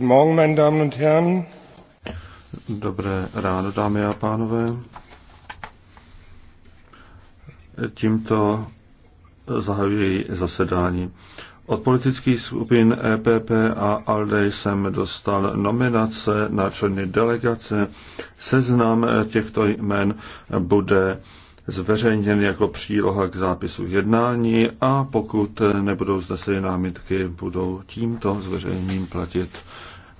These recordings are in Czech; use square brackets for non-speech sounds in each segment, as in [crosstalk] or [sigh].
Guten Morgen, meine Damen und Herren. Dobré ráno, dámy a pánové. Tímto zahajuji zasedání. Od politických skupin EPP a ALDE jsem dostal nominace na členy delegace. Seznam těchto jmen bude zveřejněn jako příloha k zápisu jednání a pokud nebudou zde námitky, budou tímto zveřejněním platit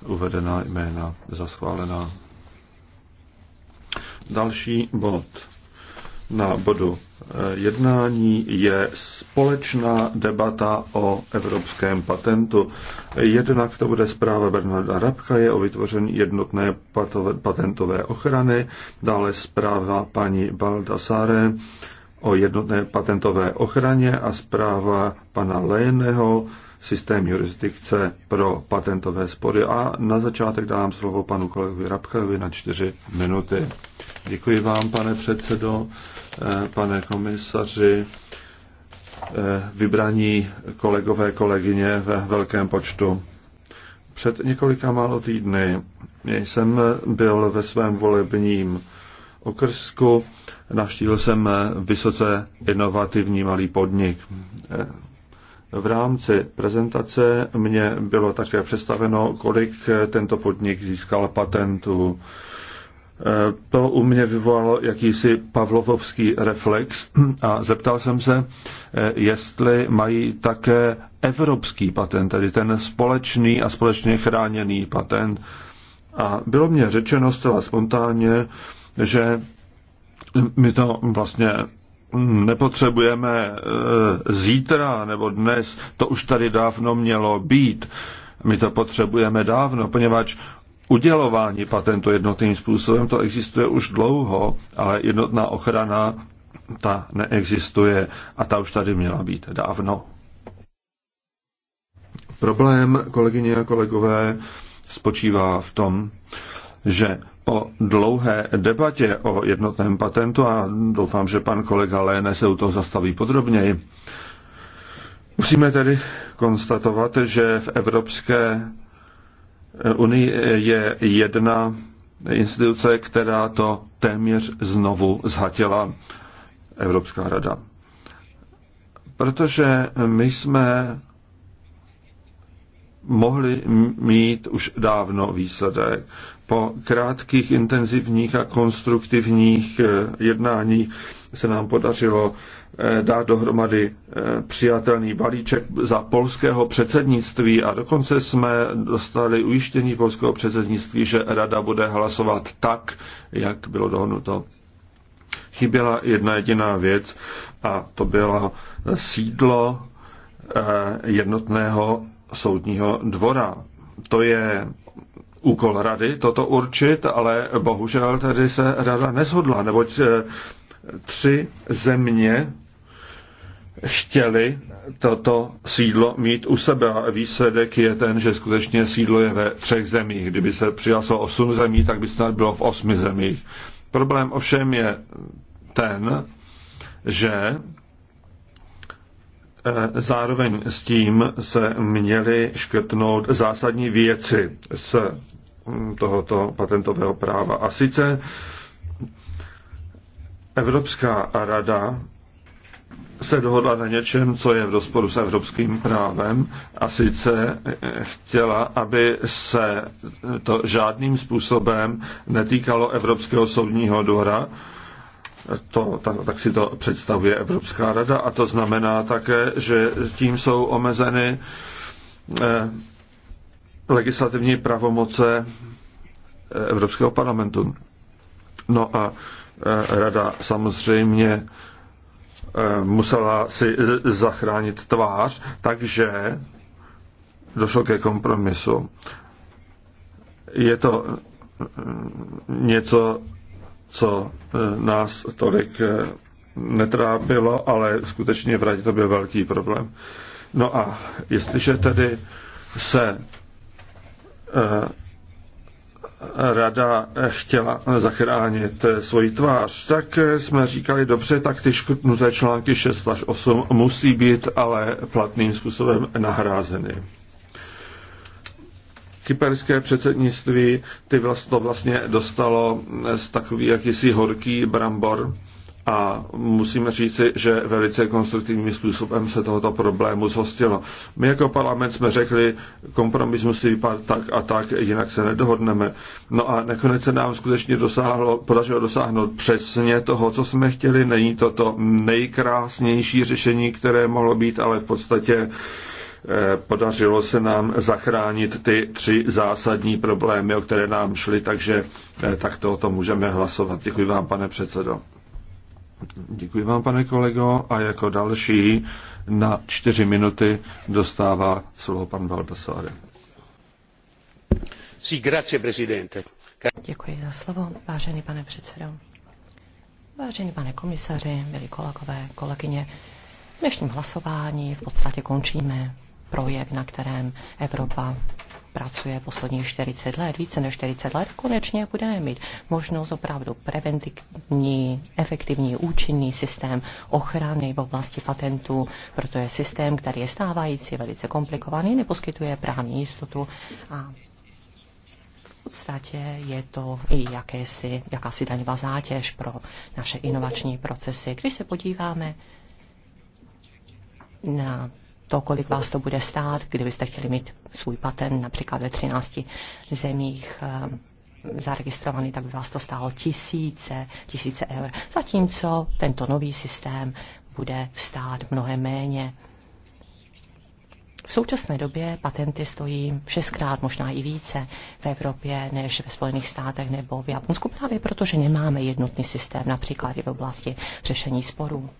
uvedená jména za schválená. Další bod na bodu Eh, jednání je společná debata o evropském patentu. Jednak to bude zpráva Bernarda Rabka je o vytvoření jednotné patentové ochrany, dále zpráva paní Baldassare o jednotné patentové ochraně a zpráva pana Lejného systém jurisdikce pro patentové spory. A na začátek dám slovo panu kolegovi Rabkovi na čtyři minuty. Děkuji vám, pane předsedo. Eh, pane komisaři, eh, vybraní kolegové, kolegyně ve velkém počtu. Před několika málo týdny jsem byl ve svém volebním okrsku, navštívil jsem vysoce inovativní malý podnik. Eh, v rámci prezentace mě bylo také představeno, kolik tento podnik získal patentů. Eh, to u mě vyvolalo jakýsi pavlovovský reflex a zeptal jsem se, eh, jestli mají také evropský patent, tedy ten společný a společně chráněný patent. A bylo mě řečeno zcela spontánně, že my to vlastně nepotřebujeme eh, zítra nebo dnes, to už tady dávno mělo být. My to potřebujeme dávno, poněvadž udělování patentu jednotným způsobem, to existuje už dlouho, ale jednotná ochrana ta neexistuje a ta už tady měla být dávno. Problém, kolegyně a kolegové, spočívá v tom, že po dlouhé debatě o jednotném patentu, a doufám, že pan kolega Léne se u toho zastaví podrobněji, musíme tedy konstatovat, že v Evropské Unie je jedna instituce, která to téměř znovu zhatila Evropská rada. Protože my jsme mohli mít už dávno výsledek. Po krátkých, intenzivních a konstruktivních eh, jednáních se nám podařilo Eh, dát dohromady eh, přijatelný balíček za polského předsednictví a dokonce jsme dostali ujištění polského předsednictví, že rada bude hlasovat tak, jak bylo dohodnuto. Chyběla jedna jediná věc a to bylo sídlo eh, jednotného soudního dvora. To je úkol rady toto určit, ale bohužel tady se rada neshodla, neboť tři země chtěli toto sídlo mít u sebe. A výsledek je ten, že skutečně sídlo je ve třech zemích. Kdyby se přihlásilo osm zemí, tak by snad bylo v osmi zemích. Problém ovšem je ten, že eh, zároveň s tím se měly škrtnout zásadní věci z hm, tohoto patentového práva. A sice Evropská rada se dohodla na něčem, co je v rozporu s evropským právem a sice chtěla, aby se to žádným způsobem netýkalo Evropského soudního dvora, to, tak, tak si to představuje Evropská rada a to znamená také, že tím jsou omezeny eh, legislativní pravomoce eh, Evropského parlamentu. No a eh, rada samozřejmě eh, Eh, musela si eh, zachránit tvář, takže došlo ke kompromisu. Je to eh, něco, co nás tolik netrápilo, ale skutečně v radě to byl velký problém. No a jestliže tedy se rada chtěla zachránit svoji tvář, tak jsme říkali, dobře, tak ty škrtnuté články 6 až 8 musí být ale platným způsobem nahrázeny. Kyperské předsednictví ty vlast, to vlastně dostalo z takový jakýsi horký brambor a musíme říci, že velice konstruktivním způsobem se tohoto problému zhostilo. My jako parlament jsme řekli, kompromis musí vypadat tak a tak, jinak se nedohodneme. No a nakonec se nám skutečně dosáhlo, podařilo dosáhnout přesně toho, co jsme chtěli. Není to to nejkrásnější řešení, které mohlo být, ale v podstatě eh, podařilo se nám zachránit ty tři zásadní problémy, o které nám šly, takže eh, takto o tom můžeme hlasovat. Děkuji vám, pane předsedo. Děkuji vám, pane kolego. A jako další na čtyři minuty dostává slovo pan Baldassare. Sí, grazie, presidente. Děkuji za slovo, vážený pane předsedo. Vážený pane komisaři, milí kolegové, kolegyně, dnešním hlasování v podstatě končíme projekt, na kterém Evropa pracuje posledních 40 let, více než 40 let, konečně budeme mít možnost opravdu preventivní, efektivní, účinný systém ochrany v oblasti patentů, proto je systém, který je stávající, velice komplikovaný, neposkytuje právní jistotu a v podstatě je to i jakési, jakási daňová zátěž pro naše inovační procesy. Když se podíváme na to, kolik vás to bude stát, kdybyste chtěli mít svůj patent například ve 13 zemích eh, zaregistrovaný, tak by vás to stálo tisíce, tisíce eur. Zatímco tento nový systém bude stát mnohem méně. V současné době patenty stojí šestkrát, možná i více v Evropě než ve Spojených státech nebo v Japonsku, právě protože nemáme jednotný systém, například i v oblasti řešení sporů.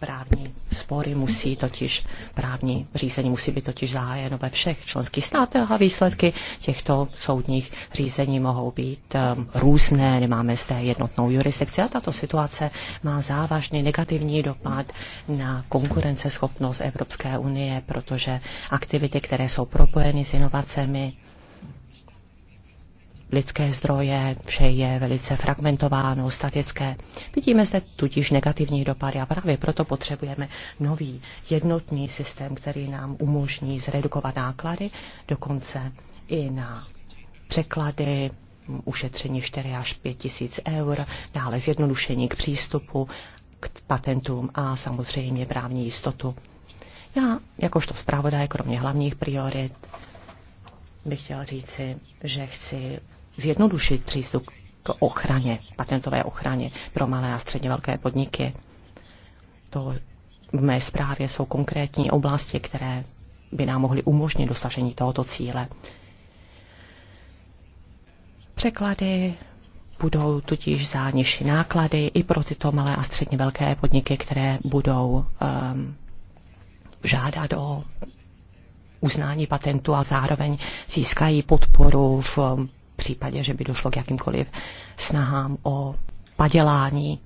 Právní spory musí totiž, právní řízení musí být totiž zájeno ve všech členských státech a výsledky těchto soudních řízení mohou být um, různé, nemáme zde jednotnou jurisdikci a tato situace má závažný negativní dopad na konkurenceschopnost Evropské unie, protože aktivity, které jsou propojeny s inovacemi, lidské zdroje, vše je velice fragmentováno, statické. Vidíme zde tudíž negativní dopady a právě proto potřebujeme nový jednotný systém, který nám umožní zredukovat náklady, dokonce i na překlady, ušetření 4 až 5 tisíc eur, dále zjednodušení k přístupu k patentům a samozřejmě právní jistotu. Já, jakožto zpravodaj, kromě hlavních priorit, bych chtěl říci, že chci zjednodušit přístup k ochraně, patentové ochraně pro malé a středně velké podniky. To v mé zprávě jsou konkrétní oblasti, které by nám mohly umožnit dosažení tohoto cíle. Překlady budou tudíž za nižší náklady i pro tyto malé a středně velké podniky, které budou um, žádat o uznání patentu a zároveň získají podporu v případě, že by došlo k jakýmkoliv snahám o padělání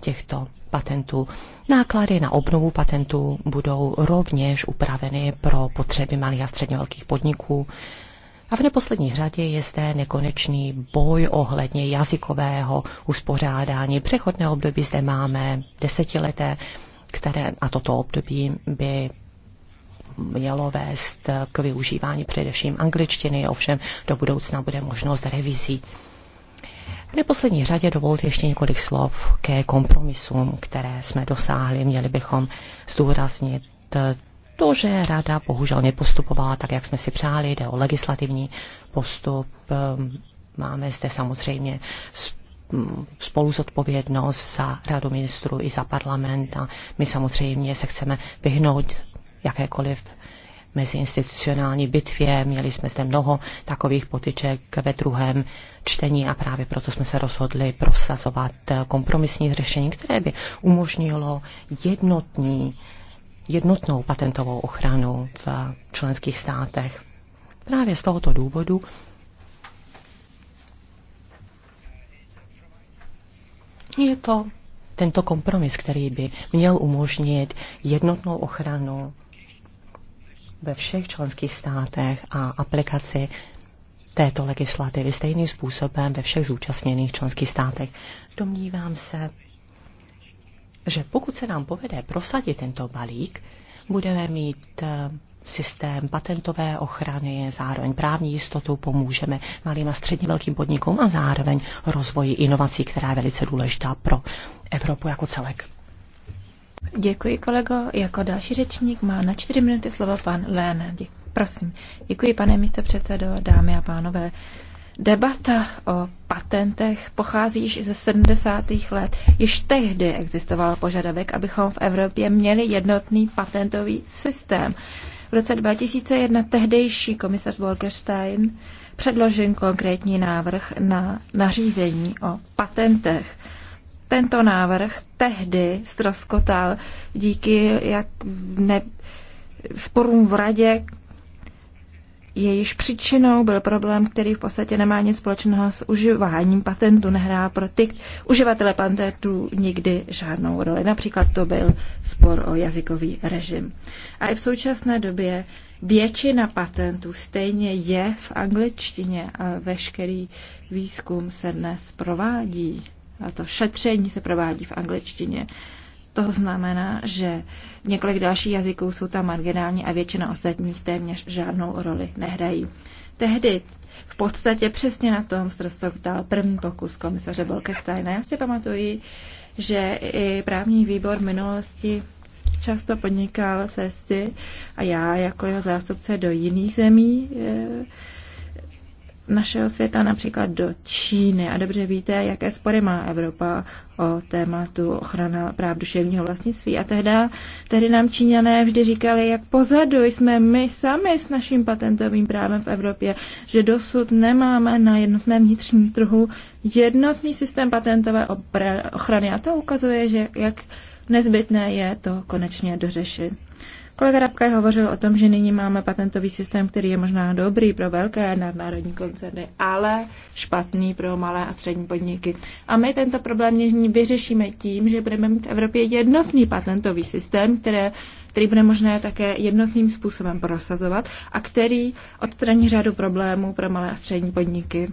těchto patentů. Náklady na obnovu patentů budou rovněž upraveny pro potřeby malých a středně velkých podniků. A v neposlední řadě je zde nekonečný boj ohledně jazykového uspořádání. Přechodné období zde máme desetileté, které, a toto období by mělo vést k využívání především angličtiny, ovšem do budoucna bude možnost revizí. V neposlední řadě dovolte ještě několik slov ke kompromisům, které jsme dosáhli. Měli bychom zdůraznit to, že rada bohužel nepostupovala tak, jak jsme si přáli, jde o legislativní postup. Máme zde samozřejmě spolu zodpovědnost za radu ministrů i za parlament a my samozřejmě se chceme vyhnout jakékoliv meziinstitucionální bitvě. Měli jsme zde mnoho takových potyček ve druhém čtení a právě proto jsme se rozhodli prosazovat kompromisní řešení, které by umožnilo jednotný, jednotnou patentovou ochranu v členských státech. Právě z tohoto důvodu je to tento kompromis, který by měl umožnit jednotnou ochranu ve všech členských státech a aplikaci této legislativy stejným způsobem ve všech zúčastněných členských státech. Domnívám se, že pokud se nám povede prosadit tento balík, budeme mít eh, systém patentové ochrany, zároveň právní jistotu, pomůžeme malým a středně velkým podnikům a zároveň rozvoji inovací, která je velice důležitá pro Evropu jako celek. Děkuji, kolego. Jako další řečník má na čtyři minuty slovo pan Léne. Prosím. Děkuji, pane místo předsedo, dámy a pánové. Debata o patentech pochází již ze 70. let. Již tehdy existoval požadavek, abychom v Evropě měli jednotný patentový systém. V roce 2001 tehdejší komisař Wolkerstein předložil konkrétní návrh na nařízení o patentech tento návrh tehdy ztroskotal díky jak ne, sporům v radě, jejíž příčinou byl problém, který v podstatě nemá nic společného s užíváním patentu, nehrál pro ty uživatele patentu nikdy žádnou roli. Například to byl spor o jazykový režim. A i v současné době většina patentů stejně je v angličtině a veškerý výzkum se dnes provádí to šetření se provádí v angličtině. To znamená, že několik dalších jazyků jsou tam marginální a většina ostatních téměř žádnou roli nehrají. Tehdy v podstatě přesně na tom ztroskotal první pokus komisaře Bolkestajna. Já si pamatuju, že i právní výbor v minulosti často podnikal cesty a já jako jeho zástupce do jiných zemí eh, našeho světa například do Číny. A dobře víte, jaké spory má Evropa o tématu ochrana práv duševního vlastnictví. A tehda, tehdy nám Číňané vždy říkali, jak pozadu jsme my sami s naším patentovým právem v Evropě, že dosud nemáme na jednotném vnitřním trhu jednotný systém patentové ochrany. A to ukazuje, že jak nezbytné je to konečně dořešit. Kolega Rabka hovořil o tom, že nyní máme patentový systém, který je možná dobrý pro velké nadnárodní koncerny, ale špatný pro malé a střední podniky. A my tento problém nyní vyřešíme tím, že budeme mít v Evropě jednotný patentový systém, které, který bude možné také jednotným způsobem prosazovat a který odstraní řadu problémů pro malé a střední podniky.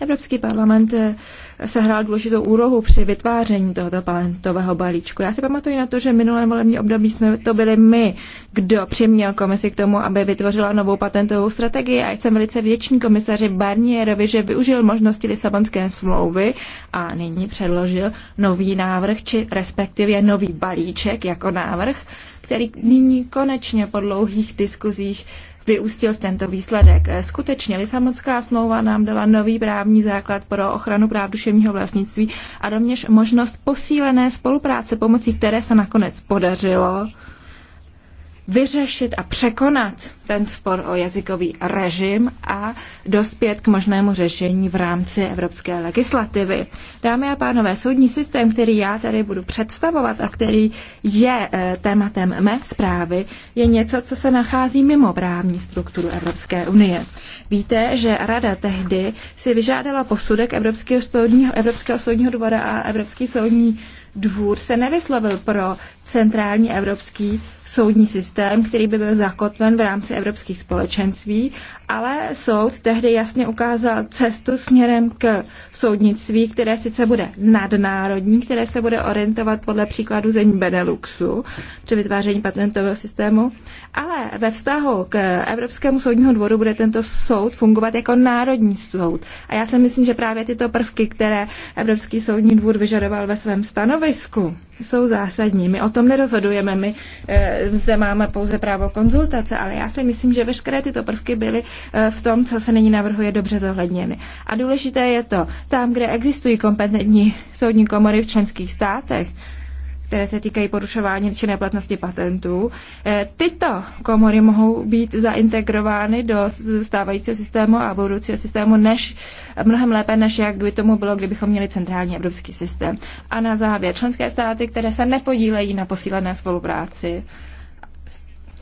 Evropský parlament eh, sehrál důležitou úrohu při vytváření tohoto patentového balíčku. Já si pamatuju na to, že minulé volební období jsme to byli my, kdo přiměl komisi k tomu, aby vytvořila novou patentovou strategii a jsem velice věční komisaři Barnierovi, že využil možnosti Lisabonské smlouvy a nyní předložil nový návrh, či respektive nový balíček jako návrh, který nyní konečně po dlouhých diskuzích vyústil v tento výsledek. Eh, Skutečně Lisabonská smlouva nám dala nový právní základ pro ochranu práv duševního vlastnictví a rovněž možnost posílené spolupráce, pomocí které se nakonec podařilo vyřešit a překonat ten spor o jazykový režim a dospět k možnému řešení v rámci evropské legislativy. Dámy a pánové, soudní systém, který já tady budu představovat a který je eh, tématem mé zprávy, je něco, co se nachází mimo právní strukturu Evropské unie. Víte, že Rada tehdy si vyžádala posudek Evropského soudního, Evropského soudního dvora a Evropský soudní dvůr se nevyslovil pro centrální evropský soudní systém, který by byl zakotven v rámci evropských společenství ale soud tehdy jasně ukázal cestu směrem k soudnictví, které sice bude nadnárodní, které se bude orientovat podle příkladu zemí Beneluxu při vytváření patentového systému, ale ve vztahu k Evropskému soudního dvoru bude tento soud fungovat jako národní soud. A já si myslím, že právě tyto prvky, které Evropský soudní dvůr vyžadoval ve svém stanovisku, jsou zásadní. My o tom nerozhodujeme, my e, zde máme pouze právo konzultace, ale já si myslím, že veškeré tyto prvky byly Eh, v tom, co se nyní navrhuje, dobře zohledněny. A důležité je to, tam, kde existují kompetentní soudní komory v členských státech, které se týkají porušování či neplatnosti patentů. Eh, tyto komory mohou být zaintegrovány do stávajícího systému a budoucího systému než, mnohem lépe, než jak by tomu bylo, kdybychom měli centrální evropský systém. A na závěr, členské státy, které se nepodílejí na posílené spolupráci,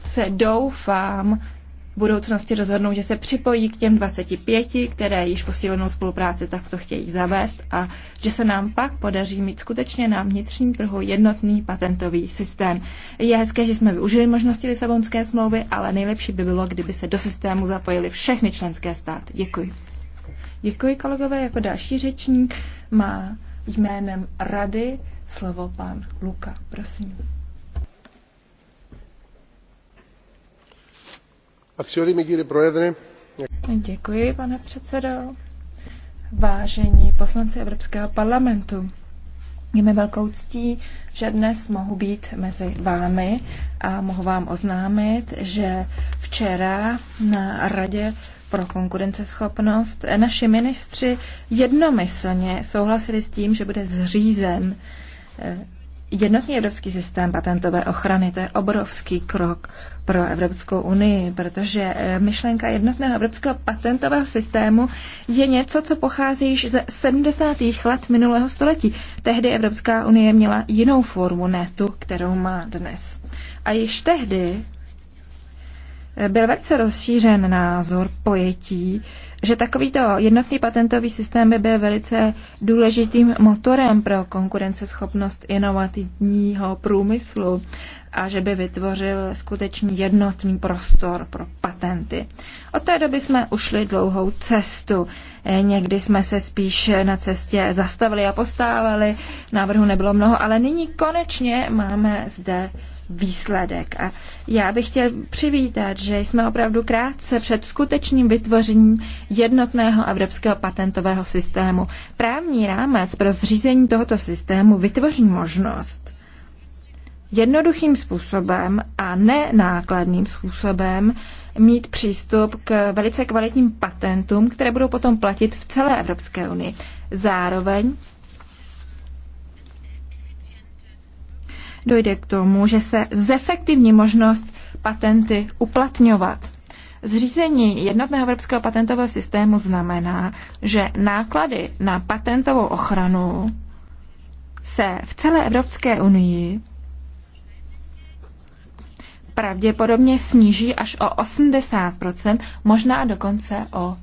se doufám v budoucnosti rozhodnou, že se připojí k těm 25, které již posílenou spolupráci takto chtějí zavést a že se nám pak podaří mít skutečně na vnitřním trhu jednotný patentový systém. Je hezké, že jsme využili možnosti Lisabonské smlouvy, ale nejlepší by bylo, kdyby se do systému zapojili všechny členské státy. Děkuji. Děkuji, kolegové. Jako další řečník má jménem Rady slovo pan Luka. Prosím. Děkuji, pane předsedo. Vážení poslanci Evropského parlamentu, je mi velkou ctí, že dnes mohu být mezi vámi a mohu vám oznámit, že včera na Radě pro konkurenceschopnost naši ministři jednomyslně souhlasili s tím, že bude zřízen eh, jednotný evropský systém patentové ochrany, to je obrovský krok pro Evropskou unii, protože eh, myšlenka jednotného evropského patentového systému je něco, co pochází již ze 70. let minulého století. Tehdy Evropská unie měla jinou formu, ne tu, kterou má dnes. A již tehdy eh, byl velice rozšířen názor pojetí, že takovýto jednotný patentový systém by byl velice důležitým motorem pro konkurenceschopnost inovativního průmyslu a že by vytvořil skutečný jednotný prostor pro patenty. Od té doby jsme ušli dlouhou cestu. Eh, někdy jsme se spíš na cestě zastavili a postávali, návrhu nebylo mnoho, ale nyní konečně máme zde výsledek. A já bych chtěl přivítat, že jsme opravdu krátce před skutečným vytvořením jednotného evropského patentového systému. Právní rámec pro zřízení tohoto systému vytvoří možnost jednoduchým způsobem a nenákladným způsobem mít přístup k velice kvalitním patentům, které budou potom platit v celé Evropské unii. Zároveň dojde k tomu, že se zefektivní možnost patenty uplatňovat. Zřízení jednotného evropského patentového systému znamená, že náklady na patentovou ochranu se v celé Evropské unii pravděpodobně sníží až o 80%, možná dokonce o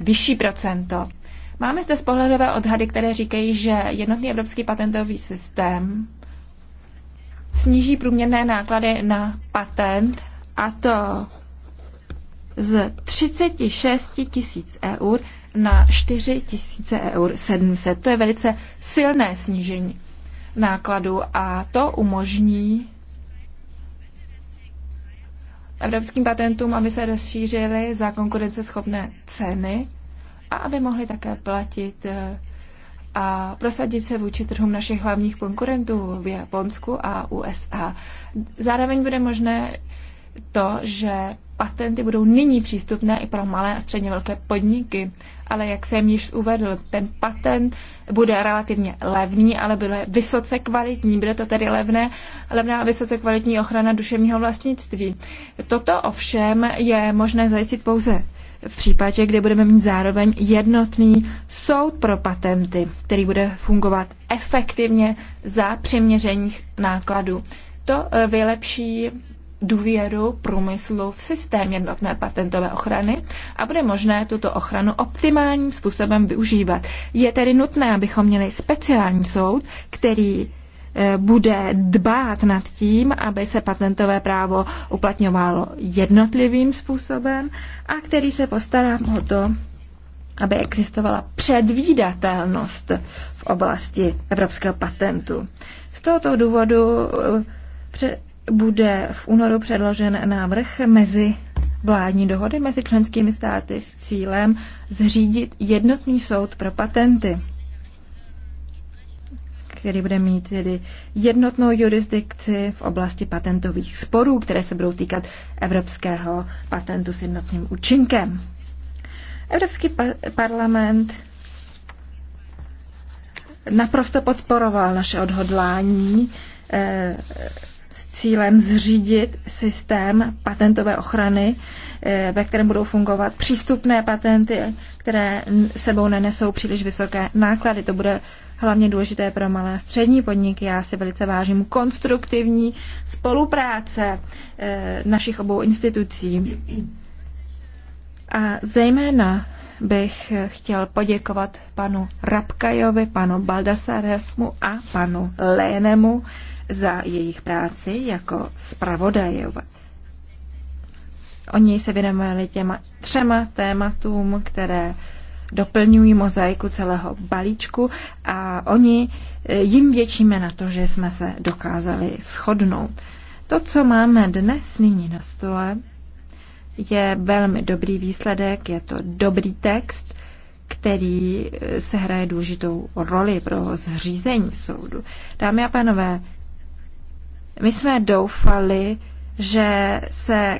vyšší procento. Máme zde spohledové odhady, které říkají, že jednotný evropský patentový systém sníží průměrné náklady na patent a to z 36 tisíc eur na 4 tisíce eur 700. To je velice silné snížení nákladu a to umožní evropským patentům, aby se rozšířily za konkurenceschopné ceny a aby mohli také platit eh, a prosadit se vůči trhům našich hlavních konkurentů v Japonsku a USA. Zároveň bude možné to, že patenty budou nyní přístupné i pro malé a středně velké podniky. Ale jak jsem již uvedl, ten patent bude relativně levný, ale bude vysoce kvalitní. Bude to tedy levné, levná a vysoce kvalitní ochrana duševního vlastnictví. Toto ovšem je možné zajistit pouze v případě, kdy budeme mít zároveň jednotný soud pro patenty, který bude fungovat efektivně za přiměřených nákladů. To eh, vylepší důvěru průmyslu v systém jednotné patentové ochrany a bude možné tuto ochranu optimálním způsobem využívat. Je tedy nutné, abychom měli speciální soud, který E, bude dbát nad tím, aby se patentové právo uplatňovalo jednotlivým způsobem a který se postará o to, aby existovala předvídatelnost v oblasti evropského patentu. Z tohoto důvodu e, bude v únoru předložen návrh mezi vládní dohody mezi členskými státy s cílem zřídit jednotný soud pro patenty který bude mít tedy jednotnou jurisdikci v oblasti patentových sporů, které se budou týkat evropského patentu s jednotným účinkem. Evropský parlament naprosto podporoval naše odhodlání e, s cílem zřídit systém patentové ochrany, e, ve kterém budou fungovat přístupné patenty které sebou nenesou příliš vysoké náklady. To bude hlavně důležité pro malé a střední podniky. Já si velice vážím konstruktivní spolupráce eh, našich obou institucí. A zejména bych chtěl poděkovat panu Rabkajovi, panu Baldasaresmu a panu Lénemu za jejich práci jako zpravodajové. Oni se věnovali těma třema tématům, které doplňují mozaiku celého balíčku a oni e, jim věčíme na to, že jsme se dokázali shodnout. To, co máme dnes nyní na stole, je velmi dobrý výsledek, je to dobrý text, který e, se hraje důležitou roli pro zřízení soudu. Dámy a pánové, my jsme doufali, že se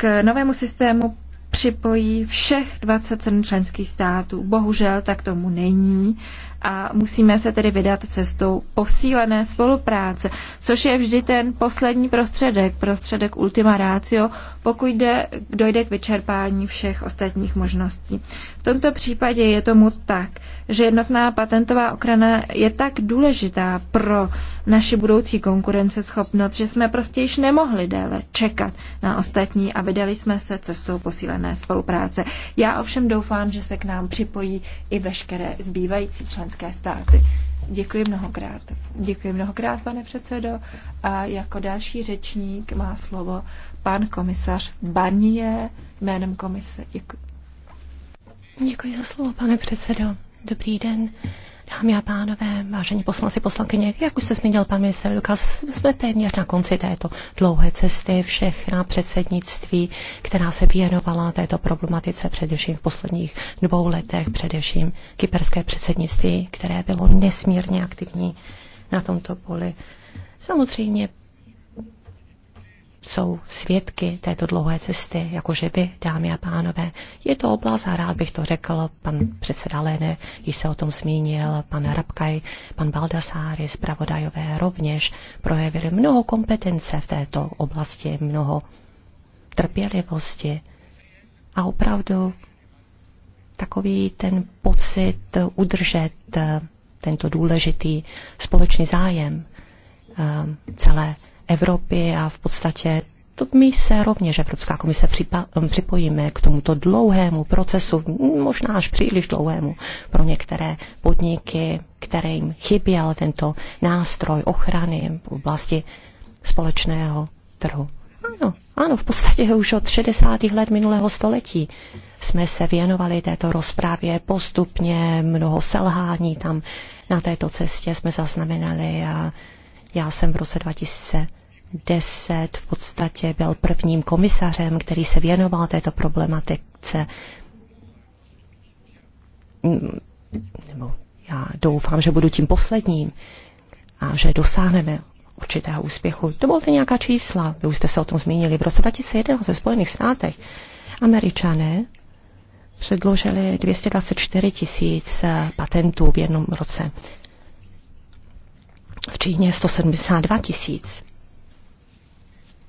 k novému systému připojí všech 27 členských států. Bohužel tak tomu není a musíme se tedy vydat cestou posílené spolupráce, což je vždy ten poslední prostředek, prostředek ultima ratio, pokud jde, dojde k vyčerpání všech ostatních možností. V tomto případě je tomu tak, že jednotná patentová ochrana je tak důležitá pro naši budoucí konkurenceschopnost, že jsme prostě již nemohli déle čekat na ostatní a vydali jsme se cestou posílené spolupráce. Já ovšem doufám, že se k nám připojí i veškeré zbývající členské státy. Děkuji mnohokrát. Děkuji mnohokrát, pane předsedo. A jako další řečník má slovo pan komisař Barnier jménem komise. Děkuji. Děkuji za slovo, pane předsedo. Dobrý den. Dámy a pánové, vážení poslanci, poslankyně, jak už jste zmínil, pan minister Lukas, jsme téměř na konci této dlouhé cesty všech na předsednictví, která se věnovala této problematice především v posledních dvou letech, především kyperské předsednictví, které bylo nesmírně aktivní na tomto poli. Samozřejmě jsou svědky této dlouhé cesty, jakože vy, dámy a pánové. Je to oblast a rád bych to řekl, pan předseda Lene již se o tom zmínil, pan Rabkaj, pan Baldasáry, zpravodajové rovněž projevili mnoho kompetence v této oblasti, mnoho trpělivosti a opravdu takový ten pocit udržet eh, tento důležitý společný zájem eh, celé Evropy a v podstatě to my se rovněž Evropská komise eh, připojíme k tomuto dlouhému procesu, možná až příliš dlouhému pro některé podniky, kterým chyběl tento nástroj ochrany v oblasti společného trhu. Ano, ano, v podstatě už od 60. let minulého století jsme se věnovali této rozprávě postupně, mnoho selhání tam na této cestě jsme zaznamenali a já jsem v roce 2000 Deset v podstatě byl prvním komisařem, který se věnoval této problematice. Nebo já doufám, že budu tím posledním a že dosáhneme určitého úspěchu. To Dovolte nějaká čísla, vy už jste se o tom zmínili. V roce 2011 ve Spojených státech američané předložili 224 tisíc patentů v jednom roce. V Číně 172 tisíc.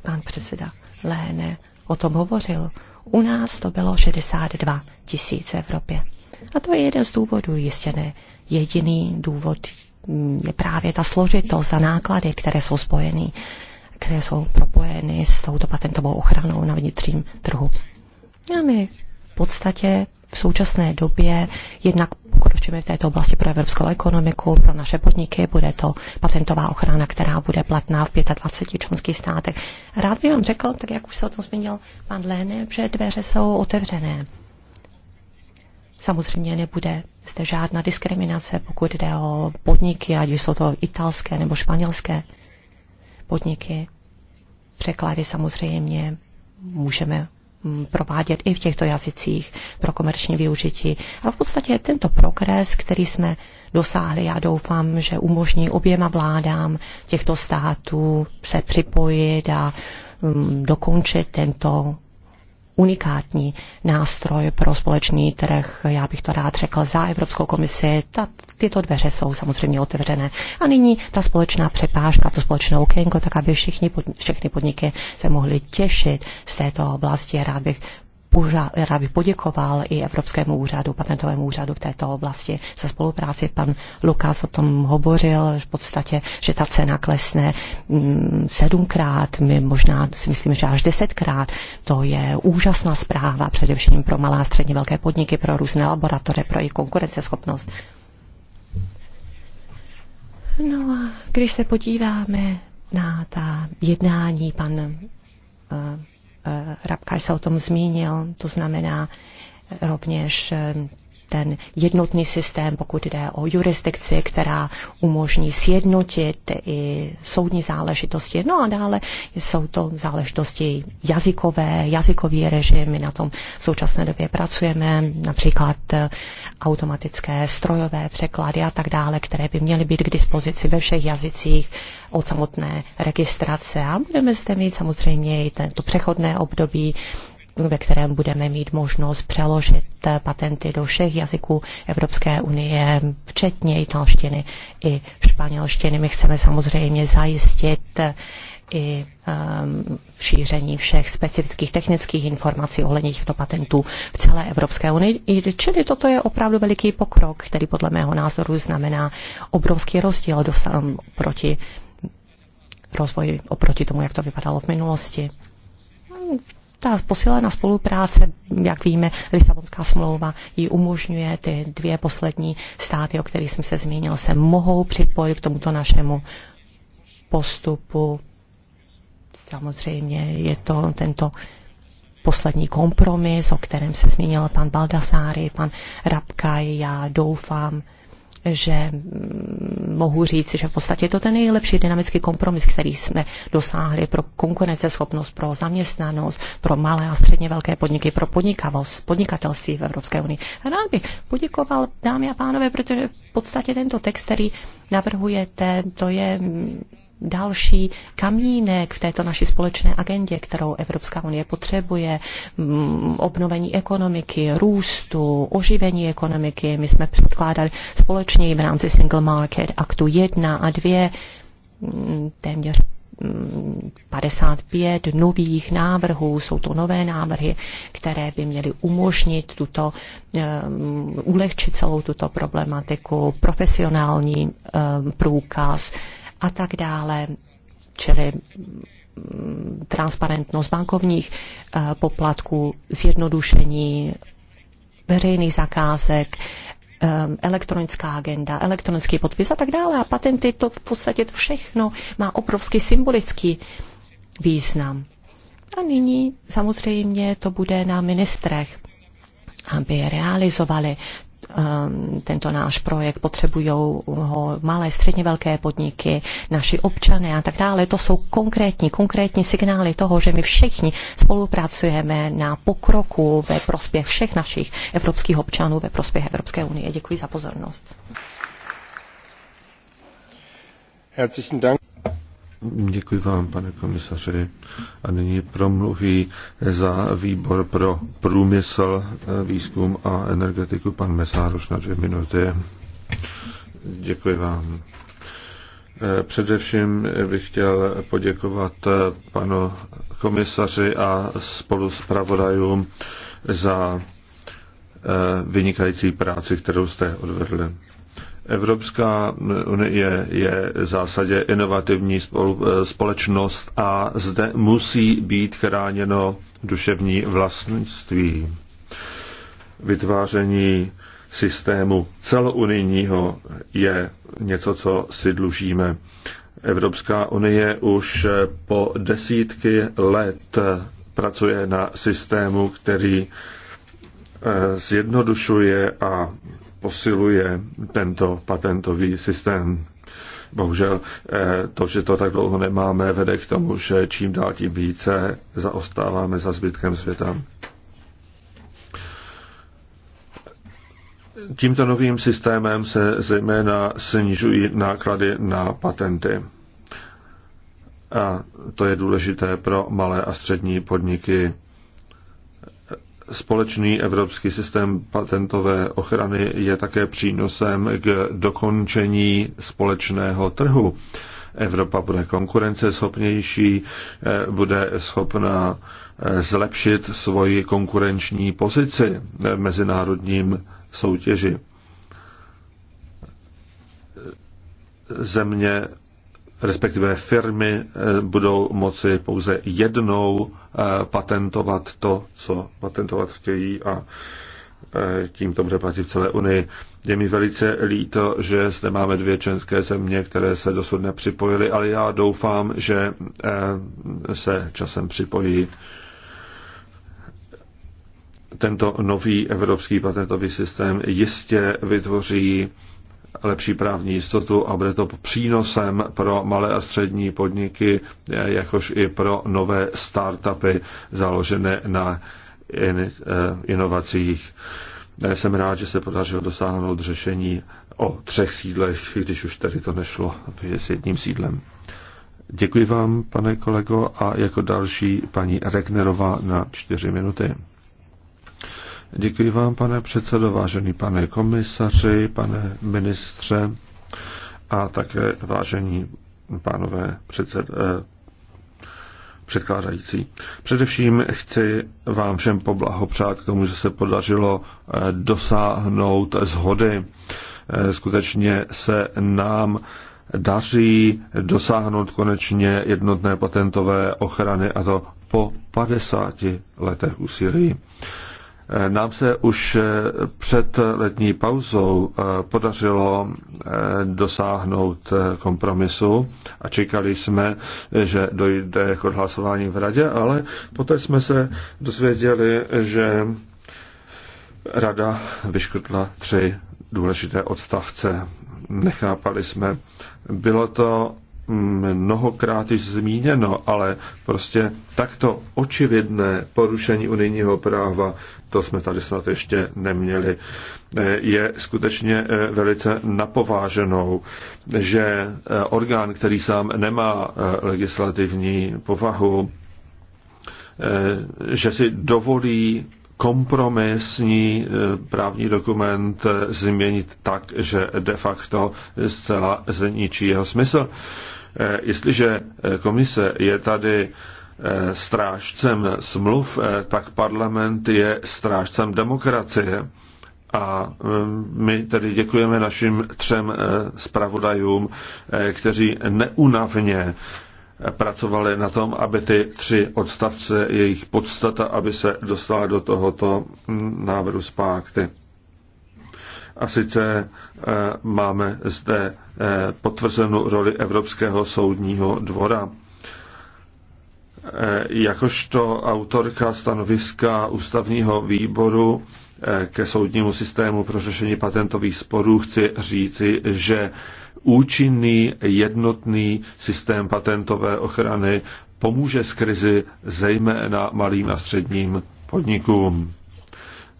Pan předseda Léne o tom hovořil. U nás to bylo 62 tisíc v Evropě. A to je jeden z důvodů, jistě ne. Jediný důvod je právě ta složitost a náklady, které jsou spojeny, které jsou propojeny s touto patentovou ochranou na vnitřním trhu. A my v podstatě v současné době jednak pokročíme v této oblasti pro evropskou ekonomiku, pro naše podniky, bude to patentová ochrana, která bude platná v 25 členských státech. Rád bych vám řekl, tak jak už se o tom zmínil pan Léne, že dveře jsou otevřené. Samozřejmě nebude zde žádná diskriminace, pokud jde o podniky, ať už jsou to italské nebo španělské podniky. Překlady samozřejmě můžeme Mm, provádět i v těchto jazycích pro komerční využití. A v podstatě tento progres, který jsme dosáhli, já doufám, že umožní oběma vládám těchto států se připojit a mm, dokončit tento unikátní nástroj pro společný trh. Já bych to rád řekl za Evropskou komisi. Ta, tyto dveře jsou samozřejmě otevřené. A nyní ta společná přepážka, to společné okénko, tak aby všichni, pod, všechny podniky se mohly těšit z této oblasti. Rád bych rád bych poděkoval i Evropskému úřadu, patentovému úřadu v této oblasti za spolupráci. Pan Lukas o tom hovořil v podstatě, že ta cena klesne mm, sedmkrát, my možná si myslím, že až desetkrát. To je úžasná zpráva především pro malá a středně velké podniky, pro různé laboratoře, pro jejich konkurenceschopnost. No a když se podíváme na ta jednání, pan eh, Rabka se o tom zmínil, to znamená rovněž ten jednotný systém, pokud jde o jurisdikci, která umožní sjednotit i soudní záležitosti. No a dále jsou to záležitosti jazykové, jazykový režim, my na tom v současné době pracujeme, například eh, automatické strojové překlady a tak dále, které by měly být k dispozici ve všech jazycích od samotné registrace. A budeme zde mít samozřejmě i tento přechodné období, ve kterém budeme mít možnost přeložit eh, patenty do všech jazyků Evropské unie, včetně italštiny i španělštiny. My chceme samozřejmě zajistit eh, i um, šíření všech specifických technických informací ohledně těchto patentů v celé Evropské unii. Čili toto je opravdu veliký pokrok, který podle mého názoru znamená obrovský rozdíl dostan proti rozvoji oproti tomu, jak to vypadalo v minulosti ta posílená spolupráce, jak víme, Lisabonská smlouva ji umožňuje, ty dvě poslední státy, o kterých jsem se zmínil, se mohou připojit k tomuto našemu postupu. Samozřejmě je to tento poslední kompromis, o kterém se zmínil pan Baldassari, pan Rabkaj. Já doufám, že mm, mohu říct, že v podstatě je to ten nejlepší dynamický kompromis, který jsme dosáhli pro konkurenceschopnost, pro zaměstnanost, pro malé a středně velké podniky, pro podnikavost, podnikatelství v Evropské unii. Rád bych poděkoval, dámy a pánové, protože v podstatě tento text, který navrhujete, to je mm, další kamínek v této naší společné agendě, kterou Evropská unie potřebuje, mm, obnovení ekonomiky, růstu, oživení ekonomiky. My jsme předkládali společně v rámci Single Market Aktu 1 a 2 mm, téměř 55 mm, nových návrhů, jsou to nové návrhy, které by měly umožnit tuto, um, ulehčit celou tuto problematiku, profesionální um, průkaz, a tak dále, čili mm, transparentnost bankovních eh, poplatků, zjednodušení veřejných zakázek, eh, elektronická agenda, elektronický podpis a tak dále. A patenty to v podstatě to všechno má obrovský symbolický význam. A nyní samozřejmě to bude na ministrech, aby realizovali Ehm, tento náš projekt, potřebují ho malé, středně velké podniky, naši občané a tak dále. To jsou konkrétní, konkrétní signály toho, že my všichni spolupracujeme na pokroku ve prospěch všech našich evropských občanů, ve prospěch Evropské unie. Děkuji za pozornost. Herzlichen Dank. Děkuji vám, pane komisaři. A nyní promluví za výbor pro průmysl, výzkum a energetiku pan Mesároš na dvě minuty. Děkuji vám. Především bych chtěl poděkovat panu komisaři a spolu s pravodajům za vynikající práci, kterou jste odvedli. Evropská unie je v zásadě inovativní společnost a zde musí být chráněno duševní vlastnictví. Vytváření systému celounijního je něco, co si dlužíme. Evropská unie už po desítky let pracuje na systému, který eh, zjednodušuje a posiluje tento patentový systém. Bohužel eh, to, že to tak dlouho nemáme, vede k tomu, že čím dál tím více zaostáváme za zbytkem světa. Tímto novým systémem se zejména snižují náklady na patenty. A to je důležité pro malé a střední podniky Společný evropský systém patentové ochrany je také přínosem k dokončení společného trhu. Evropa bude konkurenceschopnější, eh, bude schopna eh, zlepšit svoji konkurenční pozici v mezinárodním soutěži. Země respektive firmy eh, budou moci pouze jednou eh, patentovat to, co patentovat chtějí a eh, tím to bude platit v celé Unii. Je mi velice líto, že zde máme dvě členské země, které se dosud nepřipojily, ale já doufám, že se časem připojí. Tento nový evropský patentový systém jistě vytvoří lepší právní jistotu a bude to přínosem pro malé a střední podniky, jakož i pro nové startupy založené na eh, inovacích. Jsem rád, že se podařilo dosáhnout řešení o třech sídlech, když už tady to nešlo s jedním sídlem. Děkuji vám, pane kolego, a jako další paní Regnerová na čtyři minuty. Děkuji vám, pane předsedo, vážený pane komisaři, pane ministře a také vážení pánové předsed, eh, předkládající. Především chci vám všem poblahopřát k tomu, že se podařilo eh, dosáhnout zhody. Eh, skutečně se nám daří dosáhnout konečně jednotné patentové ochrany a to po 50 letech úsilí. Eh, Eh, nám se už eh, před letní pauzou eh, podařilo dosáhnout kompromisu a čekali jsme, že dojde k odhlasování v radě, ale poté jsme se dozvěděli, že rada vyškrtla tři důležité odstavce nechápali jsme. Bylo to mnohokrát již zmíněno, ale prostě takto očividné porušení unijního práva, to jsme tady snad ještě neměli, je skutečně eh, velice napováženou, že eh, orgán, který sám nemá eh, legislativní povahu, že si dovolí kompromisní právní dokument změnit tak, že de facto zcela zničí jeho smysl. Eh, jestliže eh, komise je tady eh, strážcem smluv, tak parlament je strážcem demokracie. A my tedy děkujeme našim třem zpravodajům, kteří neunavně pracovali na tom, aby ty tři odstavce, jejich podstata, aby se dostala do tohoto hm, návrhu zpátky. A sice eh, máme zde eh, potvrzenou roli Evropského soudního dvora. Eh, jakožto autorka stanoviska ústavního výboru ke soudnímu systému pro řešení patentových sporů chci říci, že účinný jednotný systém patentové ochrany pomůže z krizi zejména malým a středním podnikům.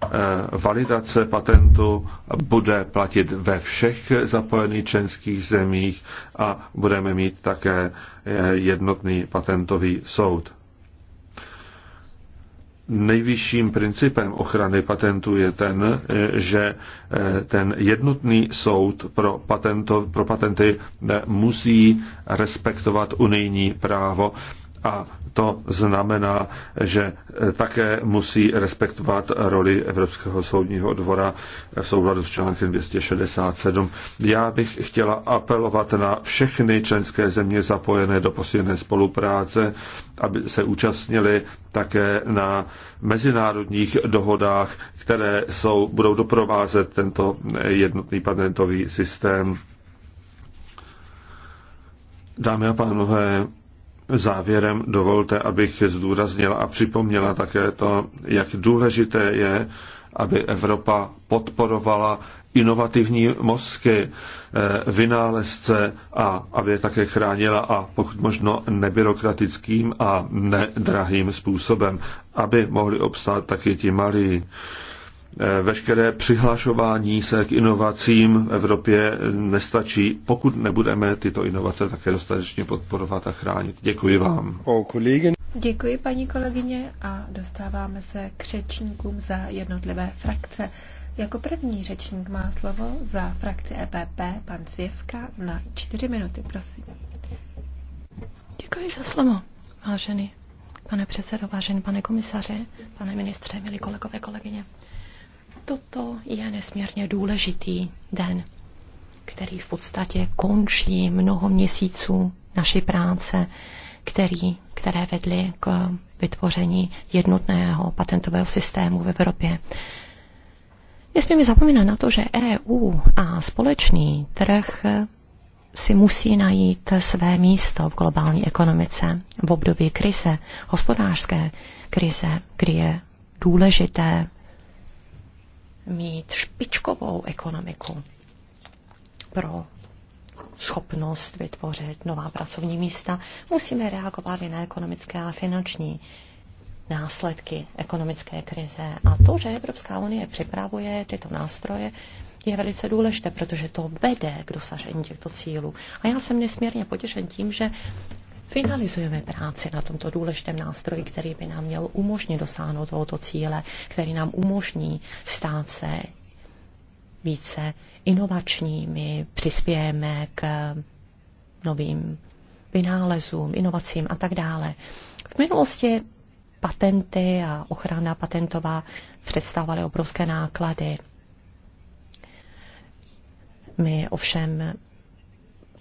Eh, validace patentu bude platit ve všech zapojených členských zemích a budeme mít také eh, jednotný patentový soud. Nejvyšším principem ochrany patentu je ten, eh, že ten jednotný soud pro, patento, pro patenty musí respektovat unijní právo a to znamená, že také musí respektovat roli Evropského soudního dvora v souladu s článkem 267. Já bych chtěla apelovat na všechny členské země zapojené do posílené spolupráce, aby se účastnili také na mezinárodních dohodách, které jsou, budou doprovázet tento jednotný patentový systém. Dámy a pánové, Závěrem dovolte, abych zdůraznila a připomněla také to, jak důležité je, aby Evropa podporovala inovativní mozky, eh, vynálezce a aby je také chránila a pokud možno nebyrokratickým a nedrahým způsobem, aby mohli obstát taky ti malí. Eh, veškeré přihlašování se k inovacím v Evropě nestačí, pokud nebudeme tyto inovace také dostatečně podporovat a chránit. Děkuji vám. Děkuji, paní kolegyně, a dostáváme se k řečníkům za jednotlivé frakce. Jako první řečník má slovo za frakci EPP pan Svěvka na čtyři minuty, prosím. Děkuji za slovo, vážený pane předsedo, vážený pane komisaře, pane ministře, milí kolegové, kolegyně. Toto je nesmírně důležitý den, který v podstatě končí mnoho měsíců naší práce, který, které vedly k vytvoření jednotného patentového systému v Evropě. Nesmíme zapomínat na to, že EU a společný trh si musí najít své místo v globální ekonomice v období krize, hospodářské krize, kdy je důležité mít špičkovou ekonomiku pro schopnost vytvořit nová pracovní místa, musíme reagovat i na ekonomické a finanční následky ekonomické krize. A to, že Evropská unie připravuje tyto nástroje, je velice důležité, protože to vede k dosažení těchto cílů. A já jsem nesmírně potěšen tím, že finalizujeme práci na tomto důležitém nástroji, který by nám měl umožnit dosáhnout tohoto cíle, který nám umožní stát se více inovačními, přispějeme k novým vynálezům, inovacím a tak dále. V minulosti patenty a ochrana patentová představovaly obrovské náklady. My ovšem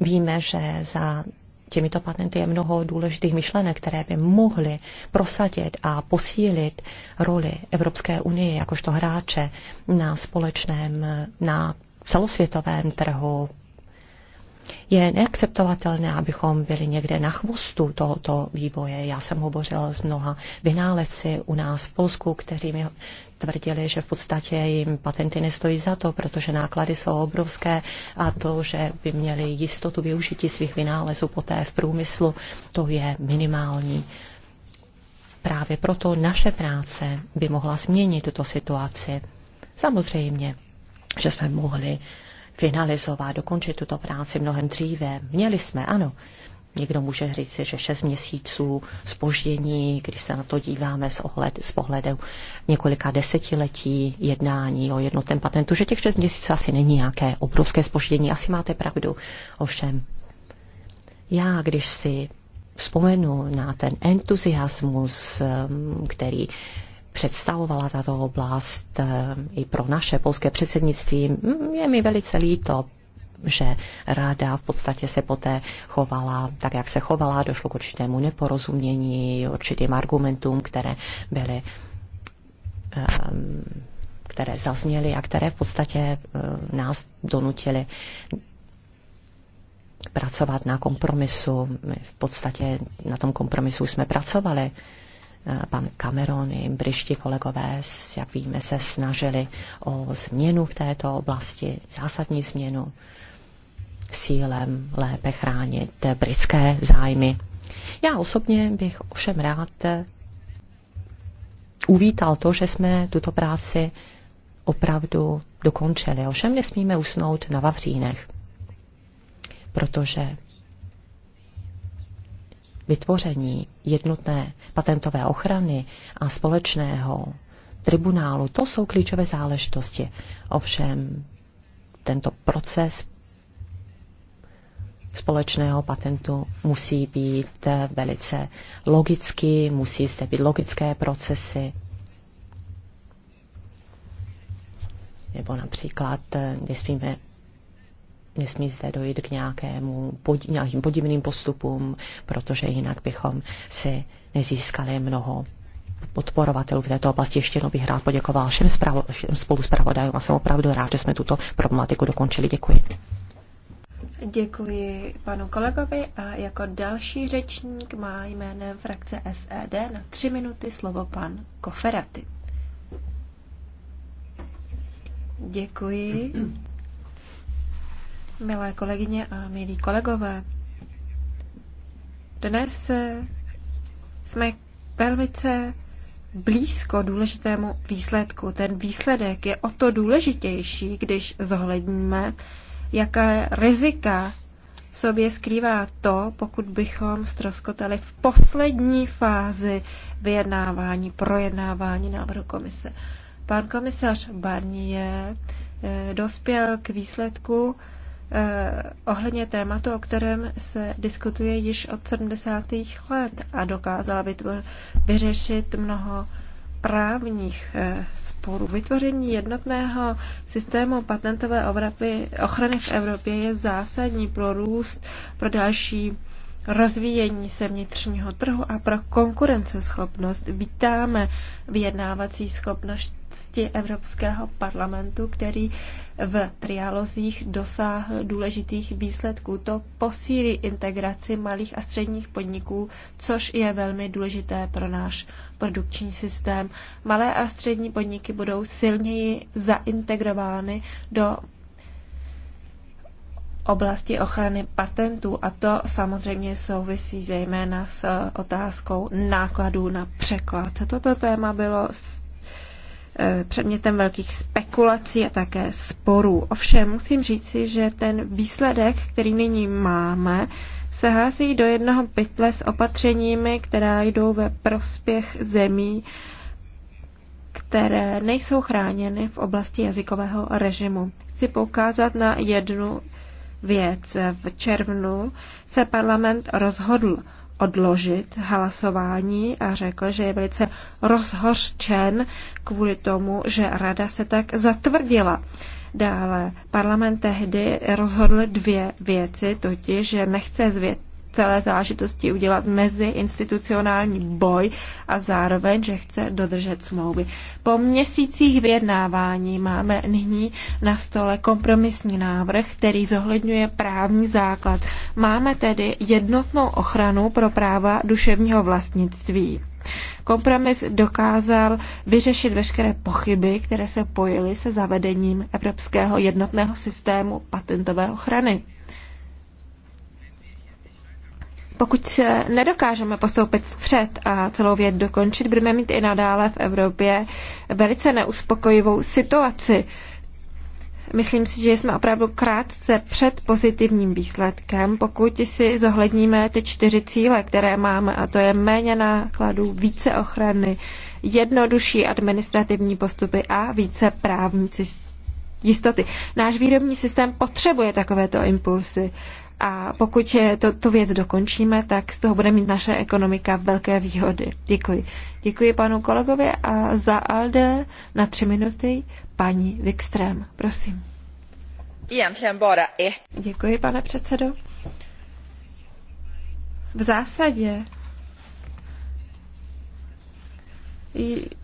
víme, že za těmito patenty je mnoho důležitých myšlenek, které by mohly prosadit a posílit roli Evropské unie jakožto hráče na společném, na celosvětovém trhu. Je neakceptovatelné, abychom byli někde na chvostu tohoto vývoje. Já jsem hovořila s mnoha vynálezci u nás v Polsku, kteří mi tvrdili, že v podstatě jim patenty nestojí za to, protože náklady jsou obrovské a to, že by měli jistotu využití svých vynálezů poté v průmyslu, to je minimální. Právě proto naše práce by mohla změnit tuto situaci. Samozřejmě, že jsme mohli finalizovat, dokončit tuto práci mnohem dříve. Měli jsme, ano, Někdo může říct, že 6 měsíců spoždění, když se na to díváme s, ohled, s pohledem několika desetiletí jednání o jednotném patentu, že těch 6 měsíců asi není nějaké obrovské spoždění. Asi máte pravdu. Ovšem, já, když si vzpomenu na ten entuziasmus, um, který představovala tato oblast um, i pro naše polské předsednictví, mm, je mi velice líto, že ráda v podstatě se poté chovala tak, jak se chovala, došlo k určitému neporozumění, určitým argumentům, které byly eh, které zazněly a které v podstatě eh, nás donutily pracovat na kompromisu. My v podstatě na tom kompromisu jsme pracovali. Eh, pan Cameron i bryští kolegové, jak víme, se snažili o změnu v této oblasti, zásadní změnu sílem lépe chránit britské zájmy. Já osobně bych ovšem rád eh, uvítal to, že jsme tuto práci opravdu dokončili. Ovšem nesmíme usnout na Vavřínech, protože vytvoření jednotné patentové ochrany a společného tribunálu, to jsou klíčové záležitosti. Ovšem tento proces společného patentu musí být velice logický, musí zde být logické procesy. Nebo například eh, nesmíme nesmí zde dojít k nějakému, pod, nějakým podivným postupům, protože jinak bychom si nezískali mnoho podporovatelů v této oblasti. Ještě jednou bych rád poděkoval všem, spravo, všem spoluzpravodajům a jsem opravdu rád, že jsme tuto problematiku dokončili. Děkuji. Děkuji panu kolegovi a jako další řečník má jménem frakce SED na tři minuty slovo pan Koferaty. Děkuji. Milé kolegyně a milí kolegové, dnes jsme velice blízko důležitému výsledku. Ten výsledek je o to důležitější, když zohledníme, jaké rizika v sobě skrývá to, pokud bychom ztroskotali v poslední fázi vyjednávání, projednávání návrhu komise. Pan komisař Barnier eh, dospěl k výsledku eh, ohledně tématu, o kterém se diskutuje již od 70. let a dokázala vyřešit mnoho právních eh, sporů. Vytvoření jednotného systému patentové ochrany v Evropě je zásadní pro růst, pro další rozvíjení se vnitřního trhu a pro konkurenceschopnost. Vítáme vyjednávací schopnosti Evropského parlamentu, který v trialozích dosáhl důležitých výsledků. To posílí integraci malých a středních podniků, což je velmi důležité pro náš produkční systém. Malé a střední podniky budou silněji zaintegrovány do oblasti ochrany patentů a to samozřejmě souvisí zejména s eh, otázkou nákladů na překlad. Toto téma bylo eh, předmětem velkých spekulací a také sporů. Ovšem musím říci, že ten výsledek, který nyní máme, se hází do jednoho pytle s opatřeními, která jdou ve prospěch zemí, které nejsou chráněny v oblasti jazykového režimu. Chci poukázat na jednu věc. V červnu se parlament rozhodl odložit hlasování a řekl, že je velice rozhořčen kvůli tomu, že rada se tak zatvrdila. Dále parlament tehdy rozhodl dvě věci, totiž, že nechce z celé záležitosti udělat mezi institucionální boj a zároveň, že chce dodržet smlouvy. Po měsících vyjednávání máme nyní na stole kompromisní návrh, který zohledňuje právní základ. Máme tedy jednotnou ochranu pro práva duševního vlastnictví. Kompromis dokázal vyřešit veškeré pochyby, které se pojily se zavedením Evropského jednotného systému patentové ochrany. Pokud se nedokážeme postoupit vpřed a celou věc dokončit, budeme mít i nadále v Evropě velice neuspokojivou situaci. Myslím si, že jsme opravdu krátce před pozitivním výsledkem, pokud si zohledníme ty čtyři cíle, které máme, a to je méně nákladů, více ochrany, jednodušší administrativní postupy a více právní jistoty. Náš výrobní systém potřebuje takovéto impulsy. A pokud je eh, to, tu věc dokončíme, tak z toho bude mít naše ekonomika velké výhody. Děkuji. Děkuji panu kolegovi a za Alde na tři minuty paní Wikström. Prosím. Děkuji, pane předsedo. V zásadě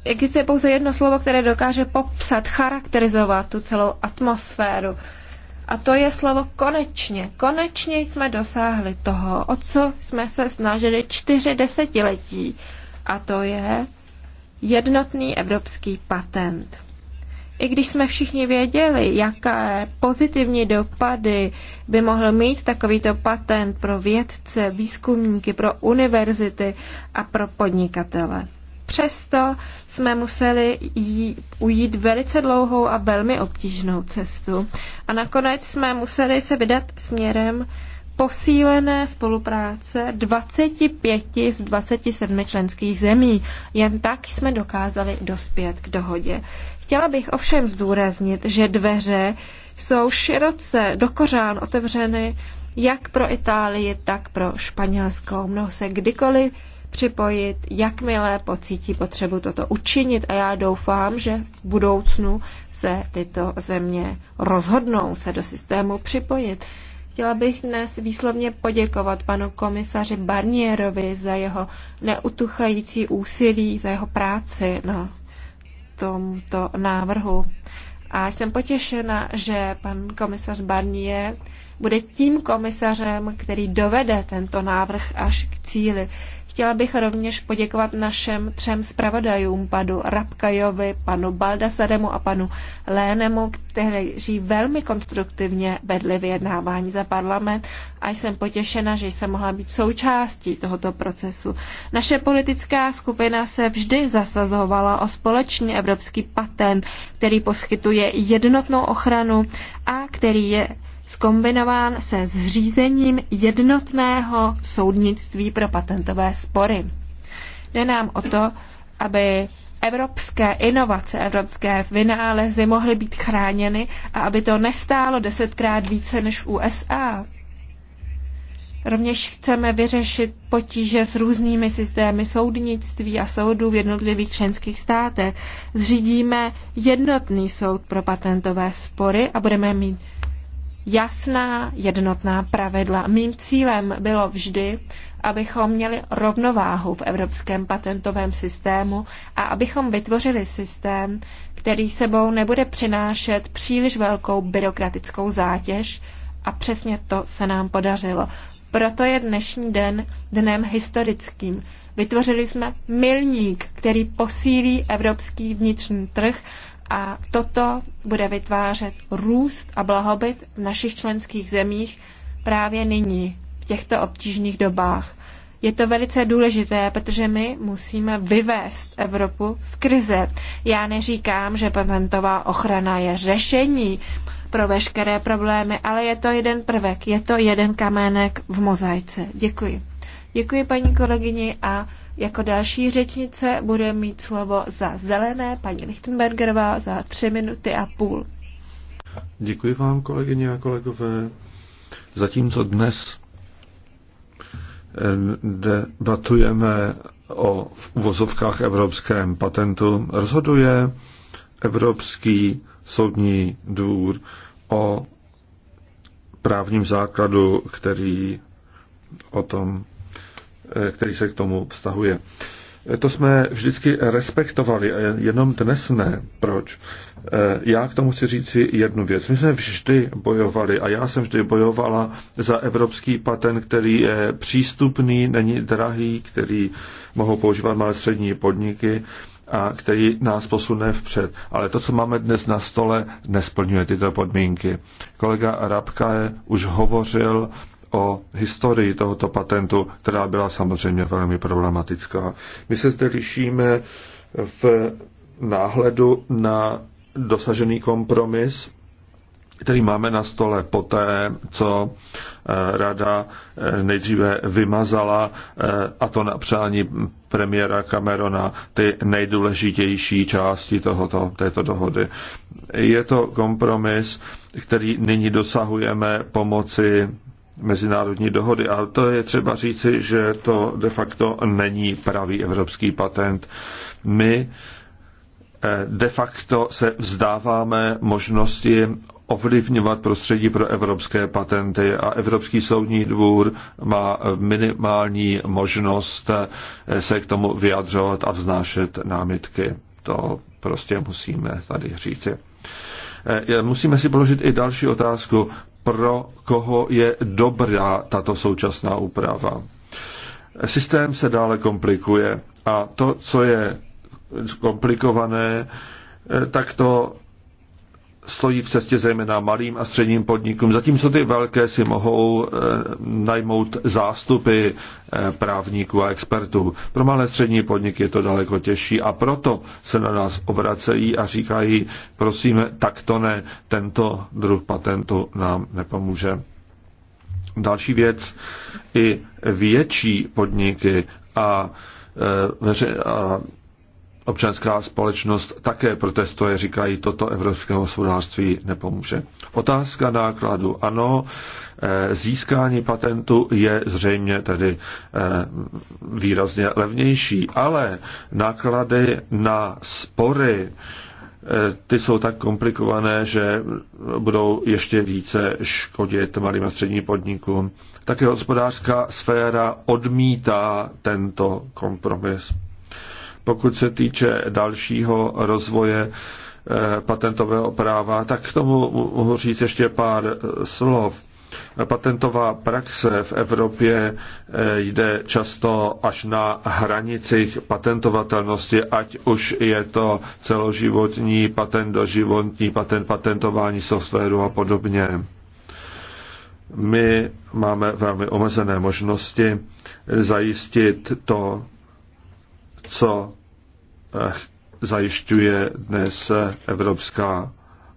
existuje pouze jedno slovo, které dokáže popsat, charakterizovat tu celou atmosféru a to je slovo konečně. Konečně jsme dosáhli toho, o co jsme se snažili čtyři desetiletí. A to je jednotný evropský patent. I když jsme všichni věděli, jaké pozitivní dopady by mohl mít takovýto patent pro vědce, výzkumníky, pro univerzity a pro podnikatele. Přesto jsme museli jí, ujít velice dlouhou a velmi obtížnou cestu. A nakonec jsme museli se vydat směrem posílené spolupráce 25 z 27 členských zemí. Jen tak jsme dokázali dospět k dohodě. Chtěla bych ovšem zdůraznit, že dveře jsou široce do kořán otevřeny jak pro Itálii, tak pro Španělskou. Mnoho se kdykoliv připojit, jakmile pocítí potřebu toto učinit a já doufám, že v budoucnu se tyto země rozhodnou se do systému připojit. Chtěla bych dnes výslovně poděkovat panu komisaři Barnierovi za jeho neutuchající úsilí, za jeho práci na tomto návrhu. A jsem potěšena, že pan komisař Barnier bude tím komisařem, který dovede tento návrh až k cíli. Chtěla bych rovněž poděkovat našem třem zpravodajům, panu Rabkajovi, panu Baldasaremu a panu Lénemu, kteří velmi konstruktivně vedli vyjednávání za parlament a jsem potěšena, že jsem mohla být součástí tohoto procesu. Naše politická skupina se vždy zasazovala o společný evropský patent, který poskytuje jednotnou ochranu a který je skombinován se zřízením jednotného soudnictví pro patentové spory. Jde nám o to, aby evropské inovace, evropské vynálezy mohly být chráněny a aby to nestálo desetkrát více než v USA. Rovněž chceme vyřešit potíže s různými systémy soudnictví a soudů v jednotlivých členských státech. Zřídíme jednotný soud pro patentové spory a budeme mít jasná jednotná pravidla. Mým cílem bylo vždy, abychom měli rovnováhu v evropském patentovém systému a abychom vytvořili systém, který sebou nebude přinášet příliš velkou byrokratickou zátěž a přesně to se nám podařilo. Proto je dnešní den dnem historickým. Vytvořili jsme milník, který posílí evropský vnitřní trh a toto bude vytvářet růst a blahobyt v našich členských zemích právě nyní, v těchto obtížných dobách. Je to velice důležité, protože my musíme vyvést Evropu z krize. Já neříkám, že patentová ochrana je řešení pro veškeré problémy, ale je to jeden prvek, je to jeden kamének v mozaice. Děkuji. Děkuji paní kolegyni a jako další řečnice bude mít slovo za zelené paní Lichtenbergerová za tři minuty a půl. Děkuji vám, kolegyně a kolegové. Zatímco dnes debatujeme o v uvozovkách evropském patentu, rozhoduje Evropský soudní dvůr o právním základu, který o tom Eh, který se k tomu vztahuje. Eh, to jsme vždycky respektovali, jenom dnes ne. Proč? Eh, já k tomu chci říci jednu věc. My jsme vždy bojovali a já jsem vždy bojovala za evropský patent, který je přístupný, není drahý, který mohou používat malé střední podniky a který nás posune vpřed. Ale to, co máme dnes na stole, nesplňuje tyto podmínky. Kolega Rabka už hovořil o historii tohoto patentu, která byla samozřejmě velmi problematická. My se zde lišíme v náhledu na dosažený kompromis, který máme na stole poté, co eh, rada eh, nejdříve vymazala, eh, a to na přání premiéra Camerona, ty nejdůležitější části tohoto, této dohody. Je to kompromis, který nyní dosahujeme pomoci mezinárodní dohody. A to je třeba říci, že to de facto není pravý evropský patent. My eh, de facto se vzdáváme možnosti ovlivňovat prostředí pro evropské patenty a Evropský soudní dvůr má minimální možnost eh, se k tomu vyjadřovat a vznášet námitky. To prostě musíme tady říci. Eh, musíme si položit i další otázku pro koho je dobrá tato současná úprava. Systém se dále komplikuje a to, co je komplikované, eh, tak to stojí v cestě zejména malým a středním podnikům, zatímco ty velké si mohou eh, najmout zástupy eh, právníků a expertů. Pro malé střední podniky je to daleko těžší a proto se na nás obracejí a říkají, prosím, tak to ne, tento druh patentu nám nepomůže. Další věc, i větší podniky a, eh, veře, a Občanská společnost také protestuje, říkají, toto evropské hospodářství nepomůže. Otázka nákladu. Ano, eh, získání patentu je zřejmě tedy eh, výrazně levnější, ale náklady na spory eh, ty jsou tak komplikované, že budou ještě více škodit malým a středním podnikům. Také hospodářská sféra odmítá tento kompromis. Pokud se týče dalšího rozvoje eh, patentového práva, tak k tomu mohu říct ještě pár eh, slov. Patentová praxe v Evropě eh, jde často až na hranicích patentovatelnosti, ať už je to celoživotní patent, doživotní patent, patentování softwaru a podobně. My máme velmi omezené možnosti zajistit to, co Eh, zajišťuje dnes evropská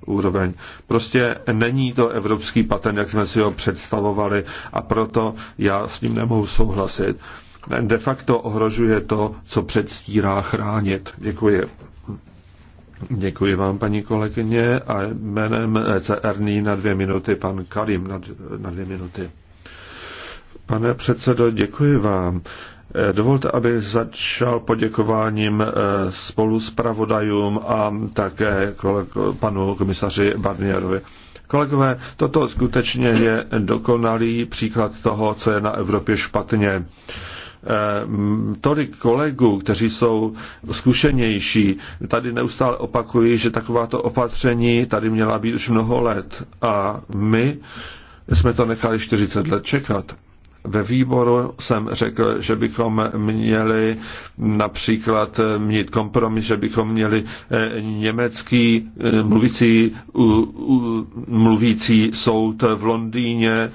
úroveň. Prostě není to evropský patent, jak jsme si ho představovali a proto já s ním nemohu souhlasit. De facto ohrožuje to, co předstírá chránit. Děkuji. Děkuji vám, paní kolegyně. A jménem e CR na dvě minuty, pan Karim na dvě minuty. Pane předsedo, děkuji vám. Dovolte, aby začal poděkováním eh, spolu s pravodajům a také kolego, panu komisaři Barnierovi. Kolegové, toto skutečně je dokonalý příklad toho, co je na Evropě špatně eh, tolik kolegů, kteří jsou zkušenější, tady neustále opakují, že takováto opatření tady měla být už mnoho let a my jsme to nechali 40 let čekat ve výboru jsem řekl, že bychom měli například mít kompromis, že bychom měli eh, německý eh, mluvící, mluvící soud v Londýně,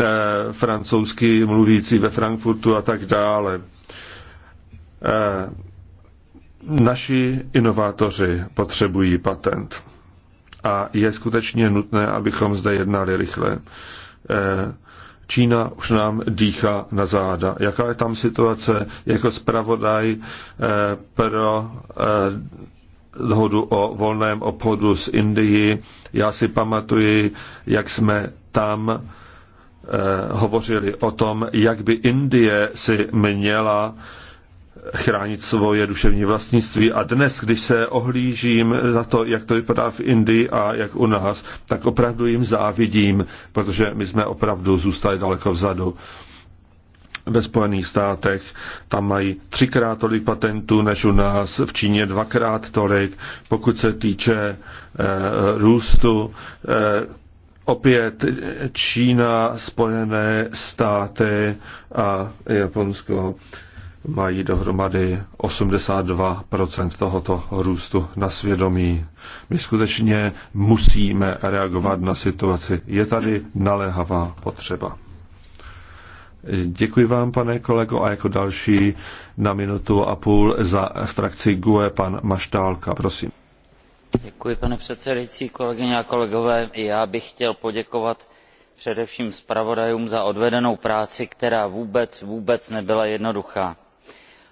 eh, francouzský mluvící ve Frankfurtu a tak dále. Naši inovátoři potřebují patent a je skutečně nutné, abychom zde jednali rychle Čína už nám dýchá na záda. Jaká je tam situace jako zpravodaj eh, pro eh, dohodu o volném obchodu s Indií? Já si pamatuji, jak jsme tam eh, hovořili o tom, jak by Indie si měla chránit svoje duševní vlastnictví. A dnes, když se ohlížím za to, jak to vypadá v Indii a jak u nás, tak opravdu jim závidím, protože my jsme opravdu zůstali daleko vzadu. Ve Spojených státech tam mají třikrát tolik patentů než u nás, v Číně dvakrát tolik. Pokud se týče e, růstu, e, opět Čína, Spojené státy a Japonsko mají dohromady 82% tohoto růstu na svědomí. My skutečně musíme reagovat na situaci. Je tady naléhavá potřeba. Děkuji vám, pane kolego, a jako další na minutu a půl za frakci GUE pan Maštálka, prosím. Děkuji, pane předsedající, kolegyně a kolegové. Já bych chtěl poděkovat především zpravodajům za odvedenou práci, která vůbec, vůbec nebyla jednoduchá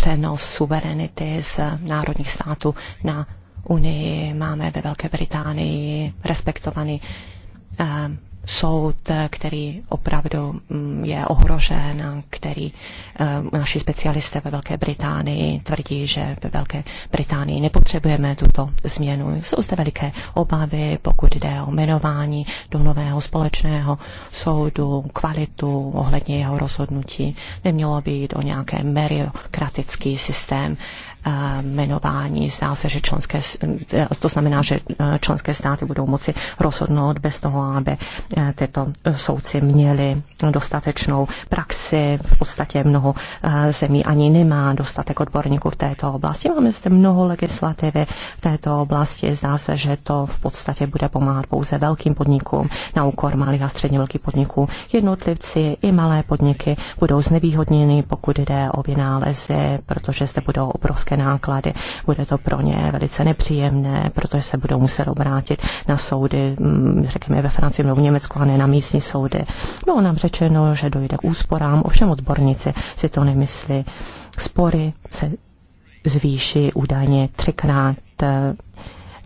přenos suverenity z národních států na Unii. Máme ve Velké Británii respektovaný eh, soud, který opravdu mm, je ohrožen a který eh, naši specialisté ve Velké Británii tvrdí, že ve Velké Británii nepotřebujeme tuto změnu. Jsou zde veliké obavy, pokud jde o jmenování do nového společného soudu, kvalitu ohledně jeho rozhodnutí. Nemělo by jít o nějaké meriokratický systém Eh, jmenování. Zdá se, že členské, eh, to znamená, že eh, členské státy budou moci rozhodnout bez toho, aby tyto soudci měli dostatečnou praxi. V podstatě mnoho zemí ani nemá dostatek odborníků v této oblasti. Máme zde mnoho legislativy v této oblasti. Zdá se, že to v podstatě bude pomáhat pouze velkým podnikům na úkor malých a středně velkých podniků. Jednotlivci i malé podniky budou znevýhodněny, pokud jde o vynálezy, protože zde budou obrovské obrovské náklady. Bude to pro ně velice nepříjemné, protože se budou muset obrátit na soudy, mm, řekněme ve Francii nebo v Německu a ne na místní soudy. Bylo nám řečeno, že dojde k úsporám, ovšem odborníci si to nemyslí. Spory se zvýší údajně třikrát eh,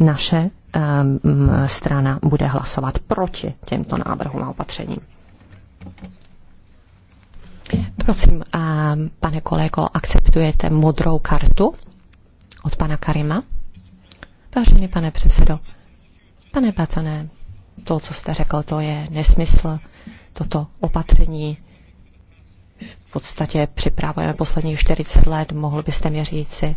naše eh, strana bude hlasovat proti těmto návrhům a opatřením. Prosím, pane kolego, akceptujete modrou kartu od pana Karima? Vážený pane předsedo, pane Patané, to, co jste řekl, to je nesmysl. Toto opatření v podstatě připravujeme posledních 40 let. Mohl byste mi říci,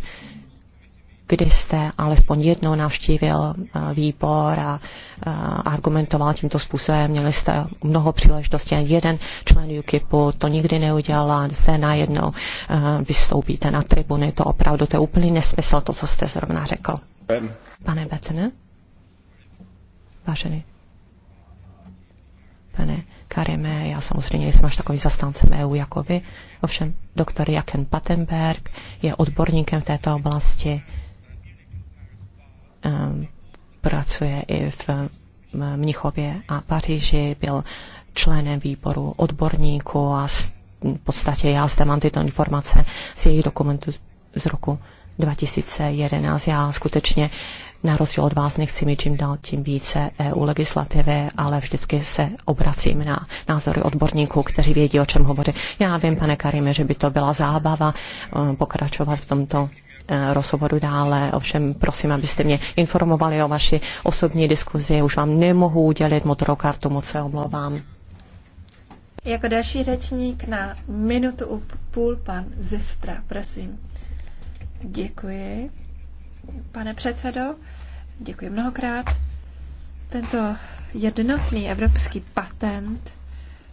kdy jste alespoň jednou navštívil eh, výbor a, eh, argumentoval tímto způsobem. Měli jste mnoho příležitostí jeden člen UKIPu to nikdy neudělal a zde najednou eh, vystoupíte na tribuny. To opravdu, to je úplný nesmysl, to, co jste zrovna řekl. Pane Betne? Vážený pane Karime, já samozřejmě jsem až takový zastáncem EU jako vy. Ovšem, doktor Jaken Patenberg je odborníkem v této oblasti Ehm, pracuje i v Mnichově a Paříži, byl členem výboru odborníků a v podstatě já zde mám tyto informace z jejich dokumentu z roku 2011. Já skutečně na rozdíl od vás nechci mít čím dál tím více EU legislativy, ale vždycky se obracím na názory odborníků, kteří vědí, o čem hovoří. Já vím, pane Karime, že by to byla zábava ehm, pokračovat v tomto Eh, rozhovoru dále. Ovšem prosím, abyste mě informovali o vaší osobní diskuzi. Už vám nemohu udělit modrou kartu, moc se omlouvám. Jako další řečník na minutu a půl pan Zestra, prosím. Děkuji, pane předsedo. Děkuji mnohokrát. Tento jednotný evropský patent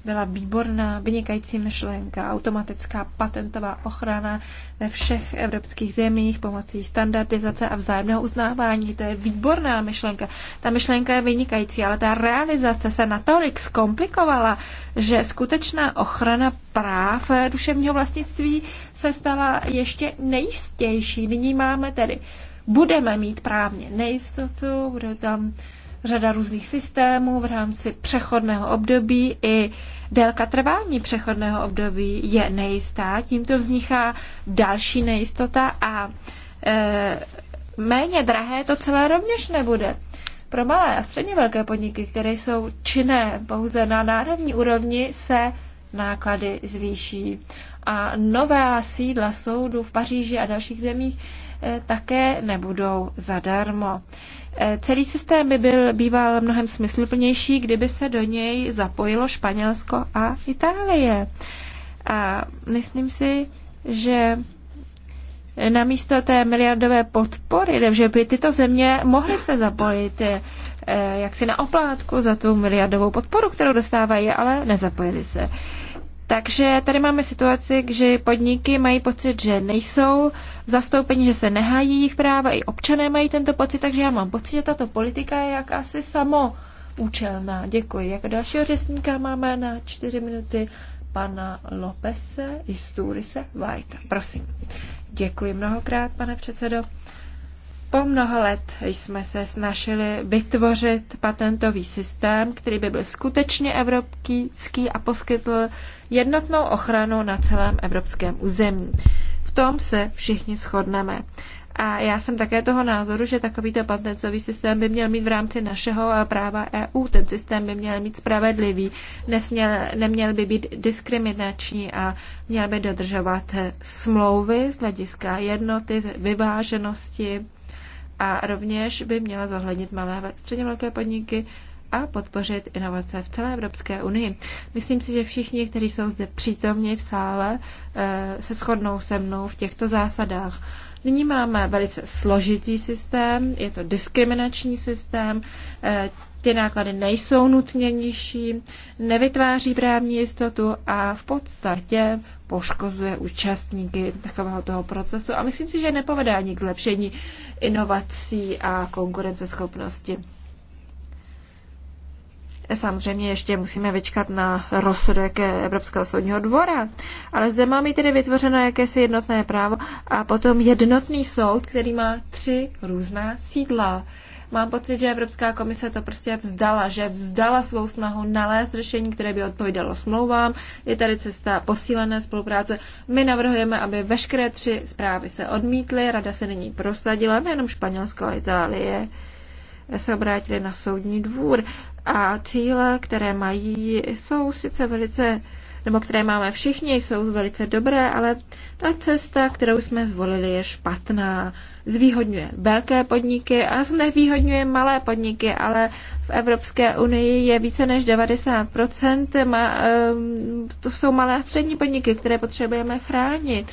byla výborná, vynikající myšlenka, automatická patentová ochrana ve všech evropských zemích pomocí standardizace a vzájemného uznávání. To je výborná myšlenka. Ta myšlenka je vynikající, ale ta realizace se natolik zkomplikovala, že skutečná ochrana práv duševního vlastnictví se stala ještě nejistější. Nyní máme tedy budeme mít právně nejistotu, bude tam řada různých systémů v rámci přechodného období i délka trvání přechodného období je nejistá, tímto vzniká další nejistota a e, méně drahé to celé rovněž nebude. Pro malé a středně velké podniky, které jsou činné pouze na národní úrovni, se náklady zvýší. A nová sídla soudu v Paříži a dalších zemích e, také nebudou zadarmo. Eh, celý systém by byl býval mnohem smysluplnější, kdyby se do něj zapojilo Španělsko a Itálie. A myslím si, že namísto té miliardové podpory, že by tyto země mohly se zapojit eh, jaksi na oplátku za tu miliardovou podporu, kterou dostávají, ale nezapojili se. Takže tady máme situaci, že podniky mají pocit, že nejsou zastoupení, že se nehájí jejich práva, i občané mají tento pocit, takže já mám pocit, že tato politika je jakási samo účelná. Děkuji. Jako dalšího řečníka máme na čtyři minuty pana Lopese Isturise Vajta. Prosím. Děkuji mnohokrát, pane předsedo. Po mnoho let jsme se snažili vytvořit patentový systém, který by byl skutečně evropský a poskytl jednotnou ochranu na celém evropském území. V tom se všichni shodneme. A já jsem také toho názoru, že takovýto patentový systém by měl mít v rámci našeho eh, práva EU. Ten systém by měl mít spravedlivý, nesměl, neměl by být diskriminační a měl by dodržovat eh, smlouvy z hlediska jednoty, vyváženosti a rovněž by měla zohlednit malé a středně velké podniky a podpořit inovace v celé Evropské unii. Myslím si, že všichni, kteří jsou zde přítomni v sále, eh, se shodnou se mnou v těchto zásadách. Nyní máme velice složitý systém, je to diskriminační systém, eh, ty náklady nejsou nutně nižší, nevytváří právní jistotu a v podstatě poškozuje účastníky takového toho procesu a myslím si, že nepovede ani k lepšení inovací a konkurenceschopnosti. Samozřejmě ještě musíme vyčkat na rozsudek Evropského soudního dvora, ale zde máme tedy vytvořeno jakési jednotné právo a potom jednotný soud, který má tři různá sídla. Mám pocit, že Evropská komise to prostě vzdala, že vzdala svou snahu nalézt řešení, které by odpovídalo smlouvám. Je tady cesta posílené spolupráce. My navrhujeme, aby veškeré tři zprávy se odmítly. Rada se nyní prosadila, nejenom Španělsko a Itálie se obrátili na soudní dvůr. A cíle, které mají, jsou sice velice nebo které máme všichni, jsou velice dobré, ale ta cesta, kterou jsme zvolili, je špatná. Zvýhodňuje velké podniky a znevýhodňuje malé podniky, ale v Evropské unii je více než 90%, má, ehm, to jsou malé a střední podniky, které potřebujeme chránit.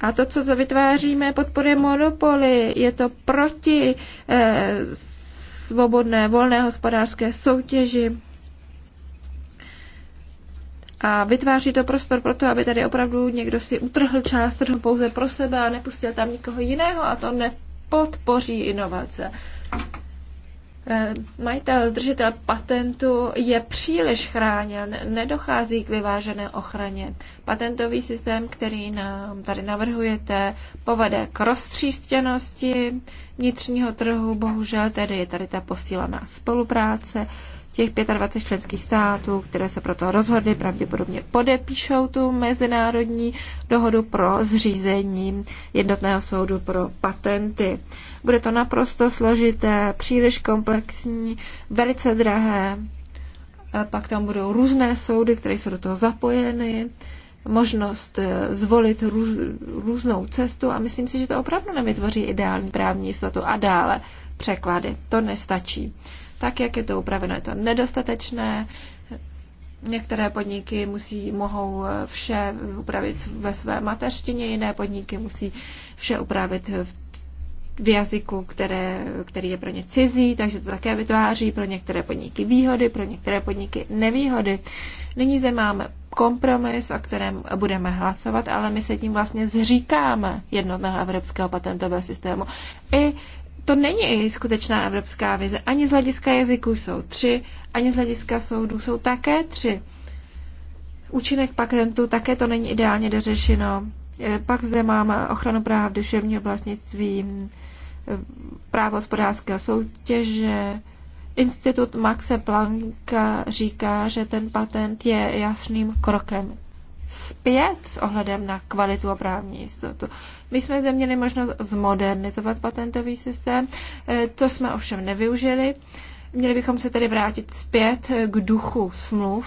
A to, co vytváříme, podporuje monopoly, je to proti eh, svobodné, volné hospodářské soutěži. A vytváří to prostor pro to, aby tady opravdu někdo si utrhl část trhu pouze pro sebe a nepustil tam nikoho jiného a to nepodpoří inovace. Eh, majitel, držitel patentu je příliš chráněn, nedochází k vyvážené ochraně. Patentový systém, který nám tady navrhujete, povede k roztříštěnosti vnitřního trhu, bohužel tedy je tady ta posílaná spolupráce, Těch 25 členských států, které se proto rozhodly, pravděpodobně podepíšou tu mezinárodní dohodu pro zřízení jednotného soudu pro patenty. Bude to naprosto složité, příliš komplexní, velice drahé. Pak tam budou různé soudy, které jsou do toho zapojeny možnost eh, zvolit růz, různou cestu a myslím si, že to opravdu nevytvoří ideální právní jistotu a dále překlady. To nestačí tak, jak je to upraveno. Je to nedostatečné, Některé podniky musí, mohou eh, vše upravit ve své mateřtině, jiné podniky musí vše upravit v jazyku, které, který je pro ně cizí, takže to také vytváří pro některé podniky výhody, pro některé podniky nevýhody. Nyní zde máme kompromis, o kterém budeme hlasovat, ale my se tím vlastně zříkáme jednotného evropského patentového systému. I to není skutečná evropská vize. Ani z hlediska jazyků jsou tři, ani z hlediska soudů jsou také tři. Účinek patentu také to není ideálně dořešeno. E, pak zde máme ochranu práv duševního vlastnictví, e, právo hospodářského soutěže. Institut Maxe Planka říká, že ten patent je jasným krokem zpět s ohledem na kvalitu a právní jistotu. My jsme zde měli možnost zmodernizovat patentový systém, e, to jsme ovšem nevyužili. Měli bychom se tedy vrátit zpět k duchu smluv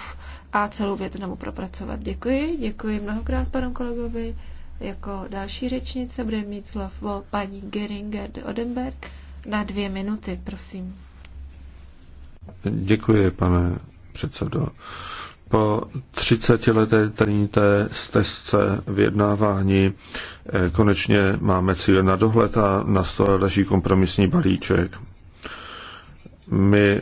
a celou věc nám propracovat. Děkuji, děkuji mnohokrát panu kolegovi. Jako další řečnice bude mít slovo paní Geringer de Odenberg na dvě minuty, prosím. Děkuji, pane předsedo po 30 leté trnité stezce vyjednávání eh, konečně máme cíl na dohled a na stole leží kompromisní balíček. My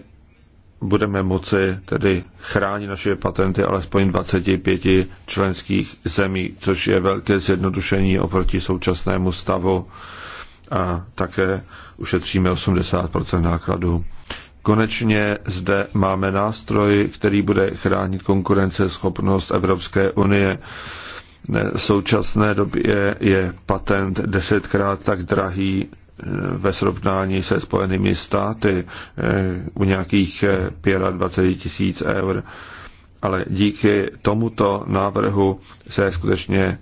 budeme moci tedy chránit naše patenty alespoň 25 členských zemí, což je velké zjednodušení oproti současnému stavu a také ušetříme 80 nákladů. Konečně zde máme nástroj, který bude chránit konkurenceschopnost Evropské unie. V současné době je patent desetkrát tak drahý eh, ve srovnání se Spojenými státy eh, u nějakých 25 eh, tisíc eur. Ale díky tomuto návrhu se skutečně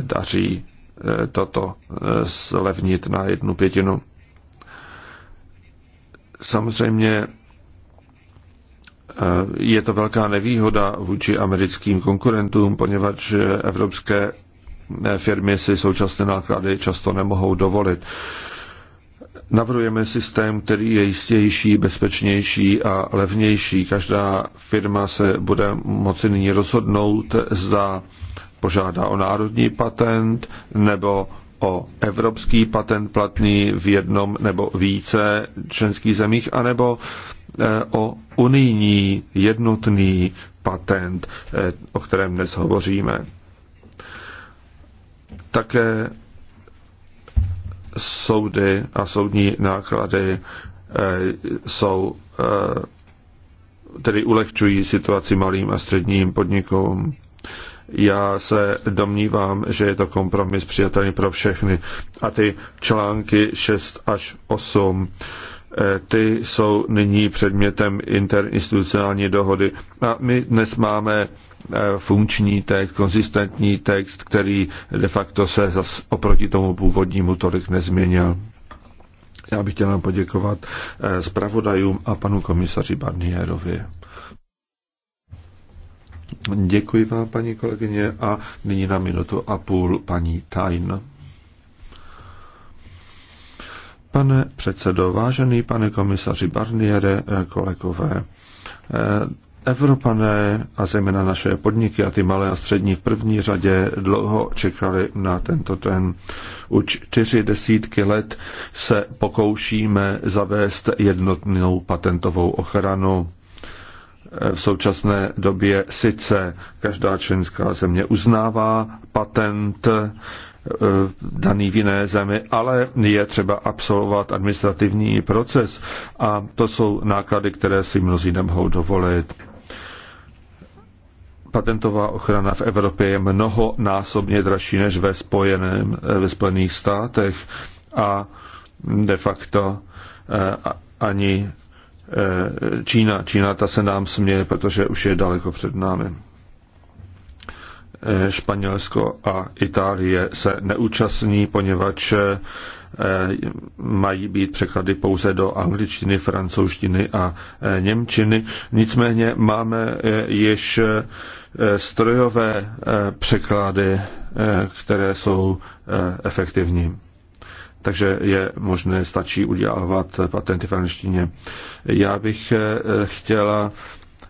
daří toto zlevnit na jednu pětinu. Samozřejmě eh, je to velká nevýhoda vůči americkým konkurentům, poněvadž evropské eh, firmy si současné náklady často nemohou dovolit. Navrhujeme systém, který je jistější, bezpečnější a levnější. Každá firma se bude moci nyní rozhodnout, zda požádá o národní patent nebo o evropský patent platný v jednom nebo více členských zemích, anebo eh, o unijní jednotný patent, eh, o kterém dnes hovoříme. Také soudy a soudní náklady eh, jsou tedy ulehčují situaci malým a středním podnikům. Já se domnívám, že je to kompromis přijatelný pro všechny. A ty články 6 až 8 eh, ty jsou nyní předmětem interinstitucionální dohody. A my dnes máme eh, funkční text, konzistentní text, který de facto se zas oproti tomu původnímu tolik nezměnil. Já bych chtěl poděkovat eh, zpravodajům a panu komisaři Barnierovi. Děkuji vám, paní kolegyně, a nyní na minutu a půl paní Tajn. Pane předsedo, vážený pane komisaři Barniere, kolegové, eh, Evropané a zejména naše podniky a ty malé a střední v první řadě dlouho čekali na tento ten. Už čtyři desítky let se pokoušíme zavést jednotnou patentovou ochranu v současné době sice každá členská země uznává patent eh, daný v jiné zemi, ale je třeba absolvovat administrativní proces a to jsou náklady, které si mnozí nemohou dovolit. Patentová ochrana v Evropě je mnohonásobně dražší než ve, spojeném, eh, ve Spojených státech a de facto eh, ani Eh, Čína. Čína ta se nám směje, protože už je daleko před námi. Eh, Španělsko a Itálie se neúčastní, poněvadž eh, mají být překlady pouze do angličtiny, francouzštiny a němčiny. Nicméně máme již strojové překlady, které jsou efektivní takže je možné, stačí udělávat patenty v angličtině. Já bych eh, chtěla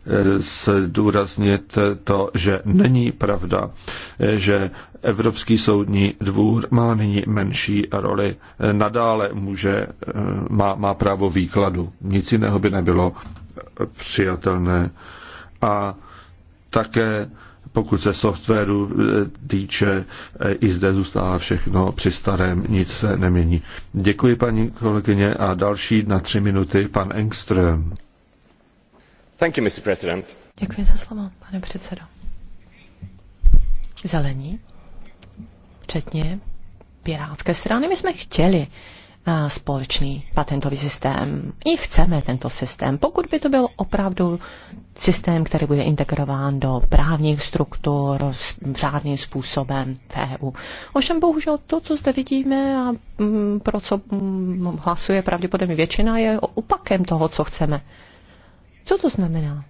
eh, zdůraznit to, že není pravda, eh, že Evropský soudní dvůr má nyní menší roli. Nadále může, má, má právo výkladu. Nic jiného by nebylo přijatelné. A také pokud se softwaru e, týče, e, i zde zůstává všechno při starém, nic se nemění. Děkuji paní kolegyně a další na tři minuty pan Engström. Thank you, Mr. President. Děkuji za slovo, pane předsedo. Zelení, včetně Pirátské strany, my jsme chtěli Eh, společný patentový systém. I chceme tento systém, pokud by to byl opravdu systém, který bude integrován do právních struktur řádným způsobem v EU. Ovšem bohužel to, co zde vidíme a mm, pro co mm, hlasuje pravděpodobně většina, je opakem toho, co chceme. Co to znamená?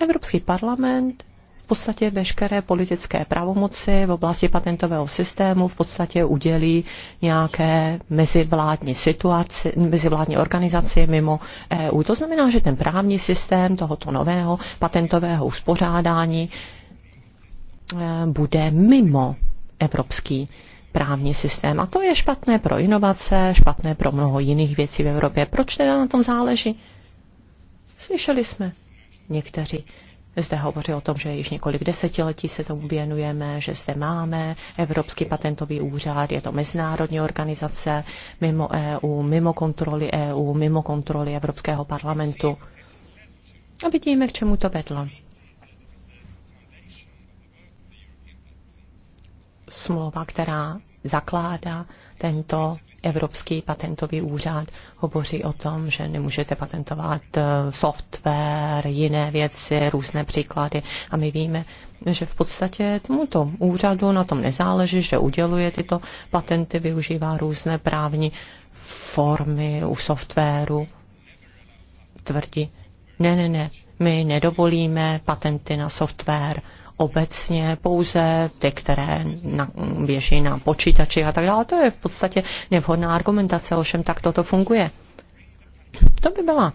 Evropský parlament v podstatě veškeré politické pravomoci v oblasti patentového systému v podstatě udělí nějaké mezivládní situaci, mezivládní organizaci mimo EU. To znamená, že ten právní systém tohoto nového patentového uspořádání eh, bude mimo evropský právní systém. A to je špatné pro inovace, špatné pro mnoho jiných věcí v Evropě. Proč teda na tom záleží? Slyšeli jsme někteří zde hovoří o tom, že již několik desetiletí se tomu věnujeme, že zde máme Evropský patentový úřad, je to mezinárodní organizace mimo EU, mimo kontroly EU, mimo kontroly Evropského parlamentu. A vidíme, k čemu to vedlo. Smlouva, která zakládá tento Evropský patentový úřad hovoří o tom, že nemůžete patentovat eh, software, jiné věci, různé příklady. A my víme, že v podstatě tomuto úřadu na tom nezáleží, že uděluje tyto patenty, využívá různé právní formy u softwaru. Tvrdí, ne, ne, ne, my nedovolíme patenty na software obecně pouze ty, které na, běží na počítači a tak dále. To je v podstatě nevhodná argumentace, ovšem tak toto funguje. To by byla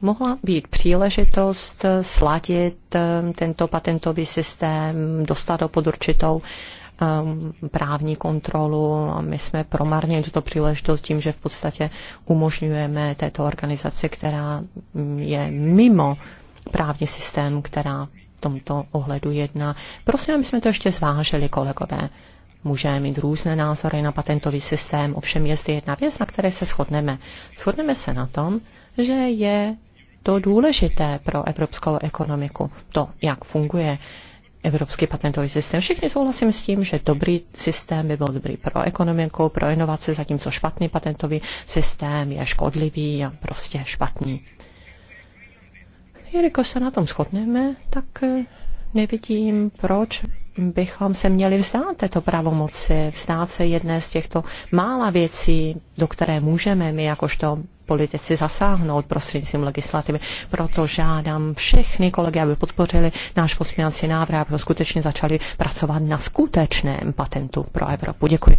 mohla být příležitost sladit um, tento patentový systém, dostat ho pod určitou um, právní kontrolu a my jsme promarnili tuto příležitost tím, že v podstatě umožňujeme této organizaci, která um, je mimo právní systém, která tomto ohledu jedná. Prosím, aby jsme to ještě zvážili, kolegové. Můžeme mít různé názory na patentový systém, ovšem je zde jedna věc, na které se shodneme. Shodneme se na tom, že je to důležité pro evropskou ekonomiku, to, jak funguje evropský patentový systém. Všichni souhlasím s tím, že dobrý systém by byl dobrý pro ekonomiku, pro inovace, zatímco špatný patentový systém je škodlivý a prostě špatný jelikož se na tom shodneme, tak eh, nevidím, proč bychom se měli vzdát této pravomoci, vzdát se jedné z těchto mála věcí, do které můžeme my jakožto politici zasáhnout prostřednictvím legislativy. Proto žádám všechny kolegy, aby podpořili náš posměvací návrh, aby ho skutečně začali pracovat na skutečném patentu pro Evropu. Děkuji.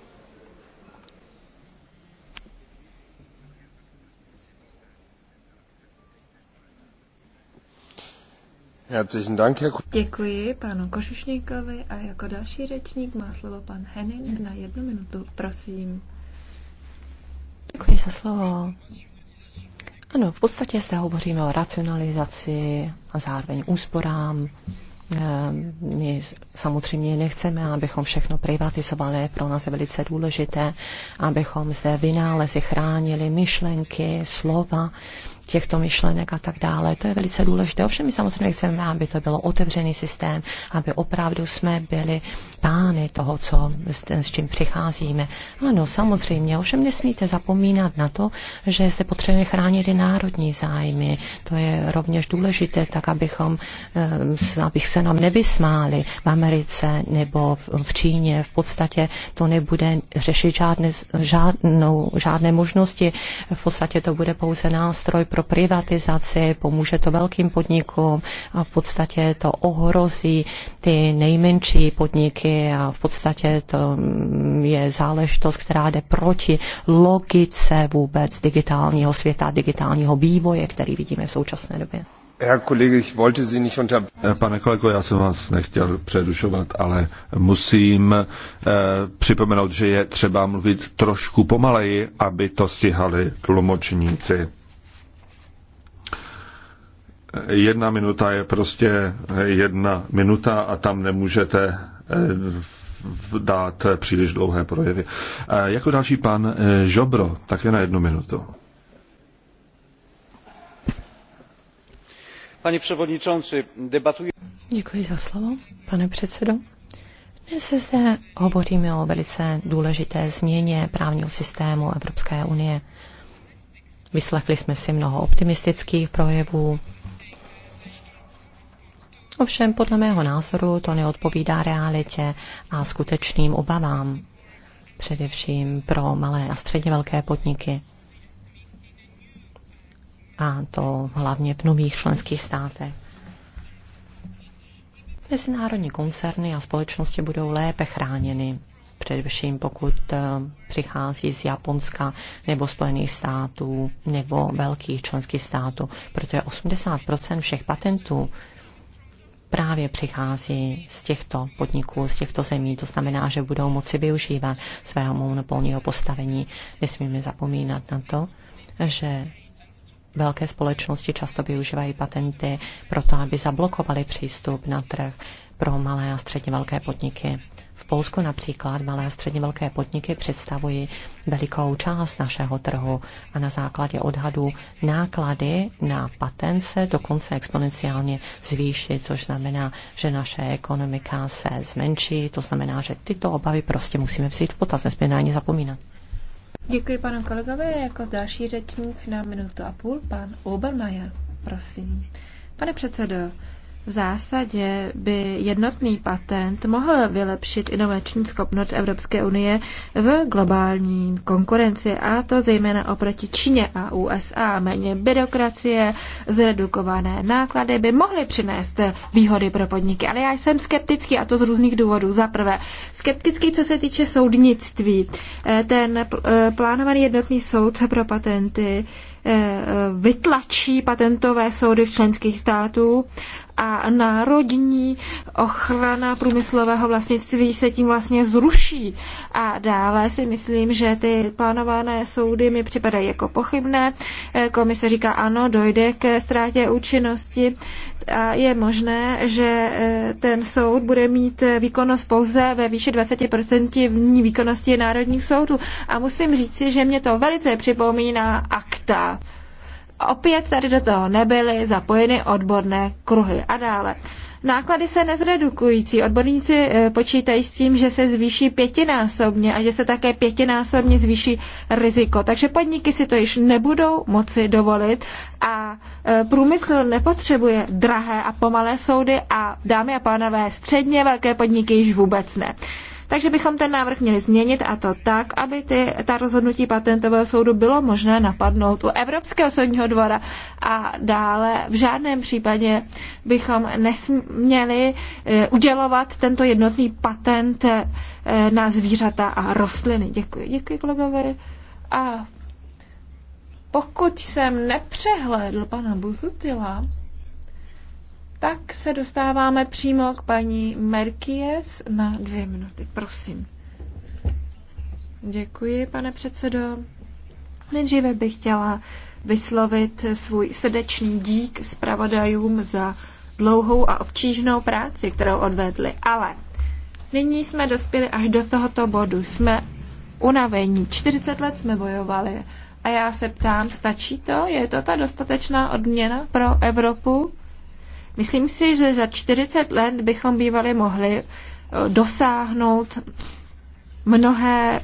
Děkuji panu Košušníkovi a jako další řečník má slovo pan Henin na jednu minutu. Prosím. Děkuji za slovo. Ano, v podstatě zde hovoříme o racionalizaci a zároveň úsporám. Ehm, my samozřejmě nechceme, abychom všechno privatizovali, pro nás je velice důležité, abychom zde vynálezy chránili myšlenky, slova, těchto myšlenek a tak dále. To je velice důležité. Ovšem my samozřejmě chceme, aby to bylo otevřený systém, aby opravdu jsme byli pány toho, co, s, s čím přicházíme. Ano, samozřejmě. Ovšem nesmíte zapomínat na to, že se potřebuje chránit i národní zájmy. To je rovněž důležité, tak abychom, eh, abych se nám nevysmáli v Americe nebo v Číně. V podstatě to nebude řešit žádné, žádnou, žádné možnosti. V podstatě to bude pouze nástroj pro pro privatizaci, pomůže to velkým podnikům a v podstatě to ohrozí ty nejmenší podniky a v podstatě to mm, je záležitost, která jde proti logice vůbec digitálního světa, digitálního vývoje, který vidíme v současné době. Eh, pane kolego, já jsem vás nechtěl předušovat, ale musím eh, připomenout, že je třeba mluvit trošku pomaleji, aby to stihali tlumočníci jedna minuta je prostě jedna minuta a tam nemůžete eh, dát příliš dlouhé projevy. Jako další pan eh, Žobro, také na jednu minutu. Pane předsedající, debatuji... Děkuji za slovo, pane předsedo. Dnes zde hovoříme o velice důležité změně právního systému Evropské unie. Vyslechli jsme si mnoho optimistických projevů, Ovšem, podle mého názoru, to neodpovídá realitě a skutečným obavám, především pro malé a středně velké podniky. A to hlavně v nových členských státech. Mezinárodní koncerny a společnosti budou lépe chráněny, především pokud eh, přichází z Japonska nebo Spojených států nebo velkých členských států, protože 80 všech patentů právě přichází z těchto podniků, z těchto zemí. To znamená, že budou moci využívat svého monopolního postavení. Nesmíme zapomínat na to, že velké společnosti často využívají patenty proto, aby zablokovali přístup na trh pro malé a středně velké podniky. Polsku například malé a středně velké podniky představují velikou část našeho trhu a na základě odhadu náklady na patent se dokonce exponenciálně zvýší, což znamená, že naše ekonomika se zmenší, to znamená, že tyto obavy prostě musíme vzít v potaz, nesmíme na ně zapomínat. Děkuji panu kolegovi. Jako další řečník na minutu a půl pan Obermeier. Prosím. Pane předsedo, v zásadě by jednotný patent mohl vylepšit inovační schopnost Evropské unie v globální konkurenci, a to zejména oproti Číně a USA. Méně byrokracie, zredukované náklady by mohly přinést výhody pro podniky. Ale já jsem skeptický, a to z různých důvodů. Za prvé, skeptický, co se týče soudnictví. Eh, ten eh, plánovaný jednotný soud pro patenty eh, vytlačí patentové soudy v členských států a národní ochrana průmyslového vlastnictví se tím vlastně zruší. A dále si myslím, že ty plánované soudy mi připadají jako pochybné. Eh, komise říká ano, dojde ke ztrátě účinnosti a je možné, že eh, ten soud bude mít výkonnost pouze ve výši 20% výkonnosti národních soudů. A musím říci, že mě to velice připomíná akta opět tady do toho nebyly zapojeny odborné kruhy. A dále. Náklady se nezredukující. Odborníci eh, počítají s tím, že se zvýší pětinásobně a že se také pětinásobně zvýší riziko. Takže podniky si to již nebudou moci dovolit a eh, průmysl nepotřebuje drahé a pomalé soudy a dámy a pánové, středně velké podniky již vůbec ne. Takže bychom ten návrh měli změnit a to tak, aby ty, ta rozhodnutí patentového soudu bylo možné napadnout u Evropského soudního dvora a dále v žádném případě bychom nesměli eh, udělovat tento jednotný patent eh, na zvířata a rostliny. Děkuji. Děkuji kolegové. A pokud jsem nepřehlédl pana Buzutila, tak se dostáváme přímo k paní Merkies na dvě minuty, prosím. Děkuji, pane předsedo. Nejdříve bych chtěla vyslovit svůj srdečný dík zpravodajům za dlouhou a obtížnou práci, kterou odvedli. Ale nyní jsme dospěli až do tohoto bodu. Jsme unavení. 40 let jsme bojovali. A já se ptám, stačí to? Je to ta dostatečná odměna pro Evropu? Myslím si, že za 40 let bychom bývali mohli eh, dosáhnout mnohé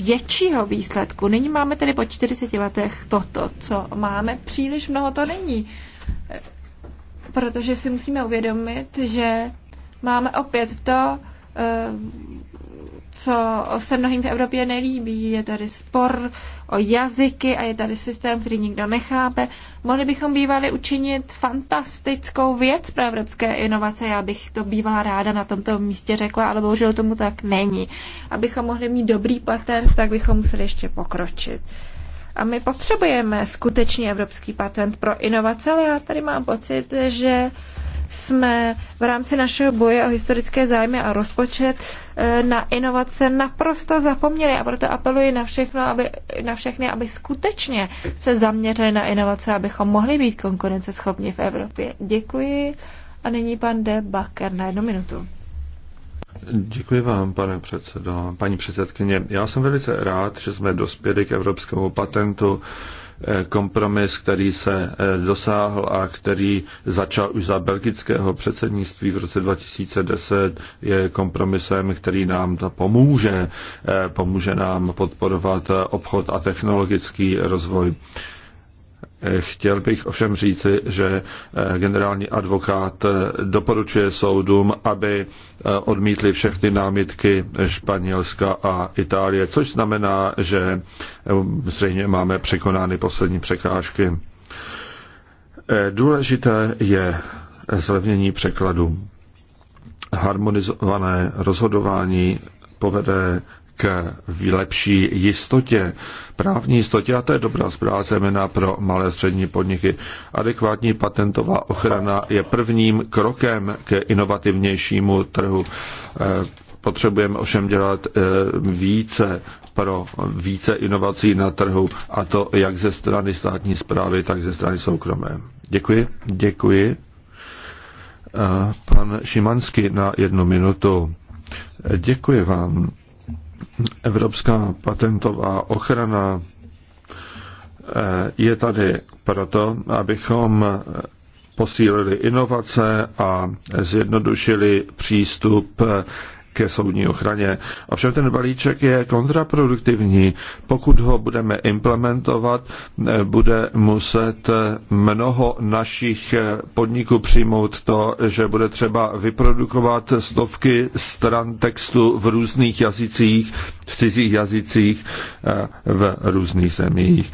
většího výsledku. Nyní máme tedy po 40 letech toto, co máme. Příliš mnoho to není. Eh, protože si musíme uvědomit, že máme opět to, eh, co se mnohým v Evropě nelíbí. Je tady spor o jazyky a je tady systém, který nikdo nechápe. Mohli bychom bývali učinit fantastickou věc pro evropské inovace. Já bych to bývala ráda na tomto místě řekla, ale bohužel tomu tak není. Abychom mohli mít dobrý patent, tak bychom museli ještě pokročit. A my potřebujeme skutečně evropský patent pro inovace, ale já tady mám pocit, že jsme v rámci našeho boje o historické zájmy a rozpočet eh, na inovace naprosto zapomněli a proto apeluji na, všechno, aby, na všechny, aby skutečně se zaměřili na inovace, abychom mohli být konkurenceschopní v Evropě. Děkuji a nyní pan De Baker na jednu minutu. Děkuji vám, pane předsedo. Paní předsedkyně, já jsem velice rád, že jsme dospěli k evropskému patentu Eh, kompromis, který se eh, dosáhl a který začal už za belgického předsednictví v roce 2010, je kompromisem, který nám pomůže. Eh, pomůže nám podporovat obchod a technologický rozvoj. Chtěl bych ovšem říci, že eh, generální advokát eh, doporučuje soudům, aby eh, odmítli všechny námitky Španělska a Itálie, což znamená, že zřejmě máme překonány poslední překážky. Důležité je zlevnění překladu. Harmonizované rozhodování povede k lepší jistotě, právní jistotě, a to je dobrá zpráva zejména pro malé střední podniky. Adekvátní patentová ochrana je prvním krokem k inovativnějšímu trhu. Eh, potřebujeme ovšem dělat eh, více pro více inovací na trhu, a to jak ze strany státní zprávy, tak ze strany soukromé. Děkuji. Děkuji. Eh, pan Šimanský na jednu minutu. Děkuji vám. Evropská patentová ochrana eh, je tady proto, abychom posílili inovace a zjednodušili přístup ke soudní ochraně. Ovšem ten balíček je kontraproduktivní. Pokud ho budeme implementovat, eh, bude muset eh, mnoho našich eh, podniků přijmout to, že bude třeba vyprodukovat stovky stran textu v různých jazycích, v cizích jazycích v různých zemích.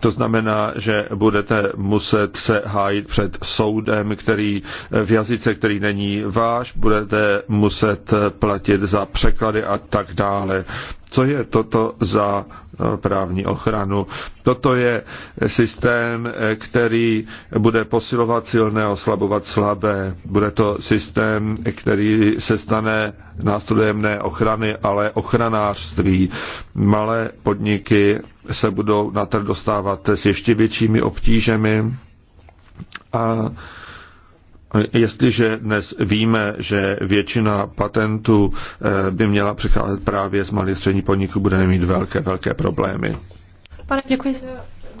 To znamená, že budete muset se hájit před soudem, který v jazyce, který není váš, budete muset platit za překlady a tak dále. Co je toto za eh, právní ochranu? Toto je systém, eh, který bude posilovat silné, oslabovat slabé. Bude to systém, který se stane nástrojem ne ochrany, ale ochranářství. Malé podniky se budou na trh dostávat s ještě většími obtížemi. A Jestliže dnes víme, že většina patentů eh, by měla přecházet právě z malých střední podniků, budeme mít velké, velké problémy. Pane, děkuji.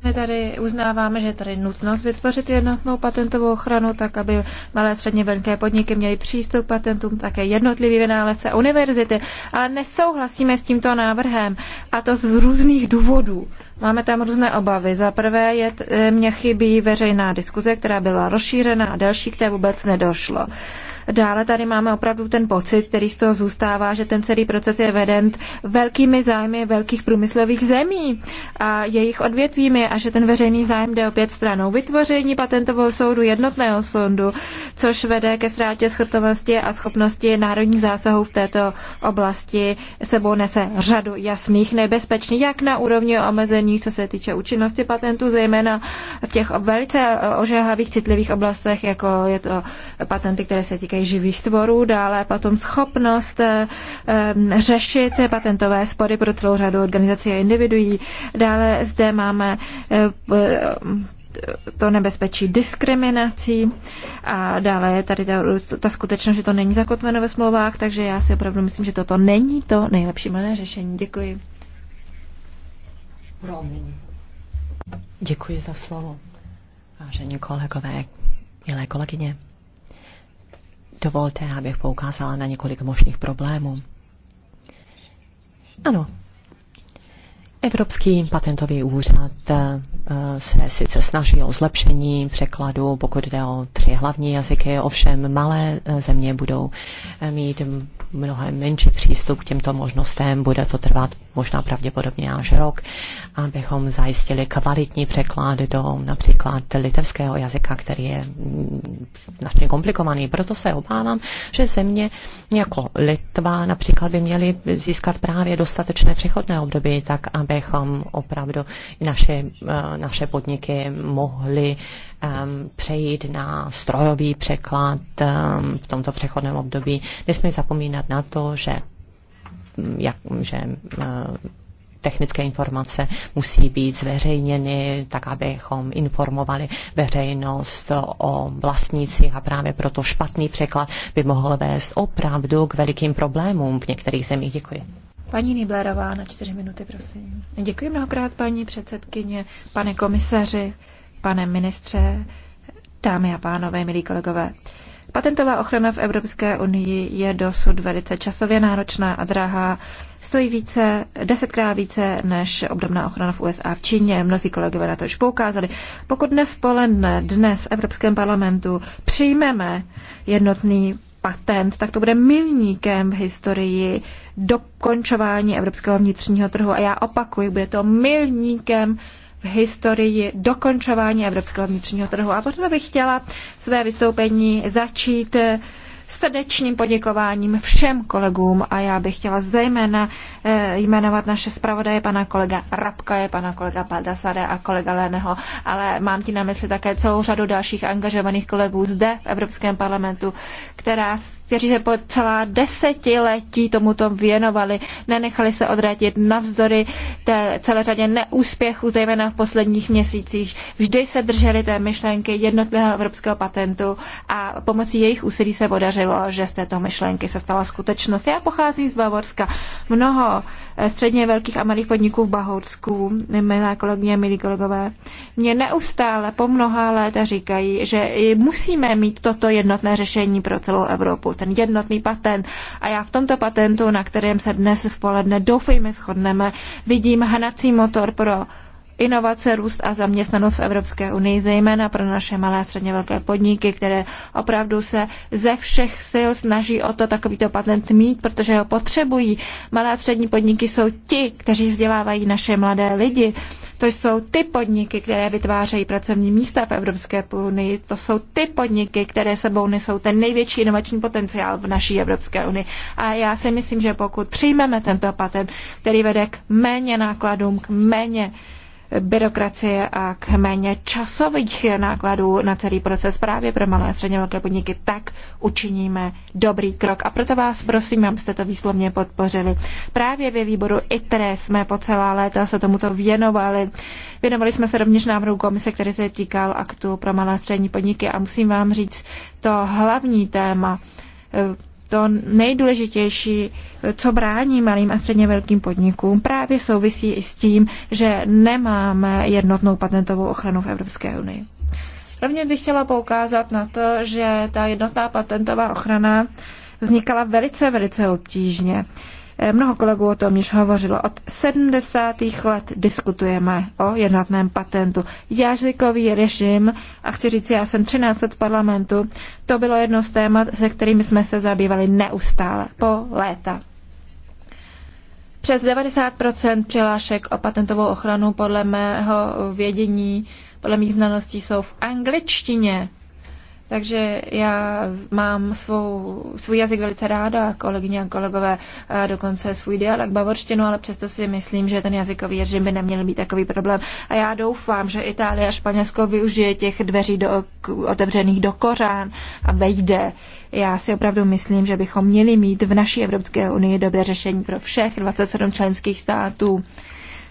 My tady uznáváme, že je tady nutnost vytvořit jednotnou patentovou ochranu, tak aby malé středně velké podniky měly přístup k patentům, také jednotlivý vynálezce univerzity, ale nesouhlasíme s tímto návrhem a to z různých důvodů. Máme tam různé obavy. Za prvé je, e, mě chybí veřejná diskuze, která byla rozšířena a další, které vůbec nedošlo. Dále tady máme opravdu ten pocit, který z toho zůstává, že ten celý proces je veden velkými zájmy velkých průmyslových zemí a jejich odvětvími a že ten veřejný zájem jde opět stranou vytvoření patentového soudu, jednotného soudu, což vede ke ztrátě schrtovosti a schopnosti národních zásahů v této oblasti sebou nese řadu jasných nebezpečí, jak na úrovni omezení, co se týče účinnosti patentů, zejména v těch velice ožehavých citlivých oblastech, jako je to patenty, které se týkají ochrany živých tvorů, dále potom schopnost eh, eh, řešit patentové spory pro celou řadu organizací a individuí. Dále zde máme eh, to nebezpečí diskriminací a dále je tady ta, ta skutečnost, že to není zakotveno ve smlouvách, takže já si opravdu myslím, že toto není to nejlepší možné řešení. Děkuji. Děkuji za slovo. Vážení kolegové, milé kolegyně. Dovolte, abych poukázala na několik možných problémů. Ano, Evropský patentový úřad eh, se sice snaží o zlepšení překladu, pokud jde o tři hlavní jazyky, ovšem malé eh, země budou mít mnohem menší přístup k těmto možnostem, bude to trvat možná pravděpodobně až rok, abychom zajistili kvalitní překlad do například litevského jazyka, který je značně komplikovaný. Proto se obávám, že země jako Litva například by měly získat právě dostatečné přechodné období, tak abychom opravdu i naše, naše podniky mohly um, přejít na strojový překlad um, v tomto přechodném období. Nesmíme zapomínat na to, že jak, že eh, technické informace musí být zveřejněny, tak abychom informovali veřejnost o vlastnících a právě proto špatný překlad by mohl vést opravdu k velikým problémům v některých zemích. Děkuji. Paní Niblerová na čtyři minuty, prosím. Děkuji mnohokrát, paní předsedkyně, pane komisaři, pane ministře, dámy a pánové, milí kolegové. Patentová ochrana v Evropské unii je dosud velice časově náročná a drahá. Stojí více, desetkrát více než obdobná ochrana v USA v Číně. Mnozí kolegové na to už poukázali. Pokud dnes poledne, dnes v Evropském parlamentu přijmeme jednotný patent, tak to bude milníkem v historii dokončování evropského vnitřního trhu. A já opakuji, bude to milníkem v historii dokončování evropského vnitřního trhu. A proto bych chtěla své vystoupení začít srdečným poděkováním všem kolegům a já bych chtěla zejména eh, jmenovat naše zpravodaje, pana kolega Rabka, je pana kolega Baldasare a kolega Leného, ale mám ti na mysli také celou řadu dalších angažovaných kolegů zde v Evropském parlamentu, která, kteří se po celá desetiletí tomuto věnovali, nenechali se odradit navzdory té celé řadě neúspěchů, zejména v posledních měsících. Vždy se drželi té myšlenky jednotného evropského patentu a pomocí jejich úsilí se podařilo podařilo, že z této myšlenky se stala skutečnost. Já pocházím z Bavorska. Mnoho eh, středně velkých a malých podniků v Bahorsku, milé kolegyně, milí kolegové, mě neustále po mnoha léta říkají, že musíme mít toto jednotné řešení pro celou Evropu, ten jednotný patent. A já v tomto patentu, na kterém se dnes v poledne doufejme shodneme, vidím hnací motor pro inovace, růst a zaměstnanost v Evropské unii, zejména pro naše malé a středně velké podniky, které opravdu se ze všech sil snaží o to takovýto patent mít, protože ho potřebují. Malé a střední podniky jsou ti, kteří vzdělávají naše mladé lidi. To jsou ty podniky, které vytvářejí pracovní místa v Evropské unii. To jsou ty podniky, které sebou nesou ten největší inovační potenciál v naší Evropské unii. A já si myslím, že pokud přijmeme tento patent, který vede k méně nákladům, k méně byrokracie a k méně časových nákladů na celý proces právě pro malé a středně velké podniky, tak učiníme dobrý krok. A proto vás prosím, abyste to výslovně podpořili. Právě ve výboru ITRE jsme po celá léta se tomuto věnovali. Věnovali jsme se rovněž návrhu komise, který se týkal aktu pro malé a střední podniky a musím vám říct, to hlavní téma eh, to nejdůležitější, co brání malým a středně velkým podnikům, právě souvisí i s tím, že nemáme jednotnou patentovou ochranu v Evropské unii. Rovně bych chtěla poukázat na to, že ta jednotná patentová ochrana vznikala velice, velice obtížně. Eh, mnoho kolegů o tom již hovořilo. Od 70. let diskutujeme o jednotném patentu. Jazykový režim, a chci říct, já jsem 13 let v parlamentu, to bylo jedno z témat, se kterými jsme se zabývali neustále, po léta. Přes 90% přihlášek o patentovou ochranu podle mého vědění, podle mých znalostí jsou v angličtině. Takže já mám svou, svůj jazyk velice ráda, kolegyně a kolegové, a dokonce svůj dialekt bavorštinu, ale přesto si myslím, že ten jazykový režim by neměl být takový problém. A já doufám, že Itálie a Španělsko využije těch dveří do, otevřených do kořán a vejde. Já si opravdu myslím, že bychom měli mít v naší Evropské unii dobré řešení pro všech 27 členských států.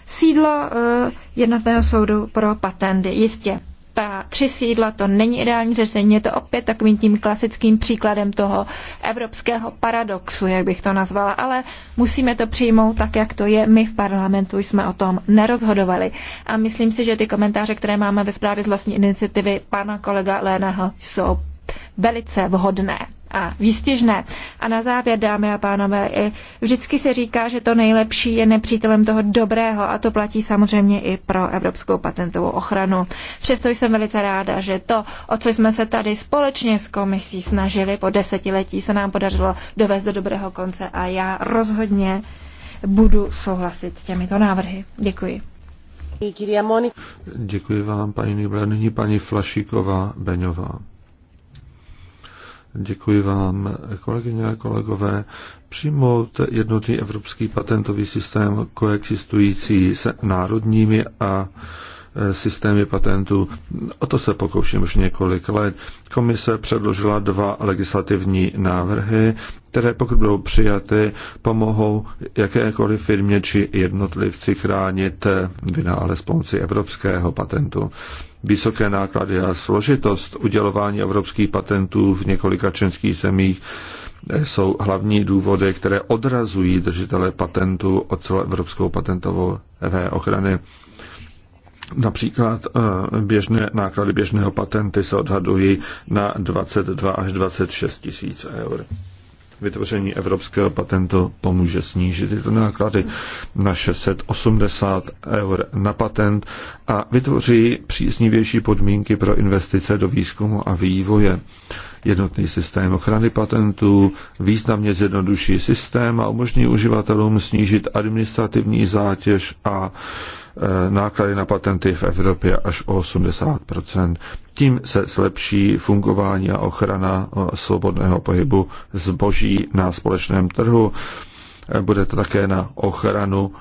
Sídlo uh, jednotného soudu pro patenty, jistě ta tři sídla, to není ideální řešení, je to opět takovým tím klasickým příkladem toho evropského paradoxu, jak bych to nazvala, ale musíme to přijmout tak, jak to je. My v parlamentu jsme o tom nerozhodovali. A myslím si, že ty komentáře, které máme ve zprávě z vlastní iniciativy pana kolega Lénaho, jsou velice vhodné a výstěžné. A na závěr, dámy a pánové, vždycky se říká, že to nejlepší je nepřítelem toho dobrého a to platí samozřejmě i pro Evropskou patentovou ochranu. Přesto jsem velice ráda, že to, o co jsme se tady společně s komisí snažili po desetiletí, se nám podařilo dovést do dobrého konce a já rozhodně budu souhlasit s těmito návrhy. Děkuji. Děkuji vám, paní Nibler. Nyní paní Flašíková Beňová. Děkuji vám, kolegyně a kolegové. Přijmout jednotný evropský patentový systém koexistující s národními a Eh, systémy patentů. O to se pokouším už několik let. Komise předložila dva legislativní návrhy, které pokud budou přijaty, pomohou jakékoliv firmě či jednotlivci chránit eh, vynález pomocí evropského patentu. Vysoké náklady a složitost udělování evropských patentů v několika členských zemích eh, jsou hlavní důvody, které odrazují držitele patentů od celoevropskou patentovou ochrany. Například eh, běžné náklady běžného patenty se odhadují na 22 až 26 tisíc eur. Vytvoření evropského patentu pomůže snížit tyto náklady na 680 eur na patent a vytvoří příznivější podmínky pro investice do výzkumu a vývoje. Jednotný systém ochrany patentů významně zjednoduší systém a umožní uživatelům snížit administrativní zátěž a Eh, náklady na patenty v Evropě až o 80 Tím se zlepší fungování a ochrana eh, svobodného pohybu zboží na společném trhu. Eh, bude to také na ochranu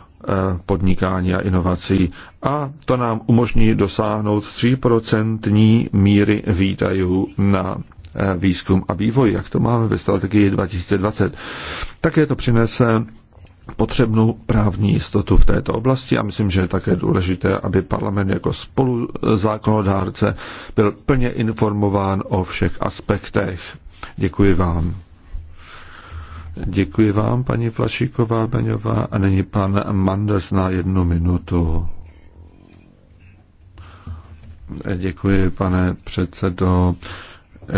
podnikání a inovací. A to nám umožní dosáhnout 3% míry výdajů na výzkum a vývoj, jak to máme ve strategii 2020. Také to přinese potřebnou právní jistotu v této oblasti a myslím, že je také důležité, aby parlament jako spoluzákonodárce byl plně informován o všech aspektech. Děkuji vám. Děkuji vám, paní Flašíková Beňová. A není pan Mandes na jednu minutu. Děkuji, pane předsedo.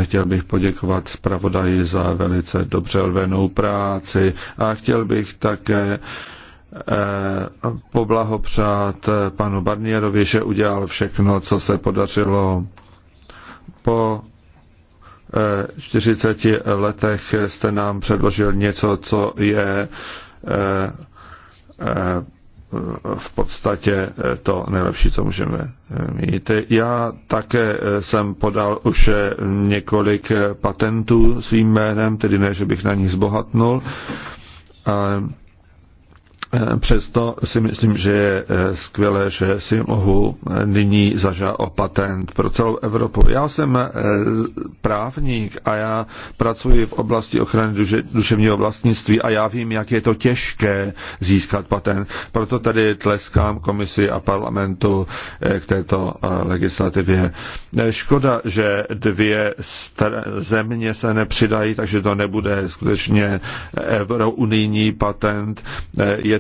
Chtěl bych poděkovat zpravodaji za velice dobře odvenou práci a chtěl bych také eh, poblahopřát eh, panu Barnierovi, že udělal všechno, co se podařilo po 40 eh, letech jste nám předložil něco, co je v podstatě eh, to nejlepší, co můžeme eh, mít. Já také eh, jsem podal už několik patentů svým jménem, tedy ne, že bych na nich zbohatnul, ale Eh, přesto si myslím, že je eh, skvělé, že si mohu eh, nyní zažát o patent pro celou Evropu. Já jsem právník a já pracuji v oblasti ochrany duše, duševního vlastnictví a já vím, jak je to těžké získat patent. Proto tady tleskám komisi a parlamentu k této legislativě. Škoda, že dvě země se nepřidají, takže to nebude skutečně eurounijní patent. Je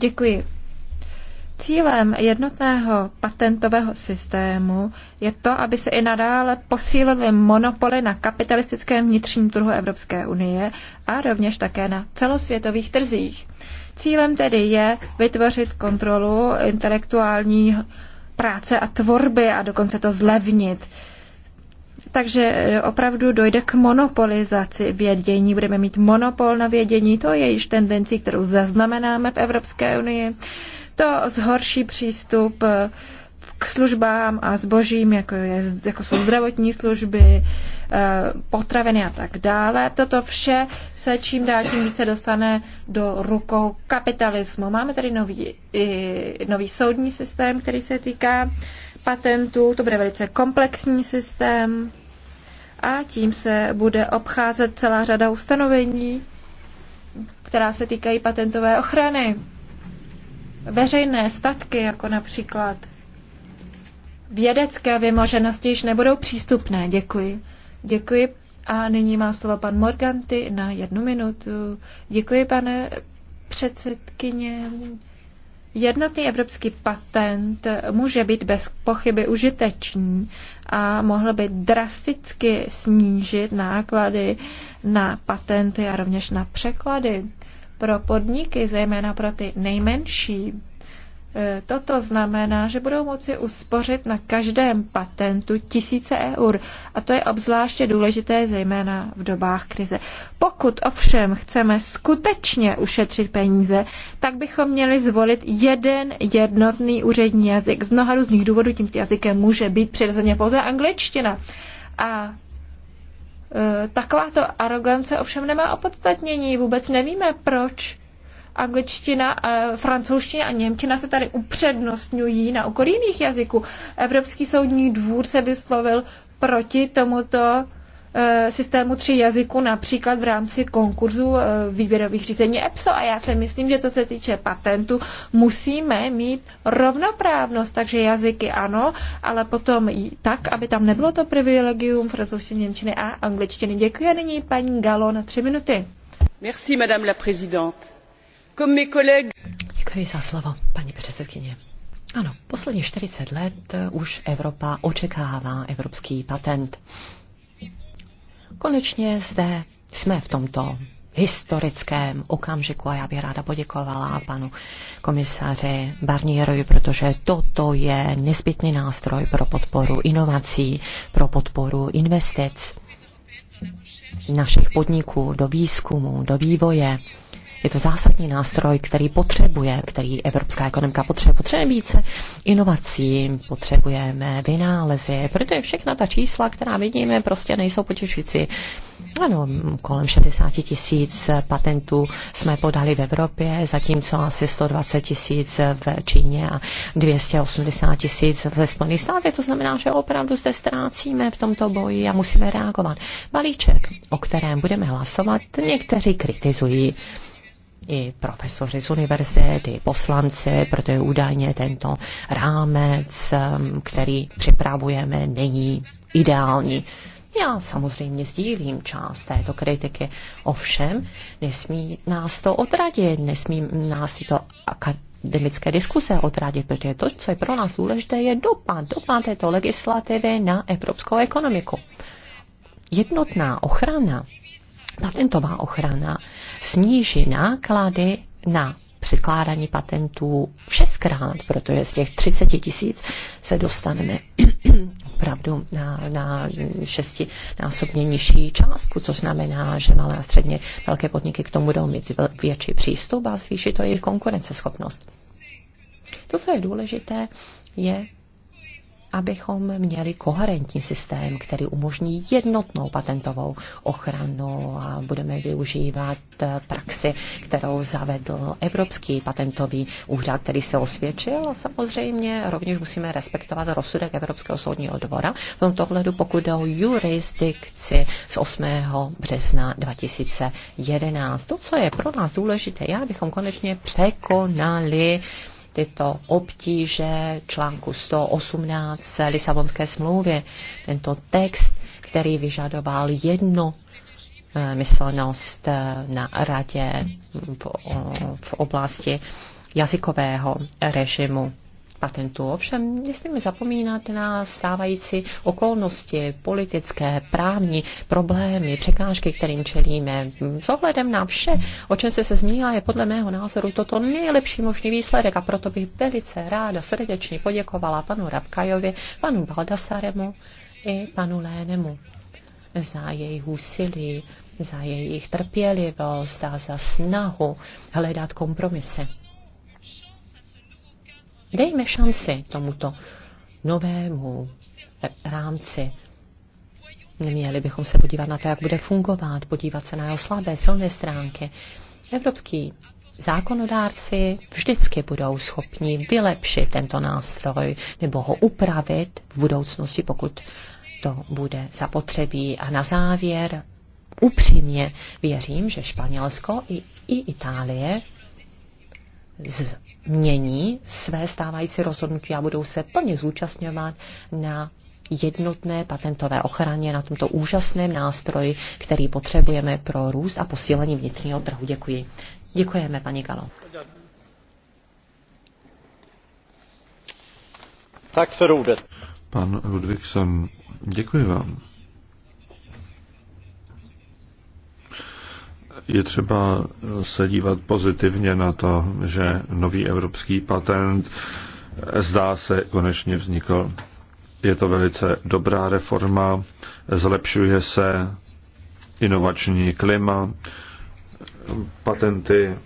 Děkuji. Cílem jednotného patentového systému je to, aby se i nadále posílily monopoly na kapitalistickém vnitřním trhu Evropské unie a rovněž také na celosvětových trzích. Cílem tedy je vytvořit kontrolu intelektuální práce a tvorby a dokonce to zlevnit. Takže e, opravdu dojde k monopolizaci vědění, budeme mít monopol na vědění, to je již tendenci, kterou zaznamenáme v Evropské unii. To zhorší přístup e, k službám a zbožím, jako, je, jako jsou zdravotní služby, e, potraviny a tak dále. Toto vše se čím dál tím více dostane do rukou kapitalismu. Máme tady nový, nový soudní systém, který se týká patentů. To bude velice komplexní systém a tím se bude obcházet celá řada ustanovení, která se týkají patentové ochrany. Veřejné statky, jako například vědecké vymoženosti, již nebudou přístupné. Děkuji. Děkuji. A nyní má slovo pan Morganti na jednu minutu. Děkuji, pane předsedkyně. Jednotný evropský patent může být bez pochyby užitečný a mohl by drasticky snížit náklady na patenty a rovněž na překlady. Pro podniky, zejména pro ty nejmenší, E, toto znamená, že budou moci uspořit na každém patentu tisíce eur a to je obzvláště důležité zejména v dobách krize. Pokud ovšem chceme skutečně ušetřit peníze, tak bychom měli zvolit jeden jednotný úřední jazyk. Z mnoha různých důvodů tímto jazykem může být přirozeně pouze angličtina. A e, takováto arogance ovšem nemá opodstatnění. Vůbec nevíme, proč angličtina, eh, francouzština a němčina se tady upřednostňují na úkor jiných jazyků. Evropský soudní dvůr se vyslovil proti tomuto eh, systému tři jazyků, například v rámci konkurzu eh, výběrových řízení EPSO. A já si myslím, že to se týče patentu, musíme mít rovnoprávnost, takže jazyky ano, ale potom i tak, aby tam nebylo to privilegium francouzštiny, němčiny a angličtiny. Děkuji a nyní paní Galo na tři minuty. Merci, madame la présidente Děkuji za slovo, paní předsedkyně. Ano, poslední 40 let eh, už Evropa očekává evropský patent. Konečně zde jsme v tomto historickém okamžiku a já bych ráda poděkovala panu komisaři Barnierovi, protože toto je nezbytný nástroj pro podporu inovací, pro podporu investic našich podniků do výzkumu, do vývoje je to zásadní nástroj, který potřebuje, který evropská ekonomika potřebuje. Potřebujeme více inovací, potřebujeme vynálezy, protože všechna ta čísla, která vidíme, prostě nejsou potěšující. Ano, kolem 60 tisíc patentů jsme podali v Evropě, zatímco asi 120 tisíc v Číně a 280 tisíc ve Spojených státech. To znamená, že opravdu zde ztrácíme v tomto boji a musíme reagovat. Balíček, o kterém budeme hlasovat, někteří kritizují i profesoři z univerzity, poslanci, protože údajně tento rámec, um, který připravujeme, není ideální. Já samozřejmě sdílím část této kritiky, ovšem nesmí nás to odradit, nesmí nás tyto akademické diskuse odradit, protože to, co je pro nás důležité, je dopad, dopad této legislativy na evropskou ekonomiku. Jednotná ochrana Patentová ochrana sníží náklady na předkládání patentů šestkrát, protože z těch 30 tisíc se dostaneme [clears throat] opravdu na, na šestinásobně nižší částku, což znamená, že malé a středně velké podniky k tomu budou mít větší přístup a zvýší to jejich konkurenceschopnost. To, co je důležité, je, abychom měli koherentní systém, který umožní jednotnou patentovou ochranu a budeme využívat eh, praxi, kterou zavedl Evropský patentový úřad, který se osvědčil a samozřejmě rovněž musíme respektovat rozsudek Evropského soudního dvora v tomto ohledu, pokud jde o jurisdikci z 8. března 2011. To, co je pro nás důležité, je, abychom konečně překonali tyto obtíže článku 118 Lisabonské smlouvy, tento text, který vyžadoval jedno eh, myslnost eh, na radě v oblasti jazykového režimu patentů. Ovšem nesmíme zapomínat na stávající okolnosti, politické, právní problémy, překážky, kterým čelíme. S ohledem na vše, o čem se se zmínila, je podle mého názoru toto nejlepší možný výsledek a proto bych velice ráda srdečně poděkovala panu Rabkajovi, panu Baldasaremu i panu Lénemu za jejich úsilí, za jejich trpělivost a za snahu hledat kompromisy. Dejme šanci tomuto novému rámci. Měli bychom se podívat na to, jak bude fungovat, podívat se na jeho slabé, silné stránky. Evropský zákonodárci vždycky budou schopni vylepšit tento nástroj nebo ho upravit v budoucnosti, pokud to bude zapotřebí. A na závěr upřímně věřím, že Španělsko i, i Itálie z mění své stávající rozhodnutí a budou se plně zúčastňovat na jednotné patentové ochraně na tomto úžasném nástroji, který potřebujeme pro růst a posílení vnitřního trhu. Děkuji. Děkujeme, paní Galo. Tak Pan Ludvíkson, děkuji vám. je třeba se dívat pozitivně na to, že nový evropský patent zdá se konečně vznikl. Je to velice dobrá reforma, zlepšuje se inovační klima, patenty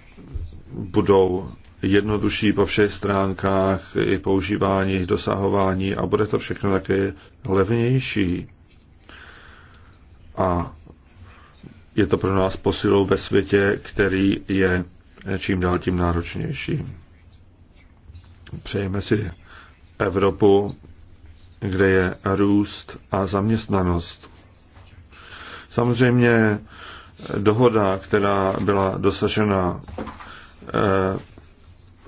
budou jednodušší po všech stránkách, i používání, dosahování a bude to všechno také levnější. A je to pro nás posilou ve světě, který je čím dál tím náročnější. Přejeme si Evropu, kde je růst a zaměstnanost. Samozřejmě dohoda, která byla dosažena, eh,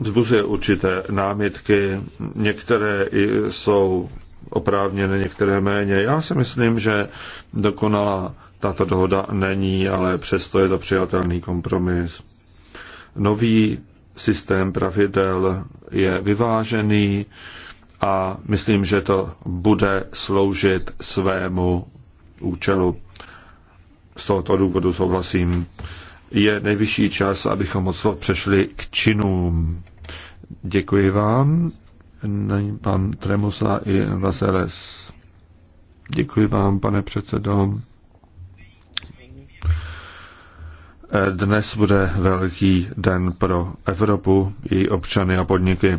vzbuzuje určité námitky. Některé jsou oprávněné, některé méně. Já si myslím, že dokonalá tato dohoda není, ale přesto je to přijatelný kompromis. Nový systém pravidel je vyvážený a myslím, že to bude sloužit svému účelu. Z tohoto důvodu souhlasím. Je nejvyšší čas, abychom od slov přešli k činům. Děkuji vám, pan Tremosa i Vaseles. Děkuji vám, pane předsedo. Dnes bude velký den pro Evropu, její občany a podniky.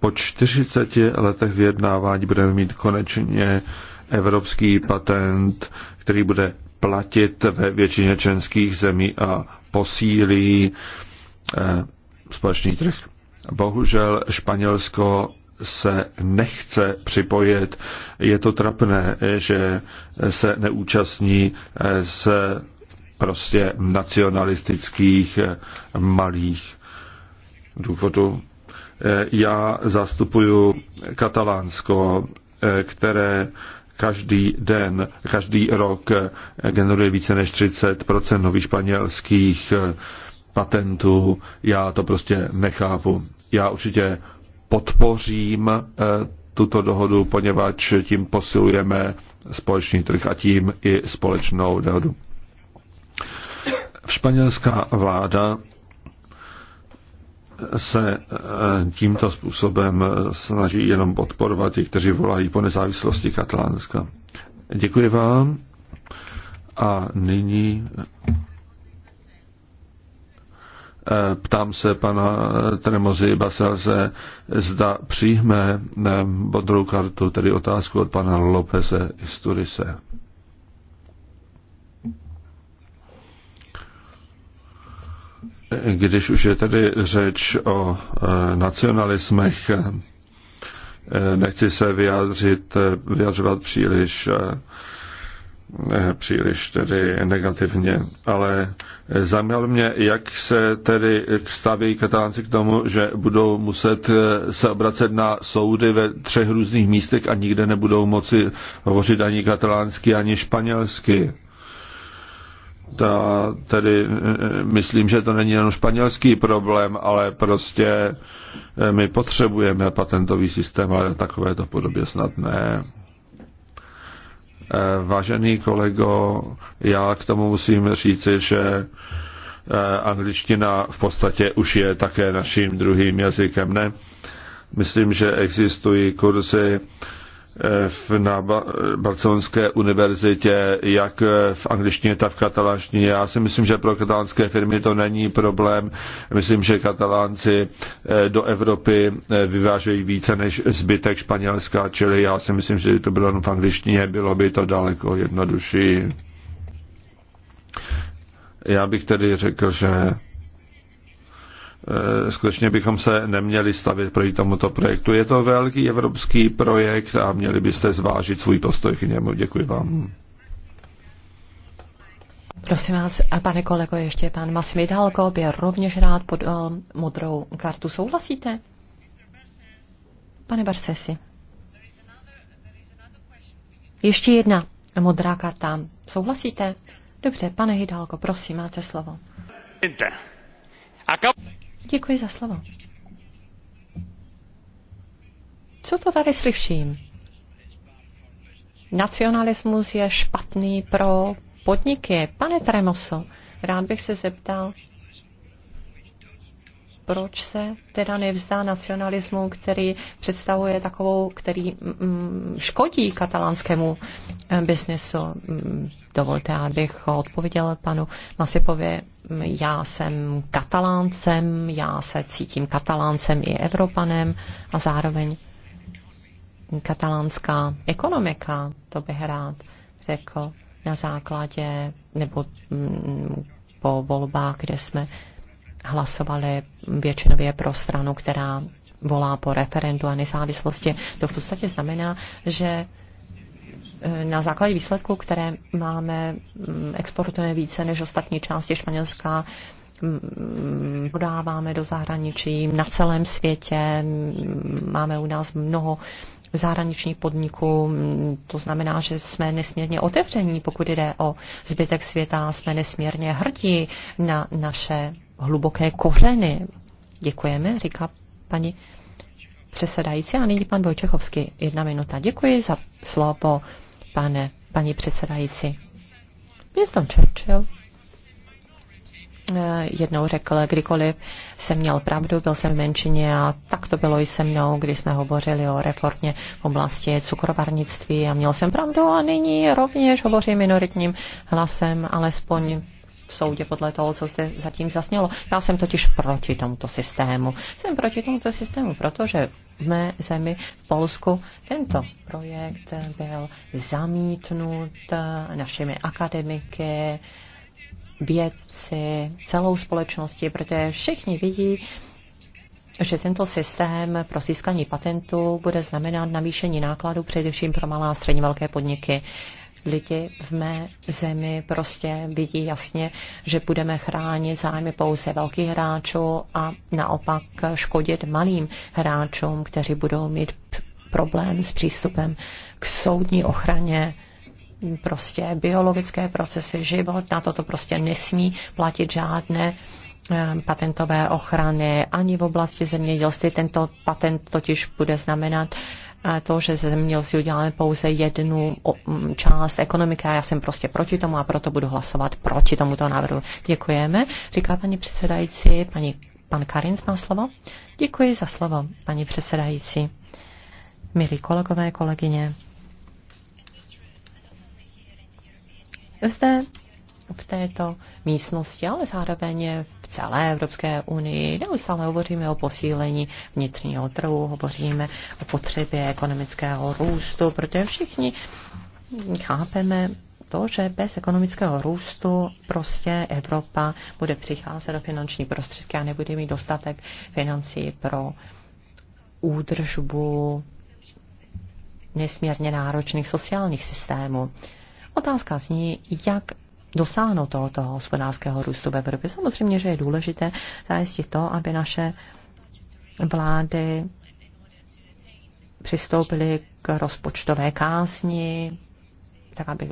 Po 40 letech vyjednávání budeme mít konečně evropský patent, který bude platit ve většině členských zemí a posílí eh, společný trh. Bohužel Španělsko se nechce připojit. Je to trapné, že se neúčastní z eh, prostě nacionalistických eh, malých důvodů. Eh, já zastupuju Katalánsko, eh, které každý den, každý rok generuje více než 30 nových španělských patentů. Já to prostě nechápu. Já určitě podpořím tuto dohodu, poněvadž tím posilujeme společný trh a tím i společnou dohodu. Španělská vláda se eh, tímto způsobem eh, snaží jenom podporovat ti, kteří volají po nezávislosti Katalánska. Děkuji vám. A nyní eh, ptám se pana Tremozy Baselze, zda přijme bodrou kartu, tedy otázku od pana Lopeze Isturise. Když už je tedy řeč o e, nacionalismech, e, nechci se vyjádřit, e, vyjadřovat příliš, příliš tedy negativně, ale zajímalo mě, jak se tedy staví katalánci k tomu, že budou muset se obracet na soudy ve třech různých místech a nikde nebudou moci hovořit ani katalánsky, ani španělsky to tedy eh, myslím, že to není jenom španělský problém, ale prostě eh, my potřebujeme patentový systém, ale v takovéto podobě snad ne. Eh, vážený kolego, já k tomu musím říci, že angličtina v podstatě už je také naším druhým jazykem, ne? Myslím, že existují kurzy v, na Barcelonské univerzitě, jak v angličtině, tak v katalánštině. Já si myslím, že pro katalánské firmy to není problém. Myslím, že katalánci eh, do Evropy eh, vyvážejí více než zbytek Španělska, čili já si myslím, že to bylo v angličtině, bylo by to daleko jednodušší. Já bych tedy řekl, že Eh, skutečně bychom se neměli stavit proti tomuto projektu. Je to velký evropský projekt a měli byste zvážit svůj postoj k němu. Děkuji vám. Prosím vás, pane kolego, ještě pan Masim Vidalko by rovněž rád podal eh, modrou kartu. Souhlasíte? Pane Barsesi. Ještě jedna modrá karta. Souhlasíte? Dobře, pane Hidalko, prosím, máte slovo. Děkuji za slovo. Co to tady slyším? Nacionalismus je špatný pro podniky. Pane Tremoso, rád bych se zeptal, proč se teda nevzdá nacionalismu, který představuje takovou, který mm, mm, škodí katalánskému eh, biznesu. Mm, dovolte, abych odpověděl panu Masipově. Já jsem kataláncem, já se cítím kataláncem i Evropanem a zároveň katalánská ekonomika, to bych rád řekl, na základě nebo po volbách, kde jsme hlasovali většinově pro stranu, která volá po referendu a nezávislosti. To v podstatě znamená, že e, na základě výsledků, které máme, mm, exportujeme více než ostatní části Španělska, mm, podáváme do zahraničí na celém světě, mm, máme u nás mnoho zahraničních podniků. To znamená, že jsme nesmírně otevření, pokud jde o zbytek světa, jsme nesmírně hrdí na naše hluboké kořeny. Děkujeme, říká paní předsedající. A nyní pan Vojčechovský, jedna minuta. Děkuji za slovo, pane, paní předsedající. Winston Churchill eh, jednou řekl, kdykoliv jsem měl pravdu, byl jsem v menšině a tak to bylo i se mnou, když jsme hovořili o reformě v oblasti cukrovarnictví a měl jsem pravdu a nyní rovněž hovořím minoritním hlasem, alespoň v soudě podle toho, co zde zatím zasnělo. Já jsem totiž proti tomuto systému. Jsem proti tomuto systému, protože v mé zemi v Polsku tento projekt byl zamítnut našimi akademiky, vědci, celou společností, protože všichni vidí, že tento systém pro získání patentu bude znamenat navýšení nákladů především pro malá a střední velké podniky lidi v mé zemi prostě vidí jasně, že budeme chránit zájmy pouze velkých hráčů a naopak škodit malým hráčům, kteří budou mít problém s přístupem k soudní ochraně, prostě biologické procesy, život, na to to prostě nesmí platit žádné eh, patentové ochrany ani v oblasti zemědělství. Tento patent totiž bude znamenat a to, že ze zemědělství uděláme pouze jednu mm, část ekonomiky a já jsem prostě proti tomu a proto budu hlasovat proti tomuto návrhu. Děkujeme, říká paní předsedající. Paní, pan Karinc má slovo. Děkuji za slovo, paní předsedající. Milí kolegové, kolegyně. Zde v této místnosti, ale zároveň v celé Evropské unii. Neustále hovoříme o posílení vnitřního trhu, hovoříme o potřebě ekonomického růstu, protože všichni chápeme, to, že bez ekonomického růstu prostě Evropa bude přicházet do finanční prostředky a nebude mít dostatek financí pro údržbu nesmírně náročných sociálních systémů. Otázka zní, jak dosáhnout tohoto hospodářského růstu v Evropě. Samozřejmě, že je důležité zajistit to, aby naše vlády přistoupily k rozpočtové kázni, tak aby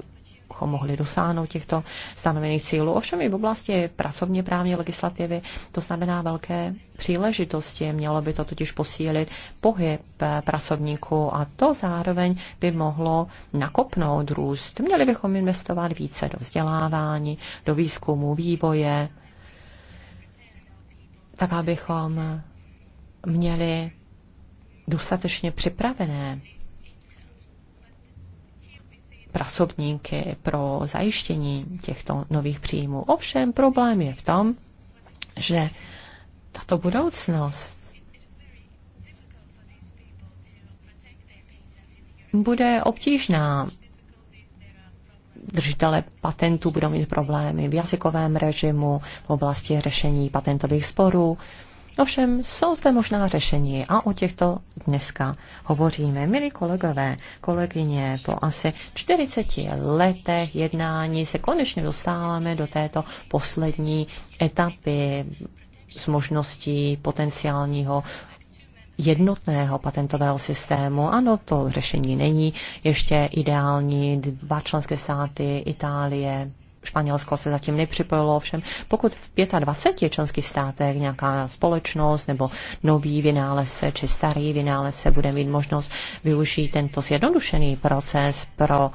abychom mohli dosáhnout těchto stanovených cílů. Ovšem i v oblasti pracovně právní legislativy to znamená velké příležitosti. Mělo by to totiž posílit pohyb eh, pracovníků a to zároveň by mohlo nakopnout růst. Měli bychom investovat více do vzdělávání, do výzkumu, vývoje, tak abychom měli dostatečně připravené pracovníky pro zajištění těchto nových příjmů. Ovšem problém je v tom, že tato budoucnost bude obtížná. Držitele patentů budou mít problémy v jazykovém režimu, v oblasti řešení patentových sporů. Ovšem jsou zde možná řešení a o těchto dneska hovoříme. Milí kolegové, kolegyně, po asi 40 letech jednání se konečně dostáváme do této poslední etapy s možností potenciálního jednotného patentového systému. Ano, to řešení není ještě ideální. Dva členské státy, Itálie, Španělsko se zatím nepřipojilo, ovšem pokud v 25 členských státech nějaká společnost nebo nový vynálezce či starý vynálezce bude mít možnost využít tento zjednodušený proces pro uh,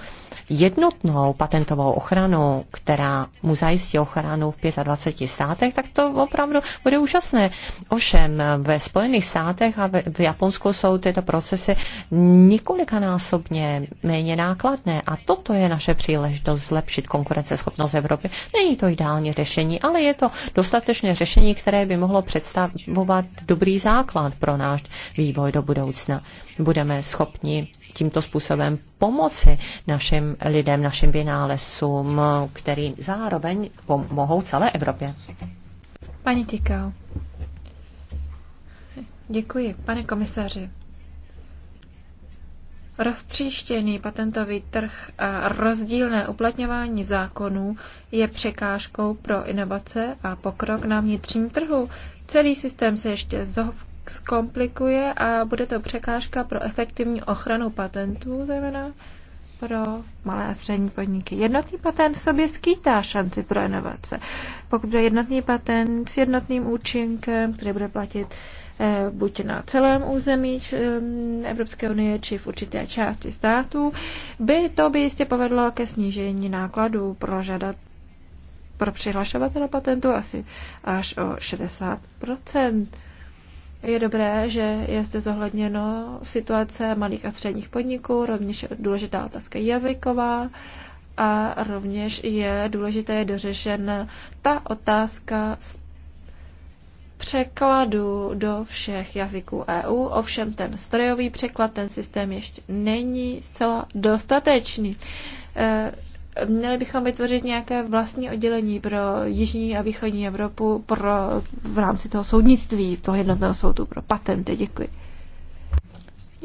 jednotnou patentovou ochranu, která mu zajistí ochranu v 25 státech, tak to opravdu bude úžasné. Ovšem ve Spojených státech a v Japonsku jsou tyto procesy několikanásobně méně nákladné a toto je naše příležitost zlepšit konkurenceschopnost Evropy. Není to ideální řešení, ale je to dostatečné řešení, které by mohlo představovat dobrý základ pro náš vývoj do budoucna. Budeme schopni tímto způsobem pomoci našim lidem, našim vynálezům, který zároveň pomohou celé Evropě. Pani Tikal. Děkuji, pane komisaři. Roztříštěný patentový trh a rozdílné uplatňování zákonů je překážkou pro inovace a pokrok na vnitřním trhu. Celý systém se ještě zkomplikuje a bude to překážka pro efektivní ochranu patentů, zejména pro malé a střední podniky. Jednotný patent v sobě skýtá šanci pro inovace. Pokud bude jednotný patent s jednotným účinkem, který bude platit eh, buď na celém území Evropské unie, či v určité části států, by to by jistě povedlo ke snížení nákladů pro žadat pro přihlašovatele patentu asi až o 60 je dobré, že je zde zohledněno situace malých a středních podniků, rovněž důležitá otázka jazyková a rovněž je důležité je dořešena ta otázka překladu do všech jazyků EU, ovšem ten strojový překlad, ten systém ještě není zcela dostatečný. Eh, Měli bychom vytvořit nějaké vlastní oddělení pro Jižní a Východní Evropu pro, v rámci toho soudnictví, toho jednotného soudu pro patenty. Děkuji.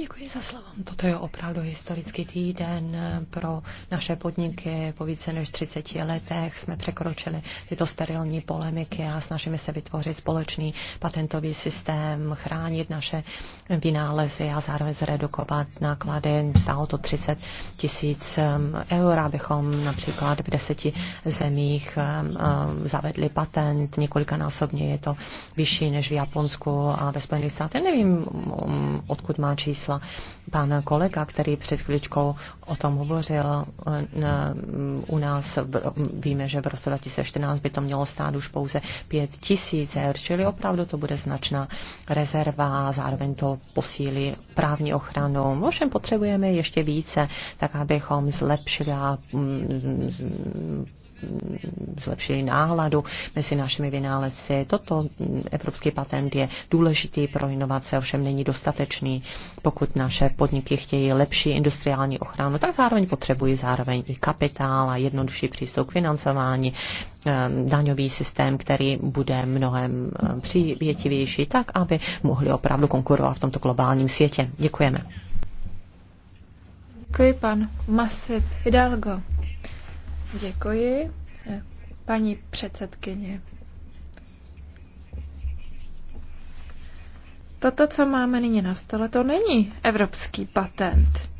Děkuji za slovo. Toto je opravdu historický týden pro naše podniky. Po více než 30 letech jsme překročili tyto sterilní polemiky a snažíme se vytvořit společný patentový systém, chránit naše vynálezy a zároveň zredukovat náklady. Stálo to 30 tisíc um, eur, abychom například v deseti zemích um, um, zavedli patent. Několikanásobně je to vyšší než v Japonsku a ve Spojených státech. Nevím, odkud má číslo přinesla Pan kolega, který před chvíličkou o tom hovořil, eh, u nás víme, že v roce 2014 by to mělo stát už pouze 5 tisíc eur, čili opravdu to bude značná rezerva a zároveň to posílí právní ochranu. Ovšem potřebujeme ještě více, tak abychom zlepšili a mm, zlepšili náladu mezi našimi vynálezci. Toto evropský patent je důležitý pro inovace, ovšem není dostatečný. Pokud naše podniky chtějí lepší industriální ochranu, tak zároveň potřebují zároveň i kapitál a jednodušší přístup k financování, ehm, daňový systém, který bude mnohem ehm, přívětivější, tak aby mohli opravdu konkurovat v tomto globálním světě. Děkujeme. Děkuji, pan Masip Hidalgo. Děkuji, paní předsedkyně. Toto, co máme nyní na stole, to není evropský patent.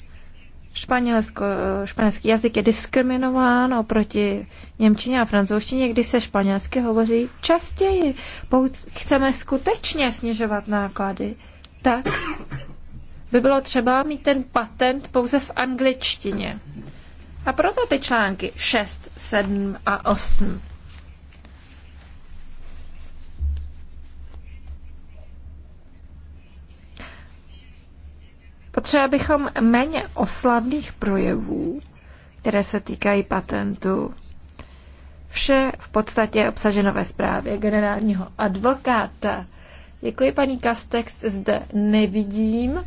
Španělsko, španělský jazyk je diskriminován oproti němčině a francouzštině, kdy se španělsky hovoří častěji. Pokud chceme skutečně snižovat náklady, tak by bylo třeba mít ten patent pouze v angličtině. A proto ty články 6, 7 a 8. Potřeba bychom méně oslavných projevů, které se týkají patentu. Vše v podstatě je obsaženo ve zprávě generálního advokáta. Děkuji, paní Kastex, zde nevidím.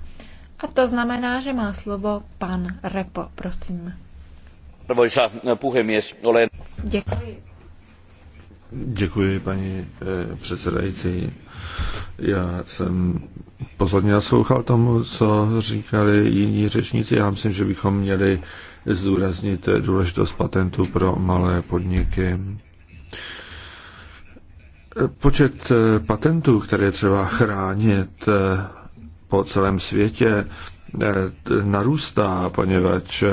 A to znamená, že má slovo pan Repo, prosím arvoisa puhemies olen Děkuji. Děkuji, paní eh, předsedající. Já jsem pozorně naslouchal tomu, co říkali jiní řečníci. Já myslím, že bychom měli zdůraznit důležitost patentů pro malé podniky. Počet eh, patentů, které třeba chránit eh, po celém světě, Eh, narůstá, poněvadž eh,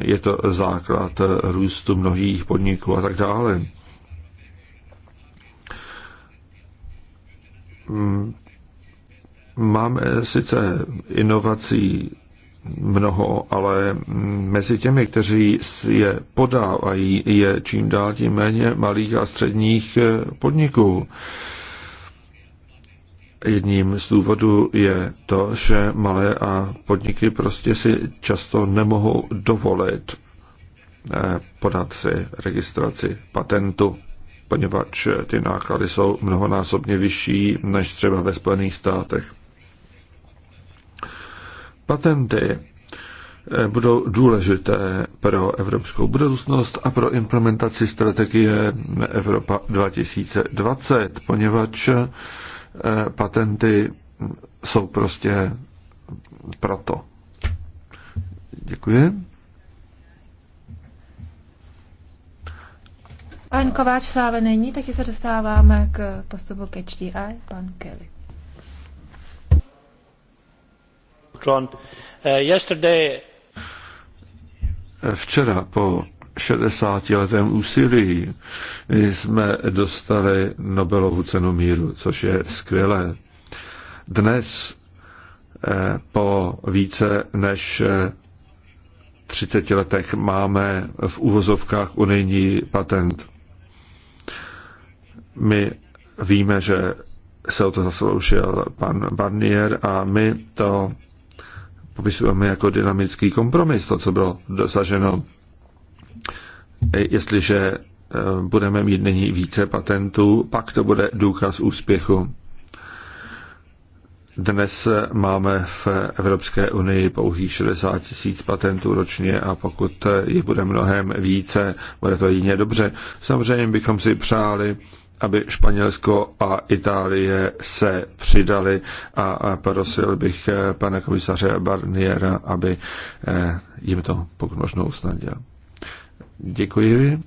je to základ růstu mnohých podniků a tak dále. Mm, máme sice inovací mnoho, ale mezi těmi, kteří je podávají, je čím dál tím méně malých a středních eh, podniků. Jedním z důvodů je to, že malé a podniky prostě si často nemohou dovolit eh, podat si registraci patentu, poněvadž ty náklady jsou mnohonásobně vyšší než třeba ve Spojených státech. Patenty eh, budou důležité pro evropskou budoucnost a pro implementaci strategie Evropa 2020, poněvadž Eh, patenty jsou prostě proto. Děkuji. Pan Kováč Sáve není, taky se dostáváme k postupu ke HDI. Pan Kelly. John, uh, yesterday... Eh, včera po 60-letém úsilí jsme dostali Nobelovu cenu míru, což je skvělé. Dnes eh, po více než 30 letech máme v úvozovkách unijní patent. My víme, že se o to zasloužil pan Barnier a my to popisujeme jako dynamický kompromis, to, co bylo dosaženo E, jestliže e, budeme mít nyní více patentů, pak to bude důkaz úspěchu. Dnes máme v Evropské unii pouhých 60 tisíc patentů ročně a pokud je bude mnohem více, bude to jině dobře. Samozřejmě bychom si přáli, aby Španělsko a Itálie se přidali a prosil bych e, pana komisaře Barniera, aby jim to pokud možno usnadil. Děkuji.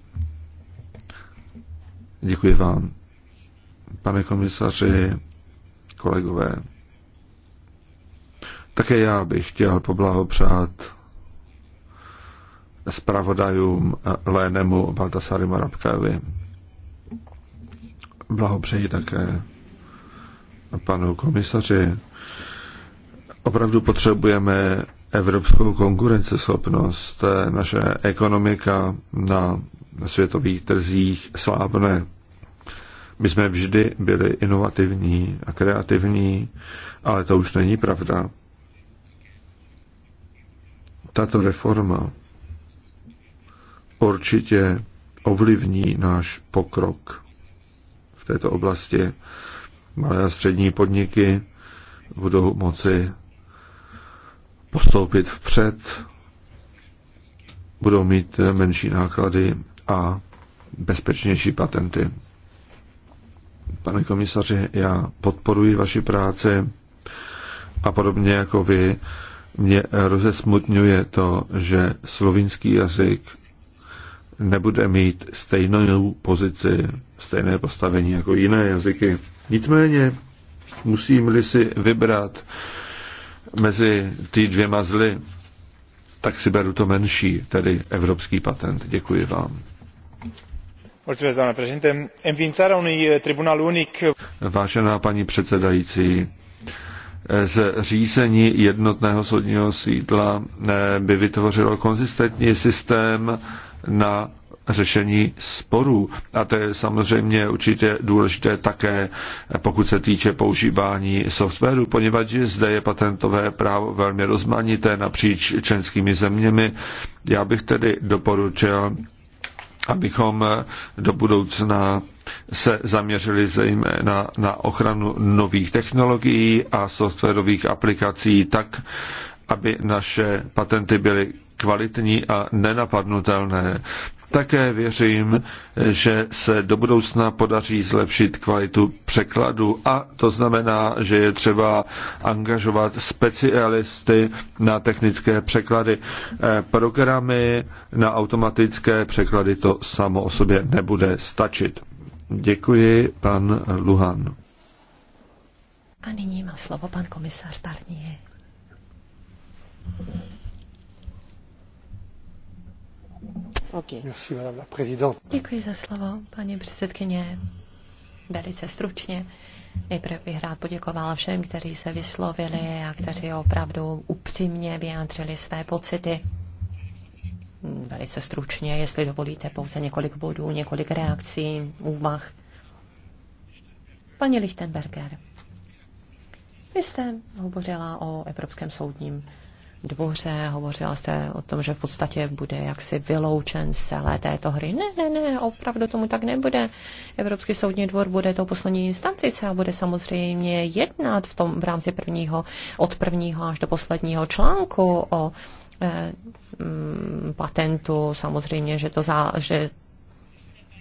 Děkuji vám, pane komisaři, kolegové. Také já bych chtěl poblahopřát zpravodajům Lénemu Baltasary Marabkajovi. Blahopřeji také panu komisaři. Opravdu potřebujeme evropskou konkurenceschopnost. Eh, naše ekonomika na světových trzích slábne. My jsme vždy byli inovativní a kreativní, ale to už není pravda. Tato reforma určitě ovlivní náš pokrok v této oblasti. Malé a střední podniky budou moci postoupit vpřed, budou mít menší náklady a bezpečnější patenty. Pane komisaři, já podporuji vaši práci a podobně jako vy, mě rozesmutňuje to, že slovinský jazyk nebude mít stejnou pozici, stejné postavení jako jiné jazyky. Nicméně musím-li si vybrat mezi ty dvěma zly, tak si beru to menší, tedy evropský patent. Děkuji vám. Eh, eh, Vážená paní předsedající, eh, z řízení jednotného soudního sídla by vytvořilo konzistentní systém na řešení sporů. A to je samozřejmě určitě důležité také, pokud se týče používání softwaru, poněvadž zde je patentové právo velmi rozmanité napříč členskými zeměmi. Já bych tedy doporučil, abychom do budoucna se zaměřili zejména na ochranu nových technologií a softwarových aplikací tak, aby naše patenty byly kvalitní a nenapadnutelné. Také věřím, že se do budoucna podaří zlepšit kvalitu překladu a to znamená, že je třeba angažovat specialisty na technické překlady. Eh, programy na automatické překlady to samo o sobě nebude stačit. Děkuji, pan Luhan. A nyní má slovo pan komisař Barnier. Okay. Merci, madame la Děkuji za slovo, paní předsedkyně. Velice stručně. Nejprve bych rád poděkovala všem, kteří se vyslovili a kteří opravdu upřímně vyjádřili své pocity. Velice stručně, jestli dovolíte, pouze několik bodů, několik reakcí, úvah. Paní Lichtenberger, vy jste hovořila o Evropském soudním dvoře, hovořila jste o tom, že v podstatě bude jaksi vyloučen z celé této hry. Ne, ne, ne, opravdu tomu tak nebude. Evropský soudní dvor bude tou poslední instanci a bude samozřejmě jednat v, tom, v rámci prvního, od prvního až do posledního článku o eh, mm, patentu. Samozřejmě, že to za, že...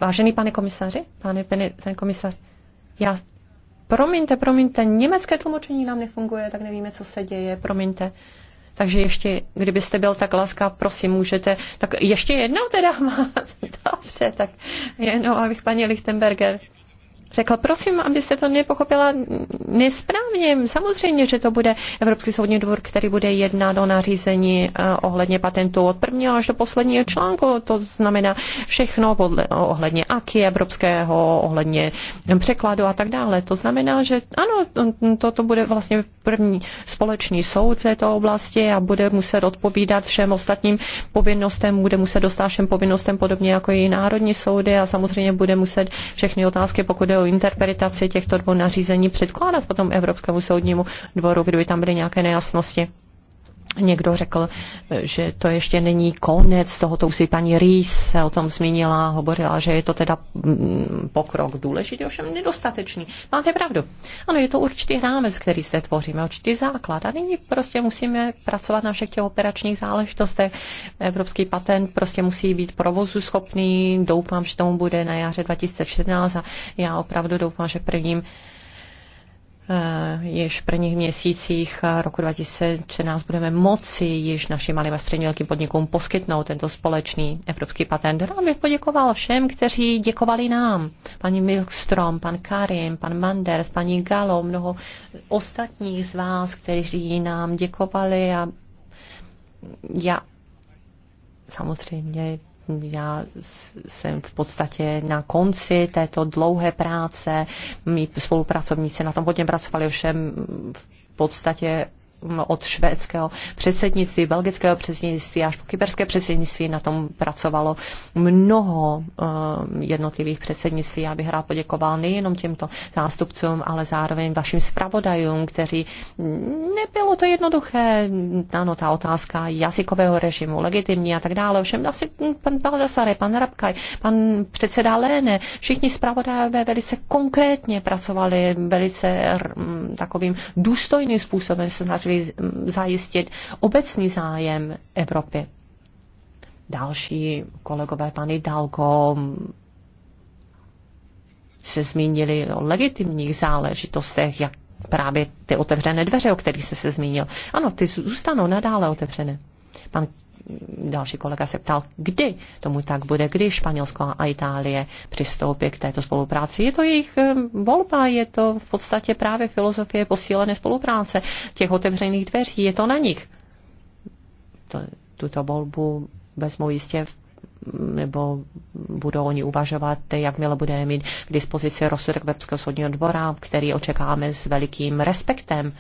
Vážený pane komisaři, pane, pane, komisař, já Promiňte, promiňte, německé tlumočení nám nefunguje, tak nevíme, co se děje, promiňte. Uh, takže ještě, kdybyste byl tak laskav, prosím, můžete, tak ještě jednou teda [laughs] máte. Dobře, tak jenom abych paní Lichtenberger řekl, prosím, abyste to nepochopila nesprávně. Samozřejmě, že to bude Evropský soudní dvůr, který bude jednat o nařízení eh, ohledně patentů od prvního až do posledního článku. To znamená všechno podle, eh, ohledně AKI evropského, ohledně překladu a tak dále. To znamená, že ano, toto bude vlastně první společný soud v této oblasti a bude muset odpovídat všem ostatním povinnostem, bude muset dostat všem povinnostem podobně jako i národní soudy a samozřejmě bude muset všechny otázky, pokud o interpretaci těchto dvou nařízení předkládat potom Evropskému soudnímu dvoru, kdyby tam byly nějaké nejasnosti. Někdo řekl, že to ještě není konec tohoto úsilí. Paní Rýs se o tom zmínila, hovořila, že je to teda mm, pokrok důležitý, ovšem nedostatečný. Máte pravdu. Ano, je to určitý rámec, který zde tvoříme, určitý základ. A nyní prostě musíme pracovat na všech těch operačních záležitostech. Evropský patent prostě musí být provozu schopný. Doufám, že tomu bude na jaře 2014 a já opravdu doufám, že prvním Eh, již v prvních měsících eh, roku 2013 budeme moci již našim malým a středně velkým podnikům poskytnout tento společný evropský patent. Rád bych poděkoval všem, kteří děkovali nám. Paní Milkstrom, pan Karim, pan Manders, paní Galo, mnoho ostatních z vás, kteří nám děkovali a já samozřejmě já jsem v podstatě na konci této dlouhé práce. Mí spolupracovníci na tom hodně pracovali, ovšem v podstatě od švédského předsednictví, belgického předsednictví až po kyberské předsednictví. Na tom pracovalo mnoho eh, jednotlivých předsednictví. Já bych rád poděkoval nejenom těmto zástupcům, ale zároveň vašim zpravodajům, kteří mm, nebylo to jednoduché. Ano, ta otázka jazykového režimu, legitimní a tak dále. Ovšem asi pan Baldasare, pan Rabkaj, pan předseda Léne, všichni zpravodajové velice konkrétně pracovali, velice mm, takovým důstojným způsobem se snažili schopni zajistit obecný zájem Evropy. Další kolegové, pany Dalko se zmínili o legitimních záležitostech, jak právě ty otevřené dveře, o kterých jste se zmínil. Ano, ty zůstanou nadále otevřené. Pan další kolega se ptal, kdy tomu tak bude, kdy Španělsko a Itálie přistoupí k této spolupráci. Je to jejich eh, volba, je to v podstatě právě filozofie posílené spolupráce těch otevřených dveří, je to na nich. To, tuto volbu vezmou jistě v nebo budou oni uvažovat, jakmile budeme mít k dispozici rozsudek Evropského soudního dvora, který očekáváme s velikým respektem.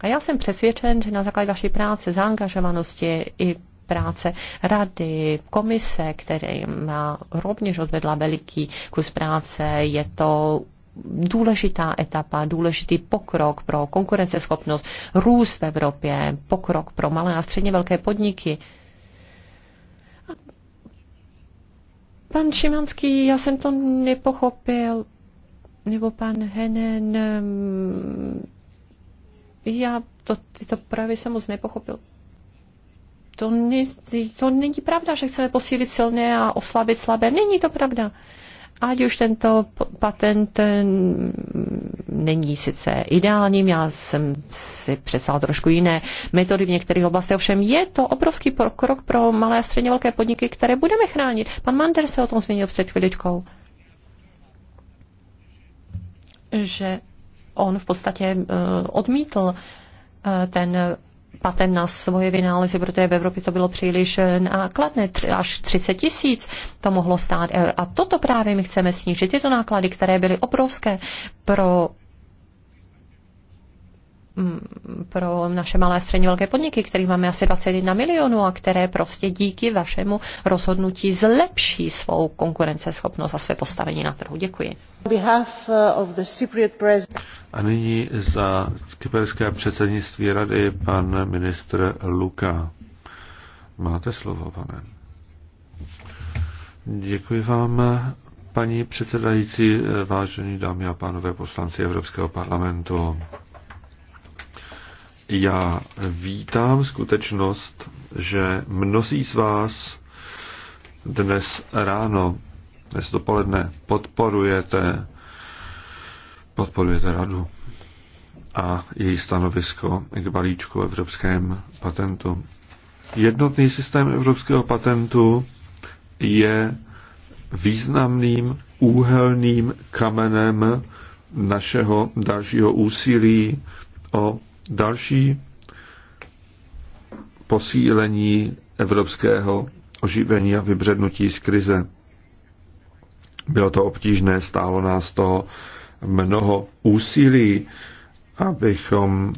A já jsem přesvědčen, že na základě vaší práce, zaangažovanosti i práce rady, komise, který má rovněž odvedla veliký kus práce, je to důležitá etapa, důležitý pokrok pro konkurenceschopnost, růst v Evropě, pokrok pro malé a středně velké podniky. Pan Šimanský, já jsem to nepochopil, nebo pan Henen, já to, to právě jsem moc nepochopil. To, ne, to není pravda, že chceme posílit silné a oslabit slabé. Není to pravda. Ať už tento patent není sice ideálním, já jsem si představila trošku jiné metody v některých oblastech, ovšem je to obrovský krok pro malé a středně velké podniky, které budeme chránit. Pan Mander se o tom změnil před chviličkou že on v podstatě eh, odmítl eh, ten patent na svoje vynálezy, protože v Evropě to bylo příliš eh, nákladné, až 30 tisíc to mohlo stát A toto právě my chceme snížit, tyto náklady, které byly obrovské pro Mm, pro naše malé a středně velké podniky, který máme asi 21 milionů a které prostě díky vašemu rozhodnutí zlepší svou konkurenceschopnost a své postavení na trhu. Děkuji. Uh, a nyní za kyperské předsednictví rady pan ministr Luka. Máte slovo, pane. Děkuji vám, paní předsedající, eh, vážení dámy a pánové poslanci Evropského parlamentu. Já vítám skutečnost, že mnozí z vás dnes ráno, dnes dopoledne podporujete, podporujete radu a její stanovisko k balíčku evropském patentu. Jednotný systém evropského patentu je významným úhelným kamenem našeho dalšího úsilí o Další posílení evropského oživení a vybřednutí z krize. Bylo to obtížné, stálo nás to mnoho úsilí, abychom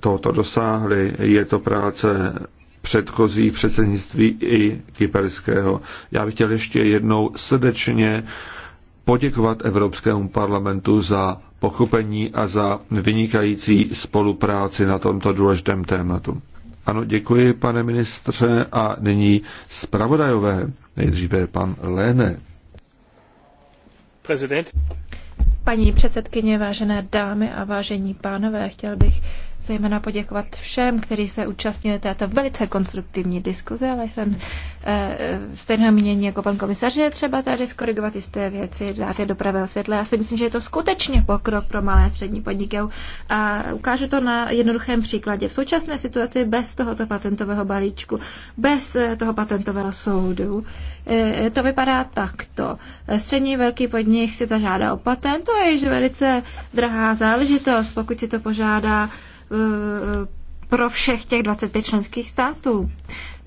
tohoto dosáhli. Je to práce předchozí předsednictví i kyperského. Já bych chtěl ještě jednou srdečně poděkovat Evropskému parlamentu za pochopení a za vynikající spolupráci na tomto důležitém tématu. Ano, děkuji, pane ministře, a nyní zpravodajové, nejdříve pan Léne. Prezident. Paní předsedkyně, vážené dámy a vážení pánové, chtěl bych zejména poděkovat všem, kteří se účastnili této velice konstruktivní diskuze, ale jsem eh, eh, stejném mínění jako pan komisař, že je třeba tady skorigovat jisté věci, dát je do pravého světla. Já si myslím, že je to skutečně pokrok pro malé a střední podniky a ukážu to na jednoduchém příkladě. V současné situaci bez tohoto patentového balíčku, bez eh, toho patentového soudu, to vypadá takto. Střední velký podnik si zažádá o patent, to je již velice drahá záležitost, pokud si to požádá Eh, pro všech těch 25 členských států.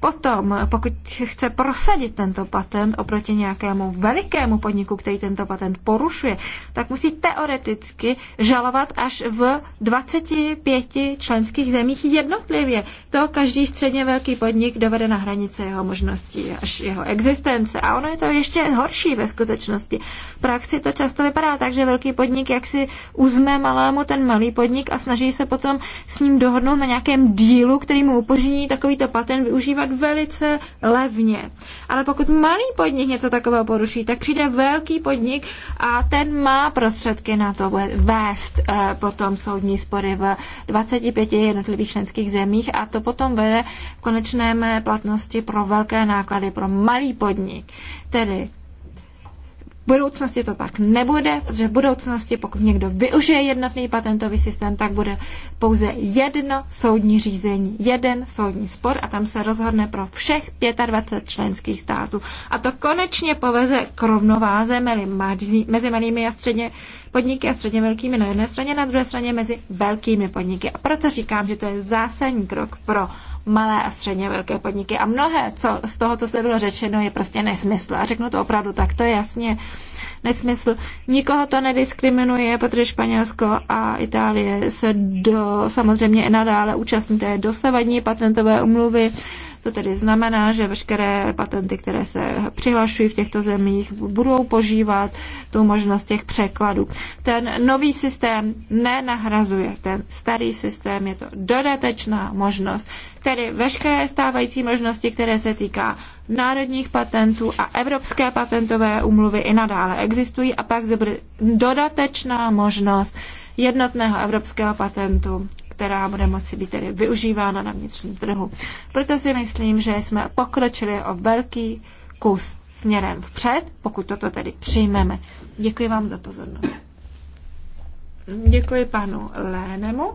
Potom, pokud chce prosadit tento patent oproti nějakému velikému podniku, který tento patent porušuje, tak musí teoreticky žalovat až v 25 členských zemích jednotlivě. To každý středně velký podnik dovede na hranice jeho možností, až jeho existence. A ono je to ještě horší ve skutečnosti. V praxi to často vypadá tak, že velký podnik jaksi uzme malému ten malý podnik a snaží se potom s ním dohodnout na nějakém dílu, který mu umožní takovýto patent využívat velice levně. Ale pokud malý podnik něco takového poruší, tak přijde velký podnik a ten má prostředky na to vést eh, potom soudní spory v 25 jednotlivých členských zemích a to potom vede v konečném platnosti pro velké náklady pro malý podnik. Tedy v budoucnosti to tak nebude, protože v budoucnosti, pokud někdo využije jednotný patentový systém, tak bude pouze jedno soudní řízení, jeden soudní spor a tam se rozhodne pro všech 25 členských států. A to konečně poveze k rovnováze mezi malými a středně podniky a středně velkými na jedné straně, na druhé straně mezi velkými podniky. A proto říkám, že to je zásadní krok pro malé a středně velké podniky. A mnohé co z toho, co se bylo řečeno, je prostě nesmysl. A řeknu to opravdu tak, to je jasně nesmysl. Nikoho to nediskriminuje, protože Španělsko a Itálie se do, samozřejmě i nadále účastní té dosavadní patentové umluvy to tedy znamená, že veškeré patenty, které se přihlašují v těchto zemích, budou požívat tu možnost těch překladů. Ten nový systém nenahrazuje ten starý systém, je to dodatečná možnost, tedy veškeré stávající možnosti, které se týká národních patentů a evropské patentové umluvy i nadále existují a pak zde bude dodatečná možnost jednotného evropského patentu, která bude moci být tedy využívána na vnitřním trhu. Proto si myslím, že jsme pokročili o velký kus směrem vpřed, pokud toto tedy přijmeme. Děkuji vám za pozornost. Děkuji panu Lénemu.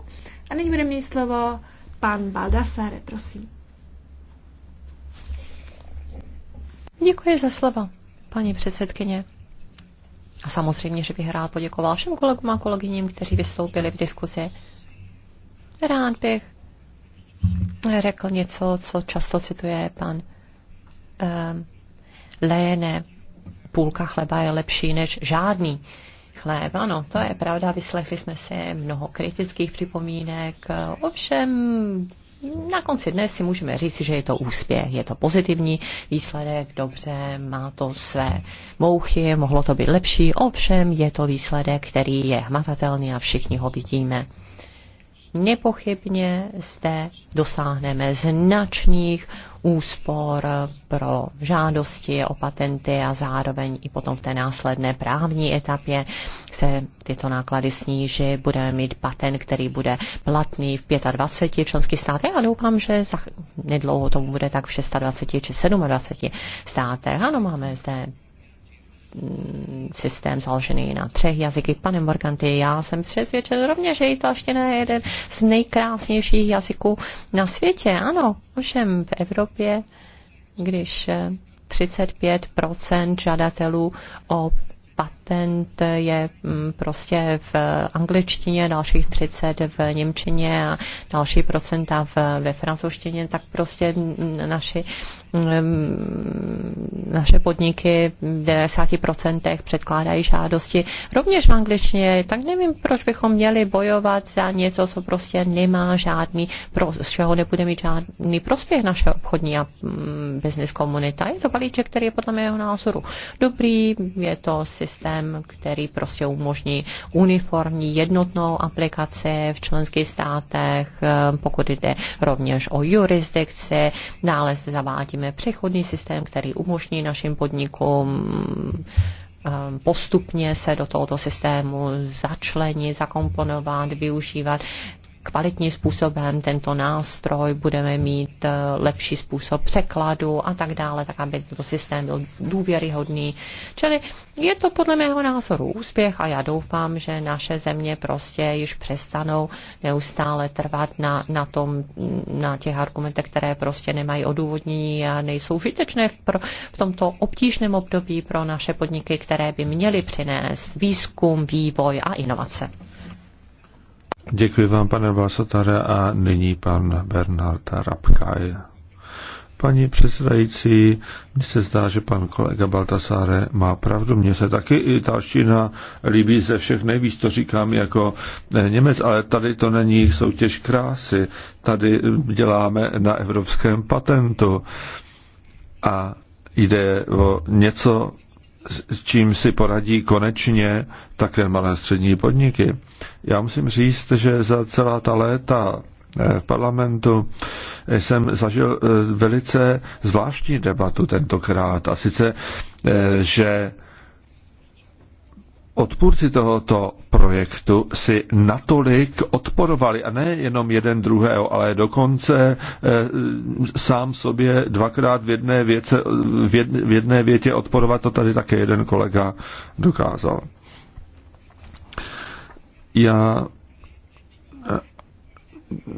A nyní bude mít slovo pan Baldassare, prosím. Děkuji za slovo, paní předsedkyně. A samozřejmě, že bych rád poděkoval všem kolegům a kolegyním, kteří vystoupili v diskuzi. Rád bych řekl něco, co často cituje pan um, Léne. Půlka chleba je lepší než žádný chléb. Ano, to je pravda, vyslechli jsme si mnoho kritických připomínek, ovšem na konci dne si můžeme říct, že je to úspěch, je to pozitivní výsledek, dobře, má to své mouchy, mohlo to být lepší, ovšem je to výsledek, který je hmatatelný a všichni ho vidíme nepochybně zde dosáhneme značných úspor pro žádosti o patenty a zároveň i potom v té následné právní etapě se tyto náklady sníží. Budeme mít patent, který bude platný v 25 členských státech a doufám, že za nedlouho tomu bude tak v 26 či 27 státech. Ano, máme zde Mm, systém založený na třech jazyky. Pane Morganty, já jsem přesvědčen rovněž, že italština je jeden z nejkrásnějších jazyků na světě. Ano, ovšem v Evropě, když 35 eh, žadatelů o patent je mm, prostě v eh, angličtině, dalších 30 v němčině a další procenta v, ve francouzštině, tak prostě naši mm, mm, naše podniky v 90% předkládají žádosti rovněž v angličtině, tak nevím, proč bychom měli bojovat za něco, co prostě nemá žádný, z čeho nebude mít žádný prospěch naše obchodní a business komunita. Je to balíček, který je podle mého názoru dobrý, je to systém, systém, který prostě umožní uniformní jednotnou aplikaci v členských státech, eh, pokud jde rovněž o jurisdikci. Dále zde zavádíme přechodný systém, který umožní našim podnikům eh, postupně se do tohoto systému začlenit, zakomponovat, využívat kvalitním způsobem tento nástroj, budeme mít eh, lepší způsob překladu a tak dále, tak aby tento systém byl důvěryhodný. Čili je to podle mého názoru úspěch a já doufám, že naše země prostě již přestanou neustále trvat na, na, tom, na těch argumentech, které prostě nemají odůvodnění a nejsou užitečné v, pro, v tomto obtížném období pro naše podniky, které by měly přinést výzkum, vývoj a inovace. Děkuji vám, pane Basotare, a nyní pan Bernard Rapkaj. Paní předsedající, mně se zdá, že pan kolega Baltasáre má pravdu. Mně se taky italština líbí ze všech nejvíc, to říkám jako eh, Němec, ale tady to není soutěž krásy. Tady děláme na evropském patentu a jde o něco, s čím si poradí konečně také malé střední podniky. Já musím říct, že za celá ta léta eh, v parlamentu jsem zažil eh, velice zvláštní debatu tentokrát. A sice, eh, že odpůrci tohoto projektu si natolik odporovali, a ne jenom jeden druhého, ale dokonce e, sám sobě dvakrát v jedné, věce, v, jed, v jedné větě odporovat, to tady také jeden kolega dokázal. Já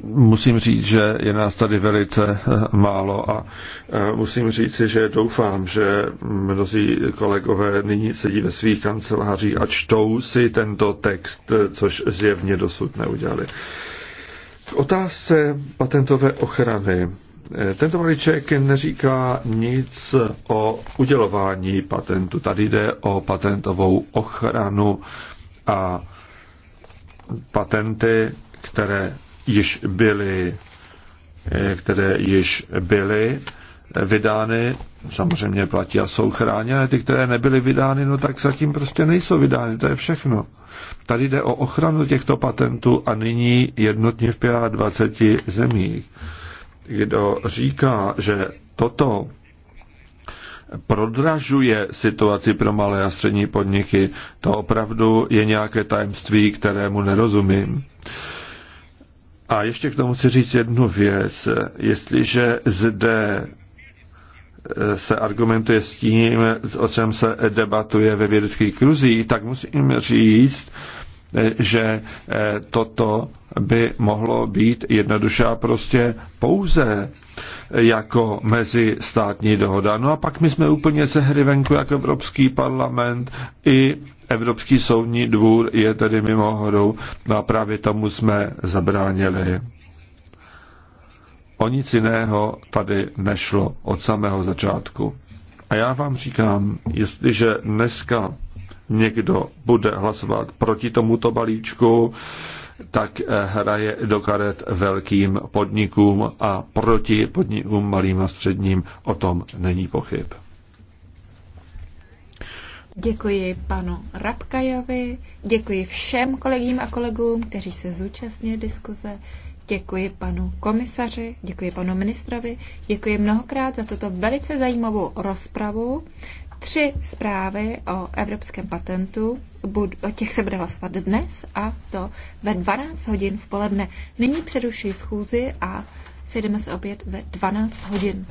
musím říct, že je nás tady velice eh, málo a eh, musím říct, že doufám, že mnozí kolegové nyní sedí ve svých kancelářích a čtou si tento text, eh, což zjevně dosud neudělali. K otázce patentové ochrany. Tento balíček neříká nic o udělování patentu. Tady jde o patentovou ochranu a patenty, které již byly, eh, které již byly vydány, samozřejmě platí a jsou chráněné, ty, které nebyly vydány, no tak zatím prostě nejsou vydány, to je všechno. Tady jde o ochranu těchto patentů a nyní jednotně v 25 zemích. Kdo říká, že toto prodražuje situaci pro malé a střední podniky, to opravdu je nějaké tajemství, kterému nerozumím. A ještě k tomu chci říct jednu věc. Jestliže zde eh, se argumentuje s tím, o čem se debatuje ve vědeckých kruzích, tak musím říct, eh, že eh, toto by mohlo být jednoduše a prostě pouze jako mezi státní dohoda. No a pak my jsme úplně ze hry venku jako Evropský parlament i Evropský soudní dvůr je tedy mimo hru a právě tomu jsme zabránili. O nic jiného tady nešlo od samého začátku. A já vám říkám, jestliže dneska někdo bude hlasovat proti tomuto balíčku, tak eh, hraje do karet velkým podnikům a proti podnikům malým a středním. O tom není pochyb. Děkuji panu Rabkajovi, děkuji všem kolegům a kolegům, kteří se zúčastnili diskuze, děkuji panu komisaři, děkuji panu ministrovi, děkuji mnohokrát za tuto velice zajímavou rozpravu. Tři zprávy o evropském patentu, o těch se bude hlasovat dnes a to ve 12 hodin v poledne. Nyní přeruší schůzi a sejdeme se opět ve 12 hodin.